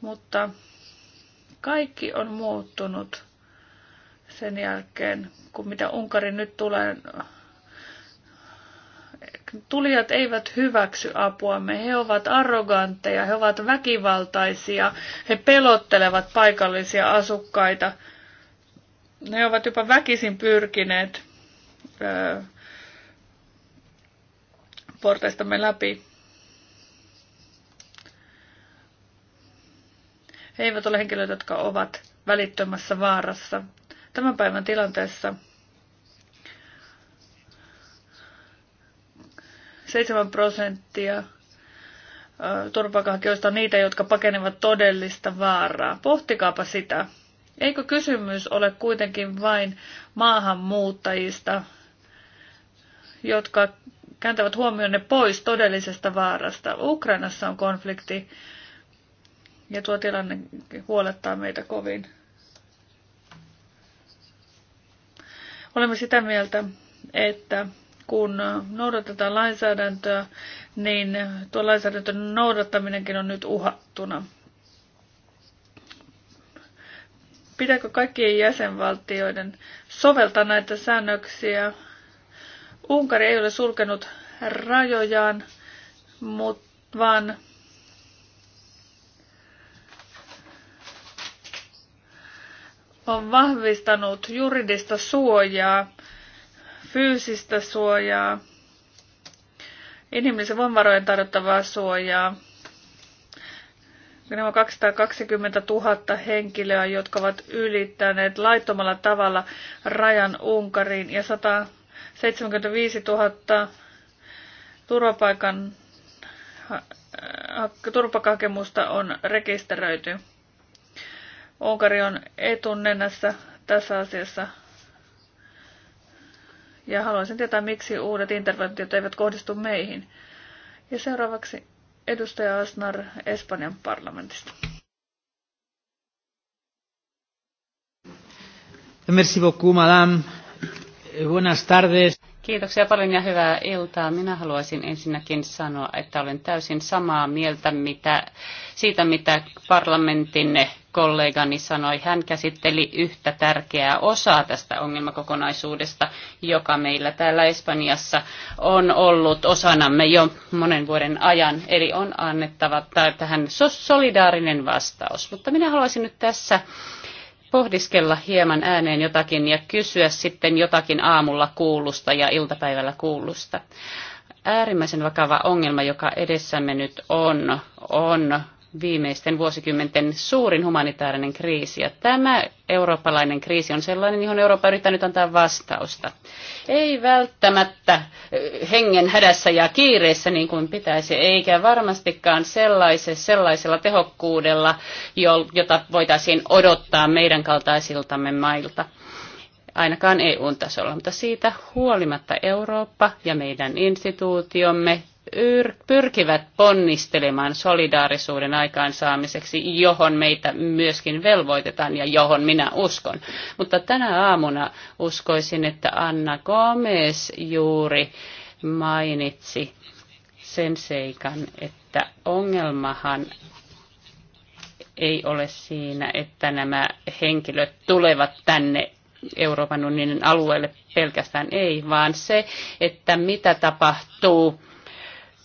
mutta kaikki on muuttunut sen jälkeen, kun mitä Unkari nyt tulee Tulijat eivät hyväksy apuamme. He ovat arrogantteja, he ovat väkivaltaisia, he pelottelevat paikallisia asukkaita. He ovat jopa väkisin pyrkineet öö, portaistamme läpi. He eivät ole henkilöitä, jotka ovat välittömässä vaarassa. Tämän päivän tilanteessa 7 prosenttia turvapaikanhakijoista on niitä, jotka pakenevat todellista vaaraa. Pohtikaapa sitä. Eikö kysymys ole kuitenkin vain maahanmuuttajista, jotka kääntävät huomionne pois todellisesta vaarasta? Ukrainassa on konflikti ja tuo tilanne huolettaa meitä kovin. Olemme sitä mieltä, että kun noudatetaan lainsäädäntöä, niin tuo lainsäädäntön noudattaminenkin on nyt uhattuna. Pitääkö kaikkien jäsenvaltioiden soveltaa näitä säännöksiä? Unkari ei ole sulkenut rajojaan, mutta vaan on vahvistanut juridista suojaa fyysistä suojaa, inhimillisen voimavarojen tarjottavaa suojaa. Nämä 220 000 henkilöä, jotka ovat ylittäneet laittomalla tavalla rajan Unkariin ja 175 000 turvapaikan äh, turvapaikkahakemusta on rekisteröity. Unkari on etunenässä tässä asiassa ja haluaisin tietää, miksi uudet interventiot eivät kohdistu meihin. Ja seuraavaksi edustaja Asnar Espanjan parlamentista. Merci beaucoup, madame. Buenas tardes. Kiitoksia paljon ja hyvää iltaa. Minä haluaisin ensinnäkin sanoa, että olen täysin samaa mieltä mitä, siitä, mitä parlamentin kollegani sanoi. Hän käsitteli yhtä tärkeää osaa tästä ongelmakokonaisuudesta, joka meillä täällä Espanjassa on ollut osanamme jo monen vuoden ajan. Eli on annettava tähän solidaarinen vastaus. Mutta minä haluaisin nyt tässä pohdiskella hieman ääneen jotakin ja kysyä sitten jotakin aamulla kuulusta ja iltapäivällä kuulusta. Äärimmäisen vakava ongelma, joka edessämme nyt on, on viimeisten vuosikymmenten suurin humanitaarinen kriisi. Ja tämä eurooppalainen kriisi on sellainen, johon Eurooppa yrittää nyt antaa vastausta. Ei välttämättä eh, hengen hädässä ja kiireessä niin kuin pitäisi, eikä varmastikaan sellaise, sellaisella tehokkuudella, jota voitaisiin odottaa meidän kaltaisiltamme mailta ainakaan eu tasolla, mutta siitä huolimatta Eurooppa ja meidän instituutiomme pyrkivät ponnistelemaan solidaarisuuden aikaansaamiseksi, johon meitä myöskin velvoitetaan ja johon minä uskon. Mutta tänä aamuna uskoisin, että Anna Gomez juuri mainitsi sen seikan, että ongelmahan ei ole siinä, että nämä henkilöt tulevat tänne Euroopan unionin alueelle pelkästään ei, vaan se, että mitä tapahtuu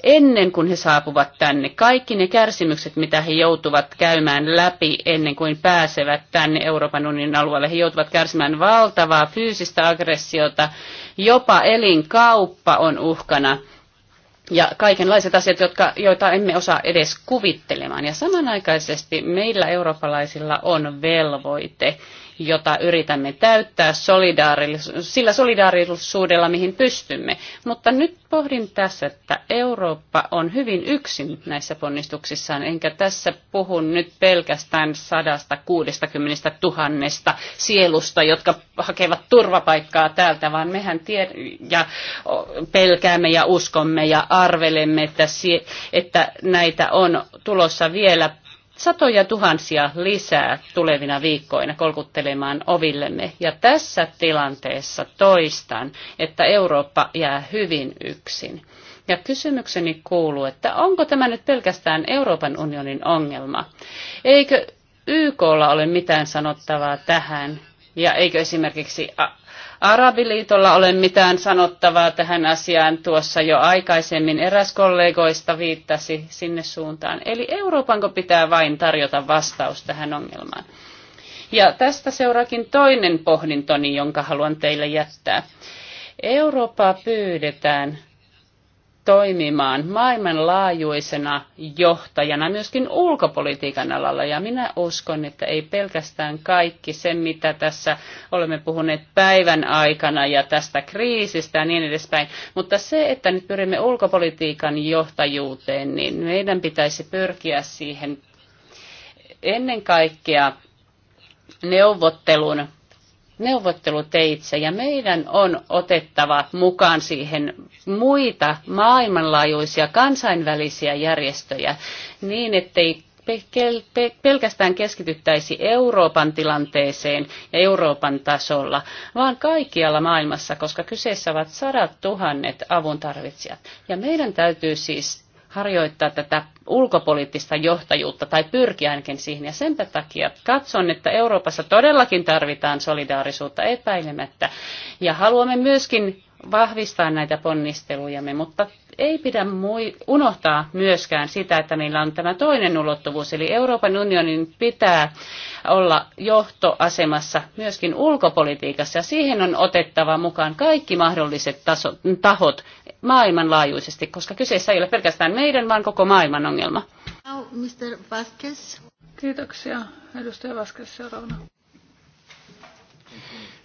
ennen kuin he saapuvat tänne. Kaikki ne kärsimykset, mitä he joutuvat käymään läpi ennen kuin pääsevät tänne Euroopan unionin alueelle. He joutuvat kärsimään valtavaa fyysistä aggressiota, jopa elinkauppa on uhkana ja kaikenlaiset asiat, jotka, joita emme osaa edes kuvittelemaan. Ja samanaikaisesti meillä eurooppalaisilla on velvoite jota yritämme täyttää sillä solidaarisuudella, mihin pystymme. Mutta nyt pohdin tässä, että Eurooppa on hyvin yksin näissä ponnistuksissaan, enkä tässä puhu nyt pelkästään 160 000 sielusta, jotka hakevat turvapaikkaa täältä, vaan mehän tied- ja pelkäämme ja uskomme ja arvelemme, että, että näitä on tulossa vielä satoja tuhansia lisää tulevina viikkoina kolkuttelemaan ovillemme. Ja tässä tilanteessa toistan, että Eurooppa jää hyvin yksin. Ja kysymykseni kuuluu, että onko tämä nyt pelkästään Euroopan unionin ongelma? Eikö YKlla ole mitään sanottavaa tähän? Ja eikö esimerkiksi Arabiliitolla ole mitään sanottavaa tähän asiaan. Tuossa jo aikaisemmin eräs kollegoista viittasi sinne suuntaan. Eli Euroopanko pitää vain tarjota vastaus tähän ongelmaan? Ja tästä seuraakin toinen pohdintoni, jonka haluan teille jättää. Eurooppaa pyydetään toimimaan maailmanlaajuisena johtajana myöskin ulkopolitiikan alalla. Ja minä uskon, että ei pelkästään kaikki se, mitä tässä olemme puhuneet päivän aikana ja tästä kriisistä ja niin edespäin, mutta se, että nyt pyrimme ulkopolitiikan johtajuuteen, niin meidän pitäisi pyrkiä siihen ennen kaikkea neuvottelun neuvotteluteitse ja meidän on otettava mukaan siihen muita maailmanlaajuisia kansainvälisiä järjestöjä niin, ettei pelkästään keskityttäisi Euroopan tilanteeseen ja Euroopan tasolla, vaan kaikkialla maailmassa, koska kyseessä ovat sadat tuhannet avuntarvitsijat. Ja meidän täytyy siis harjoittaa tätä ulkopoliittista johtajuutta tai pyrkiä ainakin siihen. Ja sen takia katson, että Euroopassa todellakin tarvitaan solidaarisuutta epäilemättä. Ja haluamme myöskin vahvistaa näitä ponnistelujamme, mutta ei pidä mui, unohtaa myöskään sitä, että meillä on tämä toinen ulottuvuus, eli Euroopan unionin pitää olla johtoasemassa myöskin ulkopolitiikassa, ja siihen on otettava mukaan kaikki mahdolliset taso, tahot maailmanlaajuisesti, koska kyseessä ei ole pelkästään meidän, vaan koko maailman ongelma. Now, Mr. Vasquez. Kiitoksia. Edustaja Vasquez seuraavana.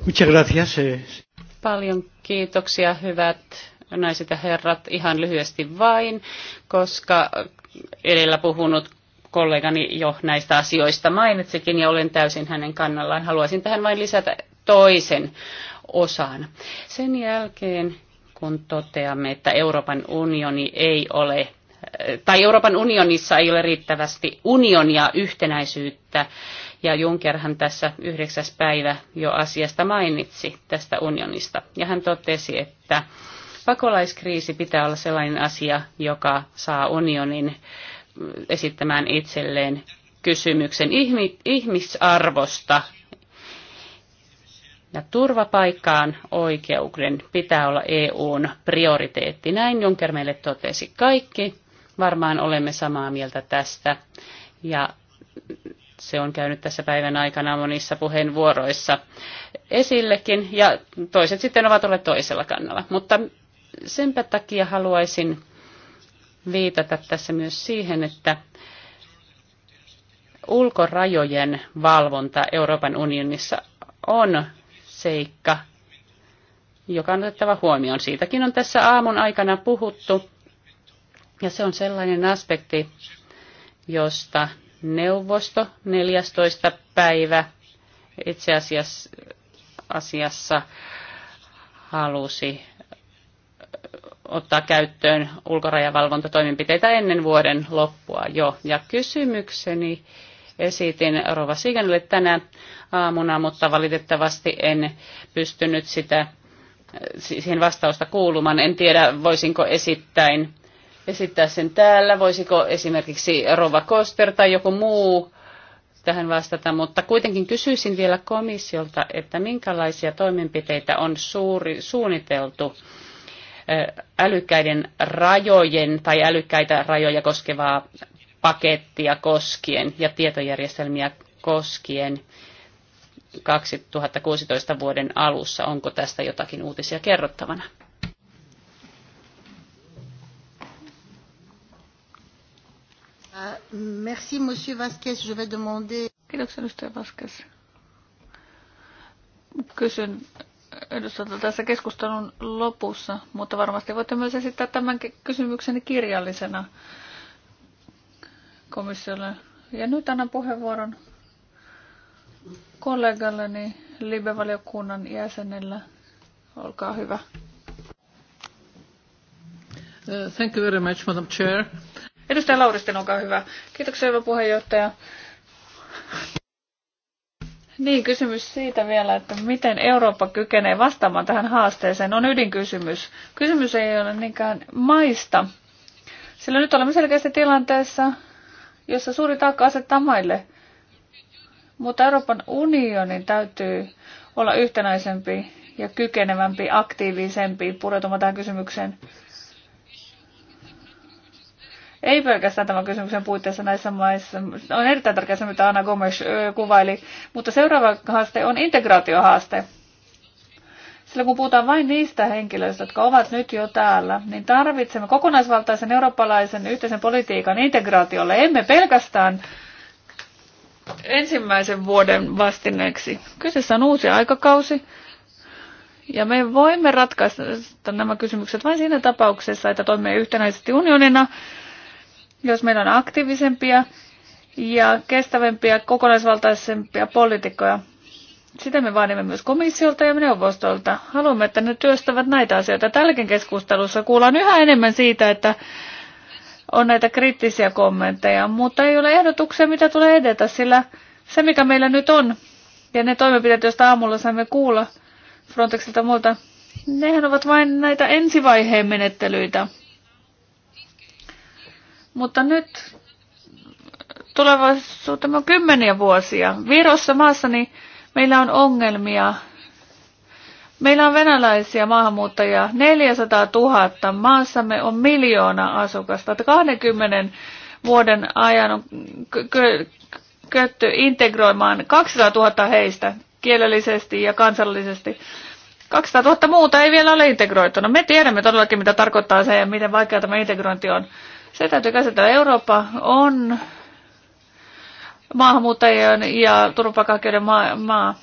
Muchas gracias. Eh. Paljon kiitoksia, hyvät naiset ja herrat, ihan lyhyesti vain, koska edellä puhunut kollegani jo näistä asioista mainitsikin ja olen täysin hänen kannallaan. Haluaisin tähän vain lisätä toisen osan. Sen jälkeen, kun toteamme, että Euroopan unioni ei ole tai Euroopan unionissa ei ole riittävästi unionia, yhtenäisyyttä ja Junckerhan tässä yhdeksäs päivä jo asiasta mainitsi tästä unionista. Ja hän totesi, että pakolaiskriisi pitää olla sellainen asia, joka saa unionin esittämään itselleen kysymyksen ihmisarvosta ja turvapaikkaan oikeuden pitää olla EUn prioriteetti. Näin Juncker meille totesi kaikki. Varmaan olemme samaa mieltä tästä. Ja se on käynyt tässä päivän aikana monissa puheenvuoroissa esillekin ja toiset sitten ovat olleet toisella kannalla. Mutta senpä takia haluaisin viitata tässä myös siihen, että ulkorajojen valvonta Euroopan unionissa on seikka, joka on otettava huomioon. Siitäkin on tässä aamun aikana puhuttu. Ja se on sellainen aspekti, josta neuvosto 14. päivä itse asiassa, asiassa halusi ottaa käyttöön ulkorajavalvontatoimenpiteitä ennen vuoden loppua jo. Ja kysymykseni esitin Rova Siganille tänä aamuna, mutta valitettavasti en pystynyt sitä siihen vastausta kuulumaan. En tiedä, voisinko esittäin esittää sen täällä. Voisiko esimerkiksi Rova Koster tai joku muu tähän vastata, mutta kuitenkin kysyisin vielä komissiolta, että minkälaisia toimenpiteitä on suuri, suunniteltu älykkäiden rajojen tai älykkäitä rajoja koskevaa pakettia koskien ja tietojärjestelmiä koskien 2016 vuoden alussa. Onko tästä jotakin uutisia kerrottavana? Euh, merci, Monsieur Vasquez. Je vais demander... Kiitoksia, edustaja Vasquez. Kysyn edustajalta tässä keskustelun lopussa, mutta varmasti voitte myös esittää tämän kysymyksen kirjallisena komissiolle. Ja nyt annan puheenvuoron kollegalleni Libe-valiokunnan jäsenellä. Olkaa hyvä. Uh, thank you very much, Madam Chair. Edustaja Lauristen, olkaa hyvä. Kiitoksia, hyvä puheenjohtaja. Niin, kysymys siitä vielä, että miten Eurooppa kykenee vastaamaan tähän haasteeseen, on ydinkysymys. Kysymys ei ole niinkään maista, sillä nyt olemme selkeästi tilanteessa, jossa suuri taakka asettaa maille. Mutta Euroopan unionin täytyy olla yhtenäisempi ja kykenevämpi, aktiivisempi pureutumaan tähän kysymykseen ei pelkästään tämän kysymyksen puitteissa näissä maissa. On erittäin tärkeää se, mitä Anna Gomes kuvaili. Mutta seuraava haaste on integraatiohaaste. Sillä kun puhutaan vain niistä henkilöistä, jotka ovat nyt jo täällä, niin tarvitsemme kokonaisvaltaisen eurooppalaisen yhteisen politiikan integraatiolle. Emme pelkästään ensimmäisen vuoden vastineeksi. Kyseessä on uusi aikakausi. Ja me voimme ratkaista nämä kysymykset vain siinä tapauksessa, että toimimme yhtenäisesti unionina jos meillä on aktiivisempia ja kestävämpiä, kokonaisvaltaisempia poliitikkoja, sitä me vaadimme myös komissiolta ja neuvostolta. Haluamme, että ne työstävät näitä asioita. Tälläkin keskustelussa kuullaan yhä enemmän siitä, että on näitä kriittisiä kommentteja, mutta ei ole ehdotuksia, mitä tulee edetä, sillä se, mikä meillä nyt on, ja ne toimenpiteet, joista aamulla saimme kuulla Frontexilta muuta, nehän ovat vain näitä ensivaiheen menettelyitä. Mutta nyt tulevaisuutemme on kymmeniä vuosia. Virossa maassa niin meillä on ongelmia. Meillä on venäläisiä maahanmuuttajia 400 000. Maassamme on miljoona asukasta. 20 vuoden ajan on kyetty integroimaan 200 000 heistä kielellisesti ja kansallisesti. 200 000 muuta ei vielä ole integroituna. Me tiedämme todellakin, mitä tarkoittaa se ja miten vaikeaa tämä integrointi on. Se täytyy käsitellä. Eurooppa on maahanmuuttajien ja turvapaikanhakijoiden maa, maa.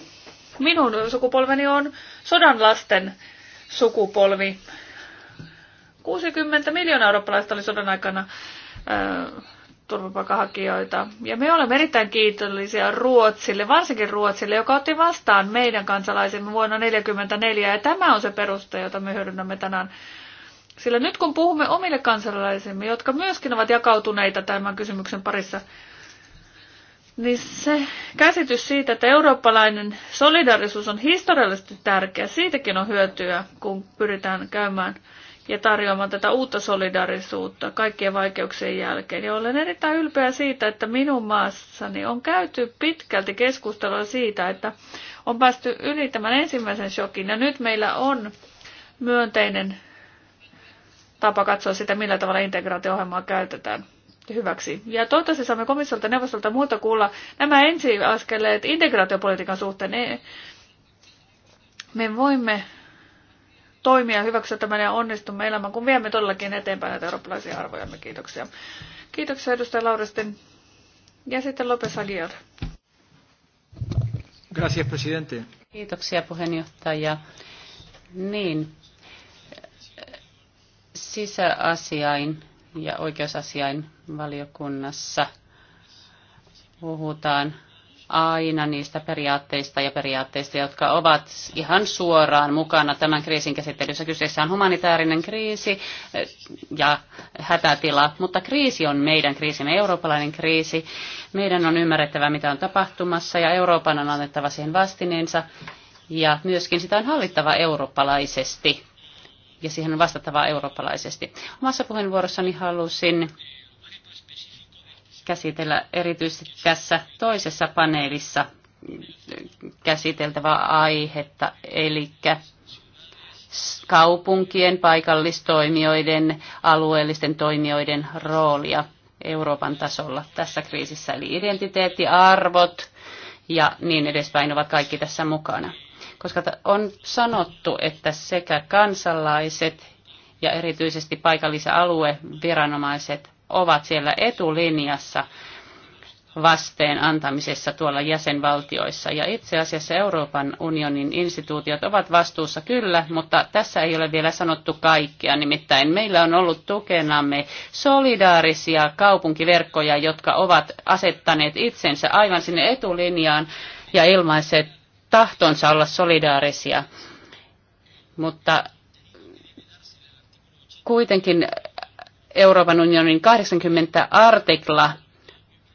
Minun sukupolveni on sodan lasten sukupolvi. 60 miljoonaa eurooppalaista oli sodan aikana turvapaikanhakijoita. Ja me olemme erittäin kiitollisia Ruotsille, varsinkin Ruotsille, joka otti vastaan meidän kansalaisemme vuonna 1944. Ja tämä on se peruste, jota me hyödynnämme tänään sillä nyt kun puhumme omille kansalaisemme, jotka myöskin ovat jakautuneita tämän kysymyksen parissa, niin se käsitys siitä, että eurooppalainen solidarisuus on historiallisesti tärkeä, siitäkin on hyötyä, kun pyritään käymään ja tarjoamaan tätä uutta solidarisuutta kaikkien vaikeuksien jälkeen. Ja olen erittäin ylpeä siitä, että minun maassani on käyty pitkälti keskustelua siitä, että on päästy yli tämän ensimmäisen shokin. Ja nyt meillä on myönteinen tapa katsoa sitä, millä tavalla integraatio-ohjelmaa käytetään hyväksi. Ja toivottavasti saamme komissiolta, neuvostolta muuta kuulla nämä ensiaskeleet integraatiopolitiikan suhteen. E- me voimme toimia hyväksyä tämän ja onnistumme elämään, kun viemme todellakin eteenpäin näitä eurooppalaisia arvoja. Kiitoksia. Kiitoksia edustaja Lauristin. Ja sitten Lopes Aguiar. Gracias, presidente. Kiitoksia puheenjohtaja. Niin, sisäasiain ja oikeusasiain valiokunnassa puhutaan aina niistä periaatteista ja periaatteista, jotka ovat ihan suoraan mukana tämän kriisin käsittelyssä. Kyseessä on humanitaarinen kriisi eh, ja hätätila, mutta kriisi on meidän kriisimme, eurooppalainen kriisi. Meidän on ymmärrettävä, mitä on tapahtumassa ja Euroopan on annettava siihen vastineensa ja myöskin sitä on hallittava eurooppalaisesti ja siihen on vastattava eurooppalaisesti. Omassa puheenvuorossani halusin käsitellä erityisesti tässä toisessa paneelissa käsiteltävää aihetta, eli kaupunkien, paikallistoimijoiden, alueellisten toimijoiden roolia Euroopan tasolla tässä kriisissä. Eli identiteetti, arvot ja niin edespäin ovat kaikki tässä mukana koska on sanottu, että sekä kansalaiset ja erityisesti paikallis- ja alueviranomaiset ovat siellä etulinjassa vasteen antamisessa tuolla jäsenvaltioissa. Ja itse asiassa Euroopan unionin instituutiot ovat vastuussa kyllä, mutta tässä ei ole vielä sanottu kaikkea. Nimittäin meillä on ollut tukenamme solidaarisia kaupunkiverkkoja, jotka ovat asettaneet itsensä aivan sinne etulinjaan ja ilmaiset tahtonsa olla solidaarisia. Mutta kuitenkin Euroopan unionin 80 artikla,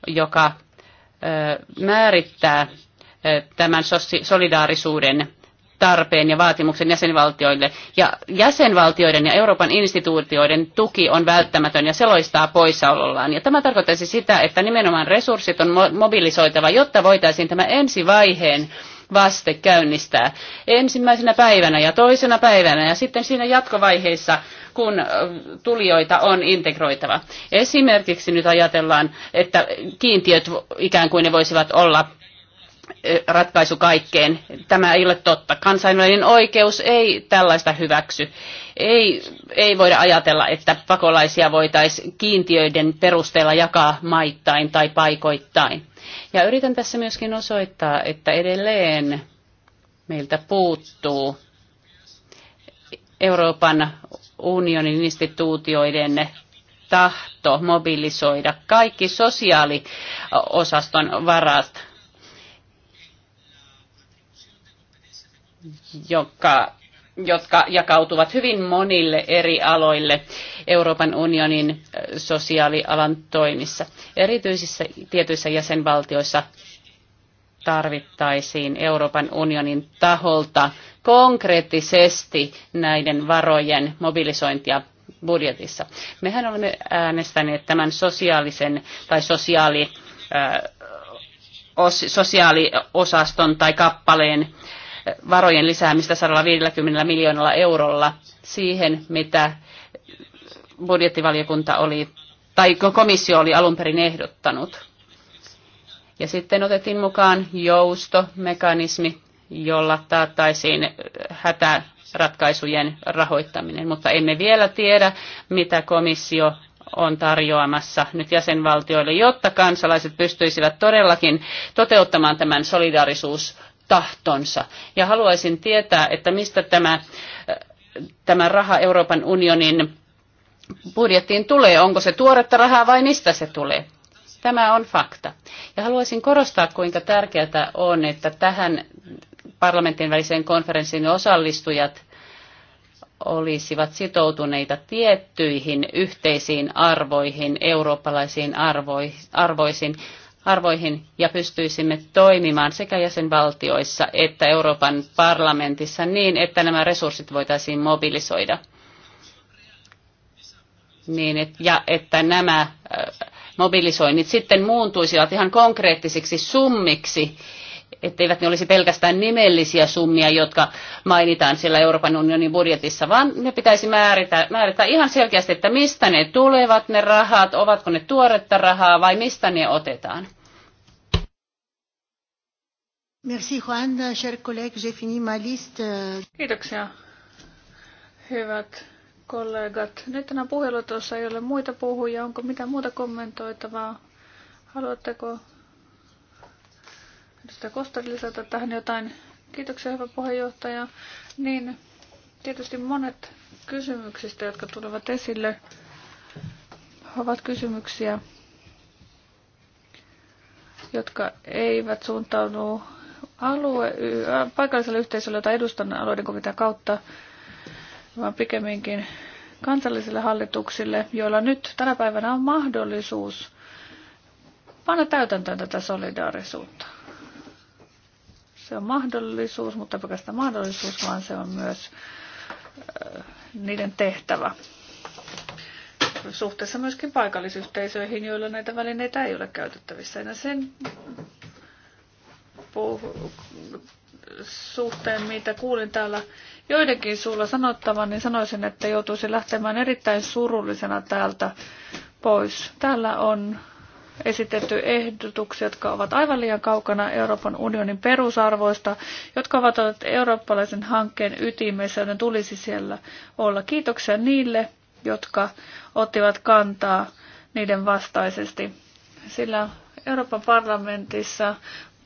joka määrittää tämän solidaarisuuden tarpeen ja vaatimuksen jäsenvaltioille. Ja jäsenvaltioiden ja Euroopan instituutioiden tuki on välttämätön ja se loistaa poissaolollaan. Ja tämä tarkoittaisi sitä, että nimenomaan resurssit on mobilisoitava, jotta voitaisiin tämä ensivaiheen vaiheen vaste käynnistää ensimmäisenä päivänä ja toisena päivänä ja sitten siinä jatkovaiheissa, kun tulijoita on integroitava. Esimerkiksi nyt ajatellaan, että kiintiöt ikään kuin ne voisivat olla ratkaisu kaikkeen. Tämä ei ole totta. Kansainvälinen oikeus ei tällaista hyväksy. Ei, ei voida ajatella, että pakolaisia voitaisiin kiintiöiden perusteella jakaa maittain tai paikoittain. Ja yritän tässä myöskin osoittaa, että edelleen meiltä puuttuu Euroopan unionin instituutioiden tahto mobilisoida kaikki sosiaaliosaston varat, joka jotka jakautuvat hyvin monille eri aloille Euroopan unionin sosiaalialan toimissa. Erityisissä tietyissä jäsenvaltioissa tarvittaisiin Euroopan unionin taholta konkreettisesti näiden varojen mobilisointia budjetissa. Mehän olemme äänestäneet tämän sosiaalisen tai sosiaali, äh, os, sosiaaliosaston tai kappaleen varojen lisäämistä 150 miljoonalla eurolla siihen, mitä budjettivaliokunta oli, tai komissio oli alun perin ehdottanut. Ja sitten otettiin mukaan joustomekanismi, jolla taattaisiin hätäratkaisujen rahoittaminen, mutta emme vielä tiedä, mitä komissio on tarjoamassa nyt jäsenvaltioille, jotta kansalaiset pystyisivät todellakin toteuttamaan tämän solidaarisuus tahtonsa. Ja haluaisin tietää, että mistä tämä, tämä raha Euroopan unionin budjettiin tulee. Onko se tuoretta rahaa vai mistä se tulee? Tämä on fakta. Ja haluaisin korostaa, kuinka tärkeää on, että tähän parlamentin väliseen konferenssiin osallistujat olisivat sitoutuneita tiettyihin yhteisiin arvoihin, eurooppalaisiin arvoihin, arvoihin ja pystyisimme toimimaan sekä jäsenvaltioissa että Euroopan parlamentissa niin, että nämä resurssit voitaisiin mobilisoida. Niin, et, ja että nämä äh, mobilisoinnit sitten muuntuisivat ihan konkreettisiksi summiksi, etteivät ne olisi pelkästään nimellisiä summia, jotka mainitaan siellä Euroopan unionin budjetissa, vaan ne pitäisi määritä, määritä ihan selkeästi, että mistä ne tulevat ne rahat, ovatko ne tuoretta rahaa vai mistä ne otetaan. Merci Juan, cher collègue, j'ai fini ma liste. Kiitoksia, hyvät kollegat. Nyt tänä puhelutossa ei ole muita puhuja. Onko mitään muuta kommentoitavaa? Haluatteko edustaja Kosta lisätä tähän jotain? Kiitoksia, hyvä puheenjohtaja. Niin, tietysti monet kysymyksistä, jotka tulevat esille, ovat kysymyksiä, jotka eivät suuntaudu alue, äh, paikalliselle yhteisölle, jota edustan alueiden komitean kautta, vaan pikemminkin kansallisille hallituksille, joilla nyt tänä päivänä on mahdollisuus panna täytäntöön tätä solidaarisuutta. Se on mahdollisuus, mutta ei pelkästään mahdollisuus, vaan se on myös äh, niiden tehtävä suhteessa myöskin paikallisyhteisöihin, joilla näitä välineitä ei ole käytettävissä. Ja sen loppusuhteen, suhteen, mitä kuulin täällä joidenkin suulla sanottavan, niin sanoisin, että joutuisi lähtemään erittäin surullisena täältä pois. Täällä on esitetty ehdotuksia, jotka ovat aivan liian kaukana Euroopan unionin perusarvoista, jotka ovat olleet eurooppalaisen hankkeen ytimessä, joiden tulisi siellä olla. Kiitoksia niille, jotka ottivat kantaa niiden vastaisesti, sillä Euroopan parlamentissa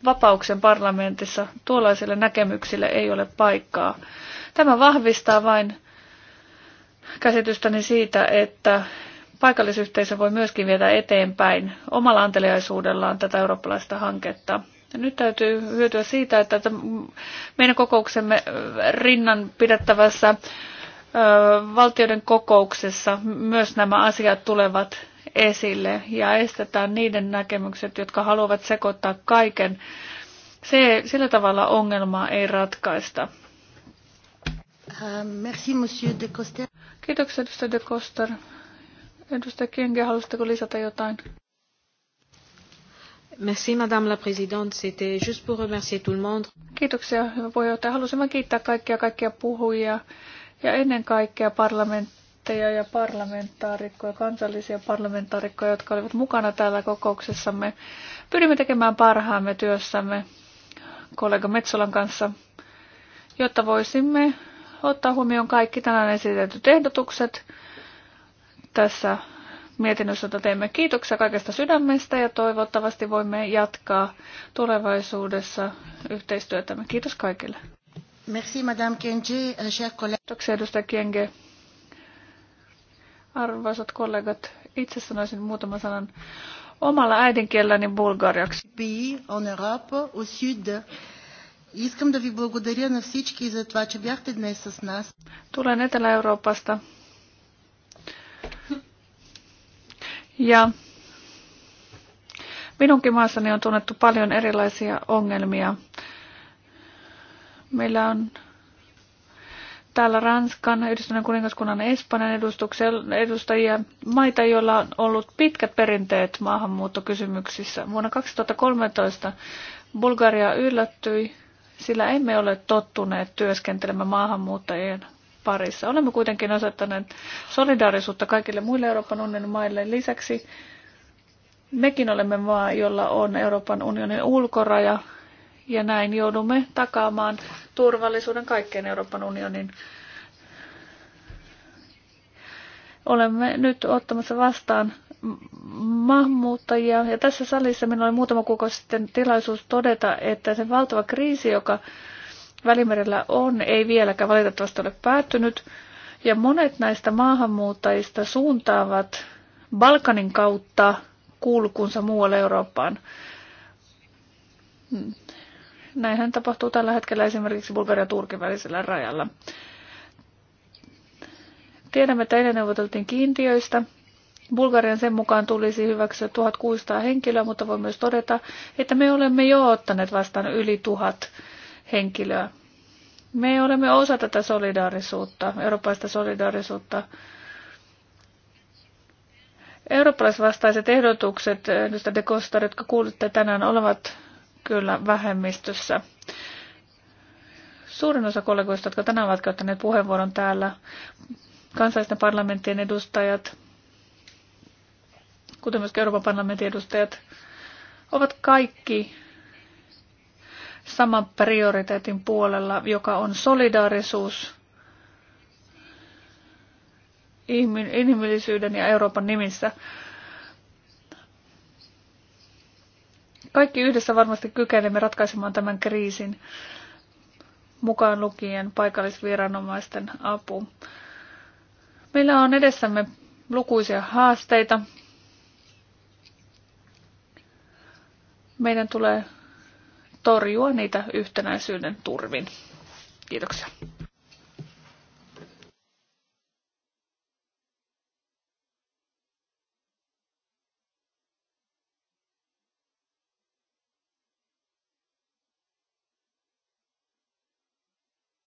vapauksen parlamentissa tuollaisille näkemyksille ei ole paikkaa. Tämä vahvistaa vain käsitystäni siitä, että paikallisyhteisö voi myöskin viedä eteenpäin omalla anteliaisuudellaan tätä eurooppalaista hanketta. Ja nyt täytyy hyötyä siitä, että meidän kokouksemme rinnan pidettävässä valtioiden kokouksessa myös nämä asiat tulevat esille ja estetään niiden näkemykset, jotka haluavat sekoittaa kaiken. Se, sillä tavalla ongelmaa ei ratkaista. Ähm, merci, monsieur de Coster. Kiitoksia, edustaja de Koster. Edustaja Kienge, haluaisitteko lisätä jotain? Merci, madame la présidente. C'était juste pour remercier tout le monde. Kiitoksia, hyvä puheenjohtaja. Haluaisin kiittää kaikkia kaikkia puhujia ja ennen kaikkea parlament, presidenttejä ja parlamentaarikkoja, kansallisia parlamentaarikkoja, jotka olivat mukana täällä kokouksessamme. Pyrimme tekemään parhaamme työssämme kollega Metsolan kanssa, jotta voisimme ottaa huomioon kaikki tänään esitetyt ehdotukset tässä mietinnössä, jota teemme. Kiitoksia kaikesta sydämestä ja toivottavasti voimme jatkaa tulevaisuudessa yhteistyötämme. Kiitos kaikille. Merci, Madame Kienge, Kiitoksia, edustaja Kienge. Arvoisat kollegat, itse sanoisin muutaman sanan omalla äidinkielelläni bulgariaksi. on Europa, au sud. Искам да ви благодаря на всички за това, че бяхте днес с нас. Tulen Etelä-Euroopasta. Ja minunkin maassani on tunnettu paljon erilaisia ongelmia. Meillä on täällä Ranskan, Yhdistyneen kuningaskunnan Espanjan edustajia, maita, joilla on ollut pitkät perinteet maahanmuuttokysymyksissä. Vuonna 2013 Bulgaria yllättyi, sillä emme ole tottuneet työskentelemään maahanmuuttajien parissa. Olemme kuitenkin osoittaneet solidaarisuutta kaikille muille Euroopan unionin maille. Lisäksi mekin olemme maa, jolla on Euroopan unionin ulkoraja, ja näin joudumme takaamaan turvallisuuden kaikkeen Euroopan unionin. Olemme nyt ottamassa vastaan maahanmuuttajia. Ja tässä salissa minulla oli muutama kuukausi sitten tilaisuus todeta, että se valtava kriisi, joka Välimerellä on, ei vieläkään valitettavasti ole päättynyt. Ja monet näistä maahanmuuttajista suuntaavat Balkanin kautta kulkunsa muualle Eurooppaan. Näinhän tapahtuu tällä hetkellä esimerkiksi Bulgarian ja Turkin välisellä rajalla. Tiedämme, että eilen neuvoteltiin kiintiöistä. Bulgarian sen mukaan tulisi hyväksyä 1600 henkilöä, mutta voi myös todeta, että me olemme jo ottaneet vastaan yli 1000 henkilöä. Me olemme osa tätä solidaarisuutta, eurooppalaista solidaarisuutta. Eurooppalaisvastaiset ehdotukset, edustaja de Costa, jotka kuulitte tänään, olevat kyllä vähemmistössä. Suurin osa kollegoista, jotka tänään ovat käyttäneet puheenvuoron täällä, kansallisten parlamenttien edustajat, kuten myös Euroopan parlamentin edustajat, ovat kaikki saman prioriteetin puolella, joka on solidaarisuus inhimillisyyden ja Euroopan nimissä. Kaikki yhdessä varmasti kykenemme ratkaisemaan tämän kriisin, mukaan lukien paikallisviranomaisten apu. Meillä on edessämme lukuisia haasteita. Meidän tulee torjua niitä yhtenäisyyden turvin. Kiitoksia.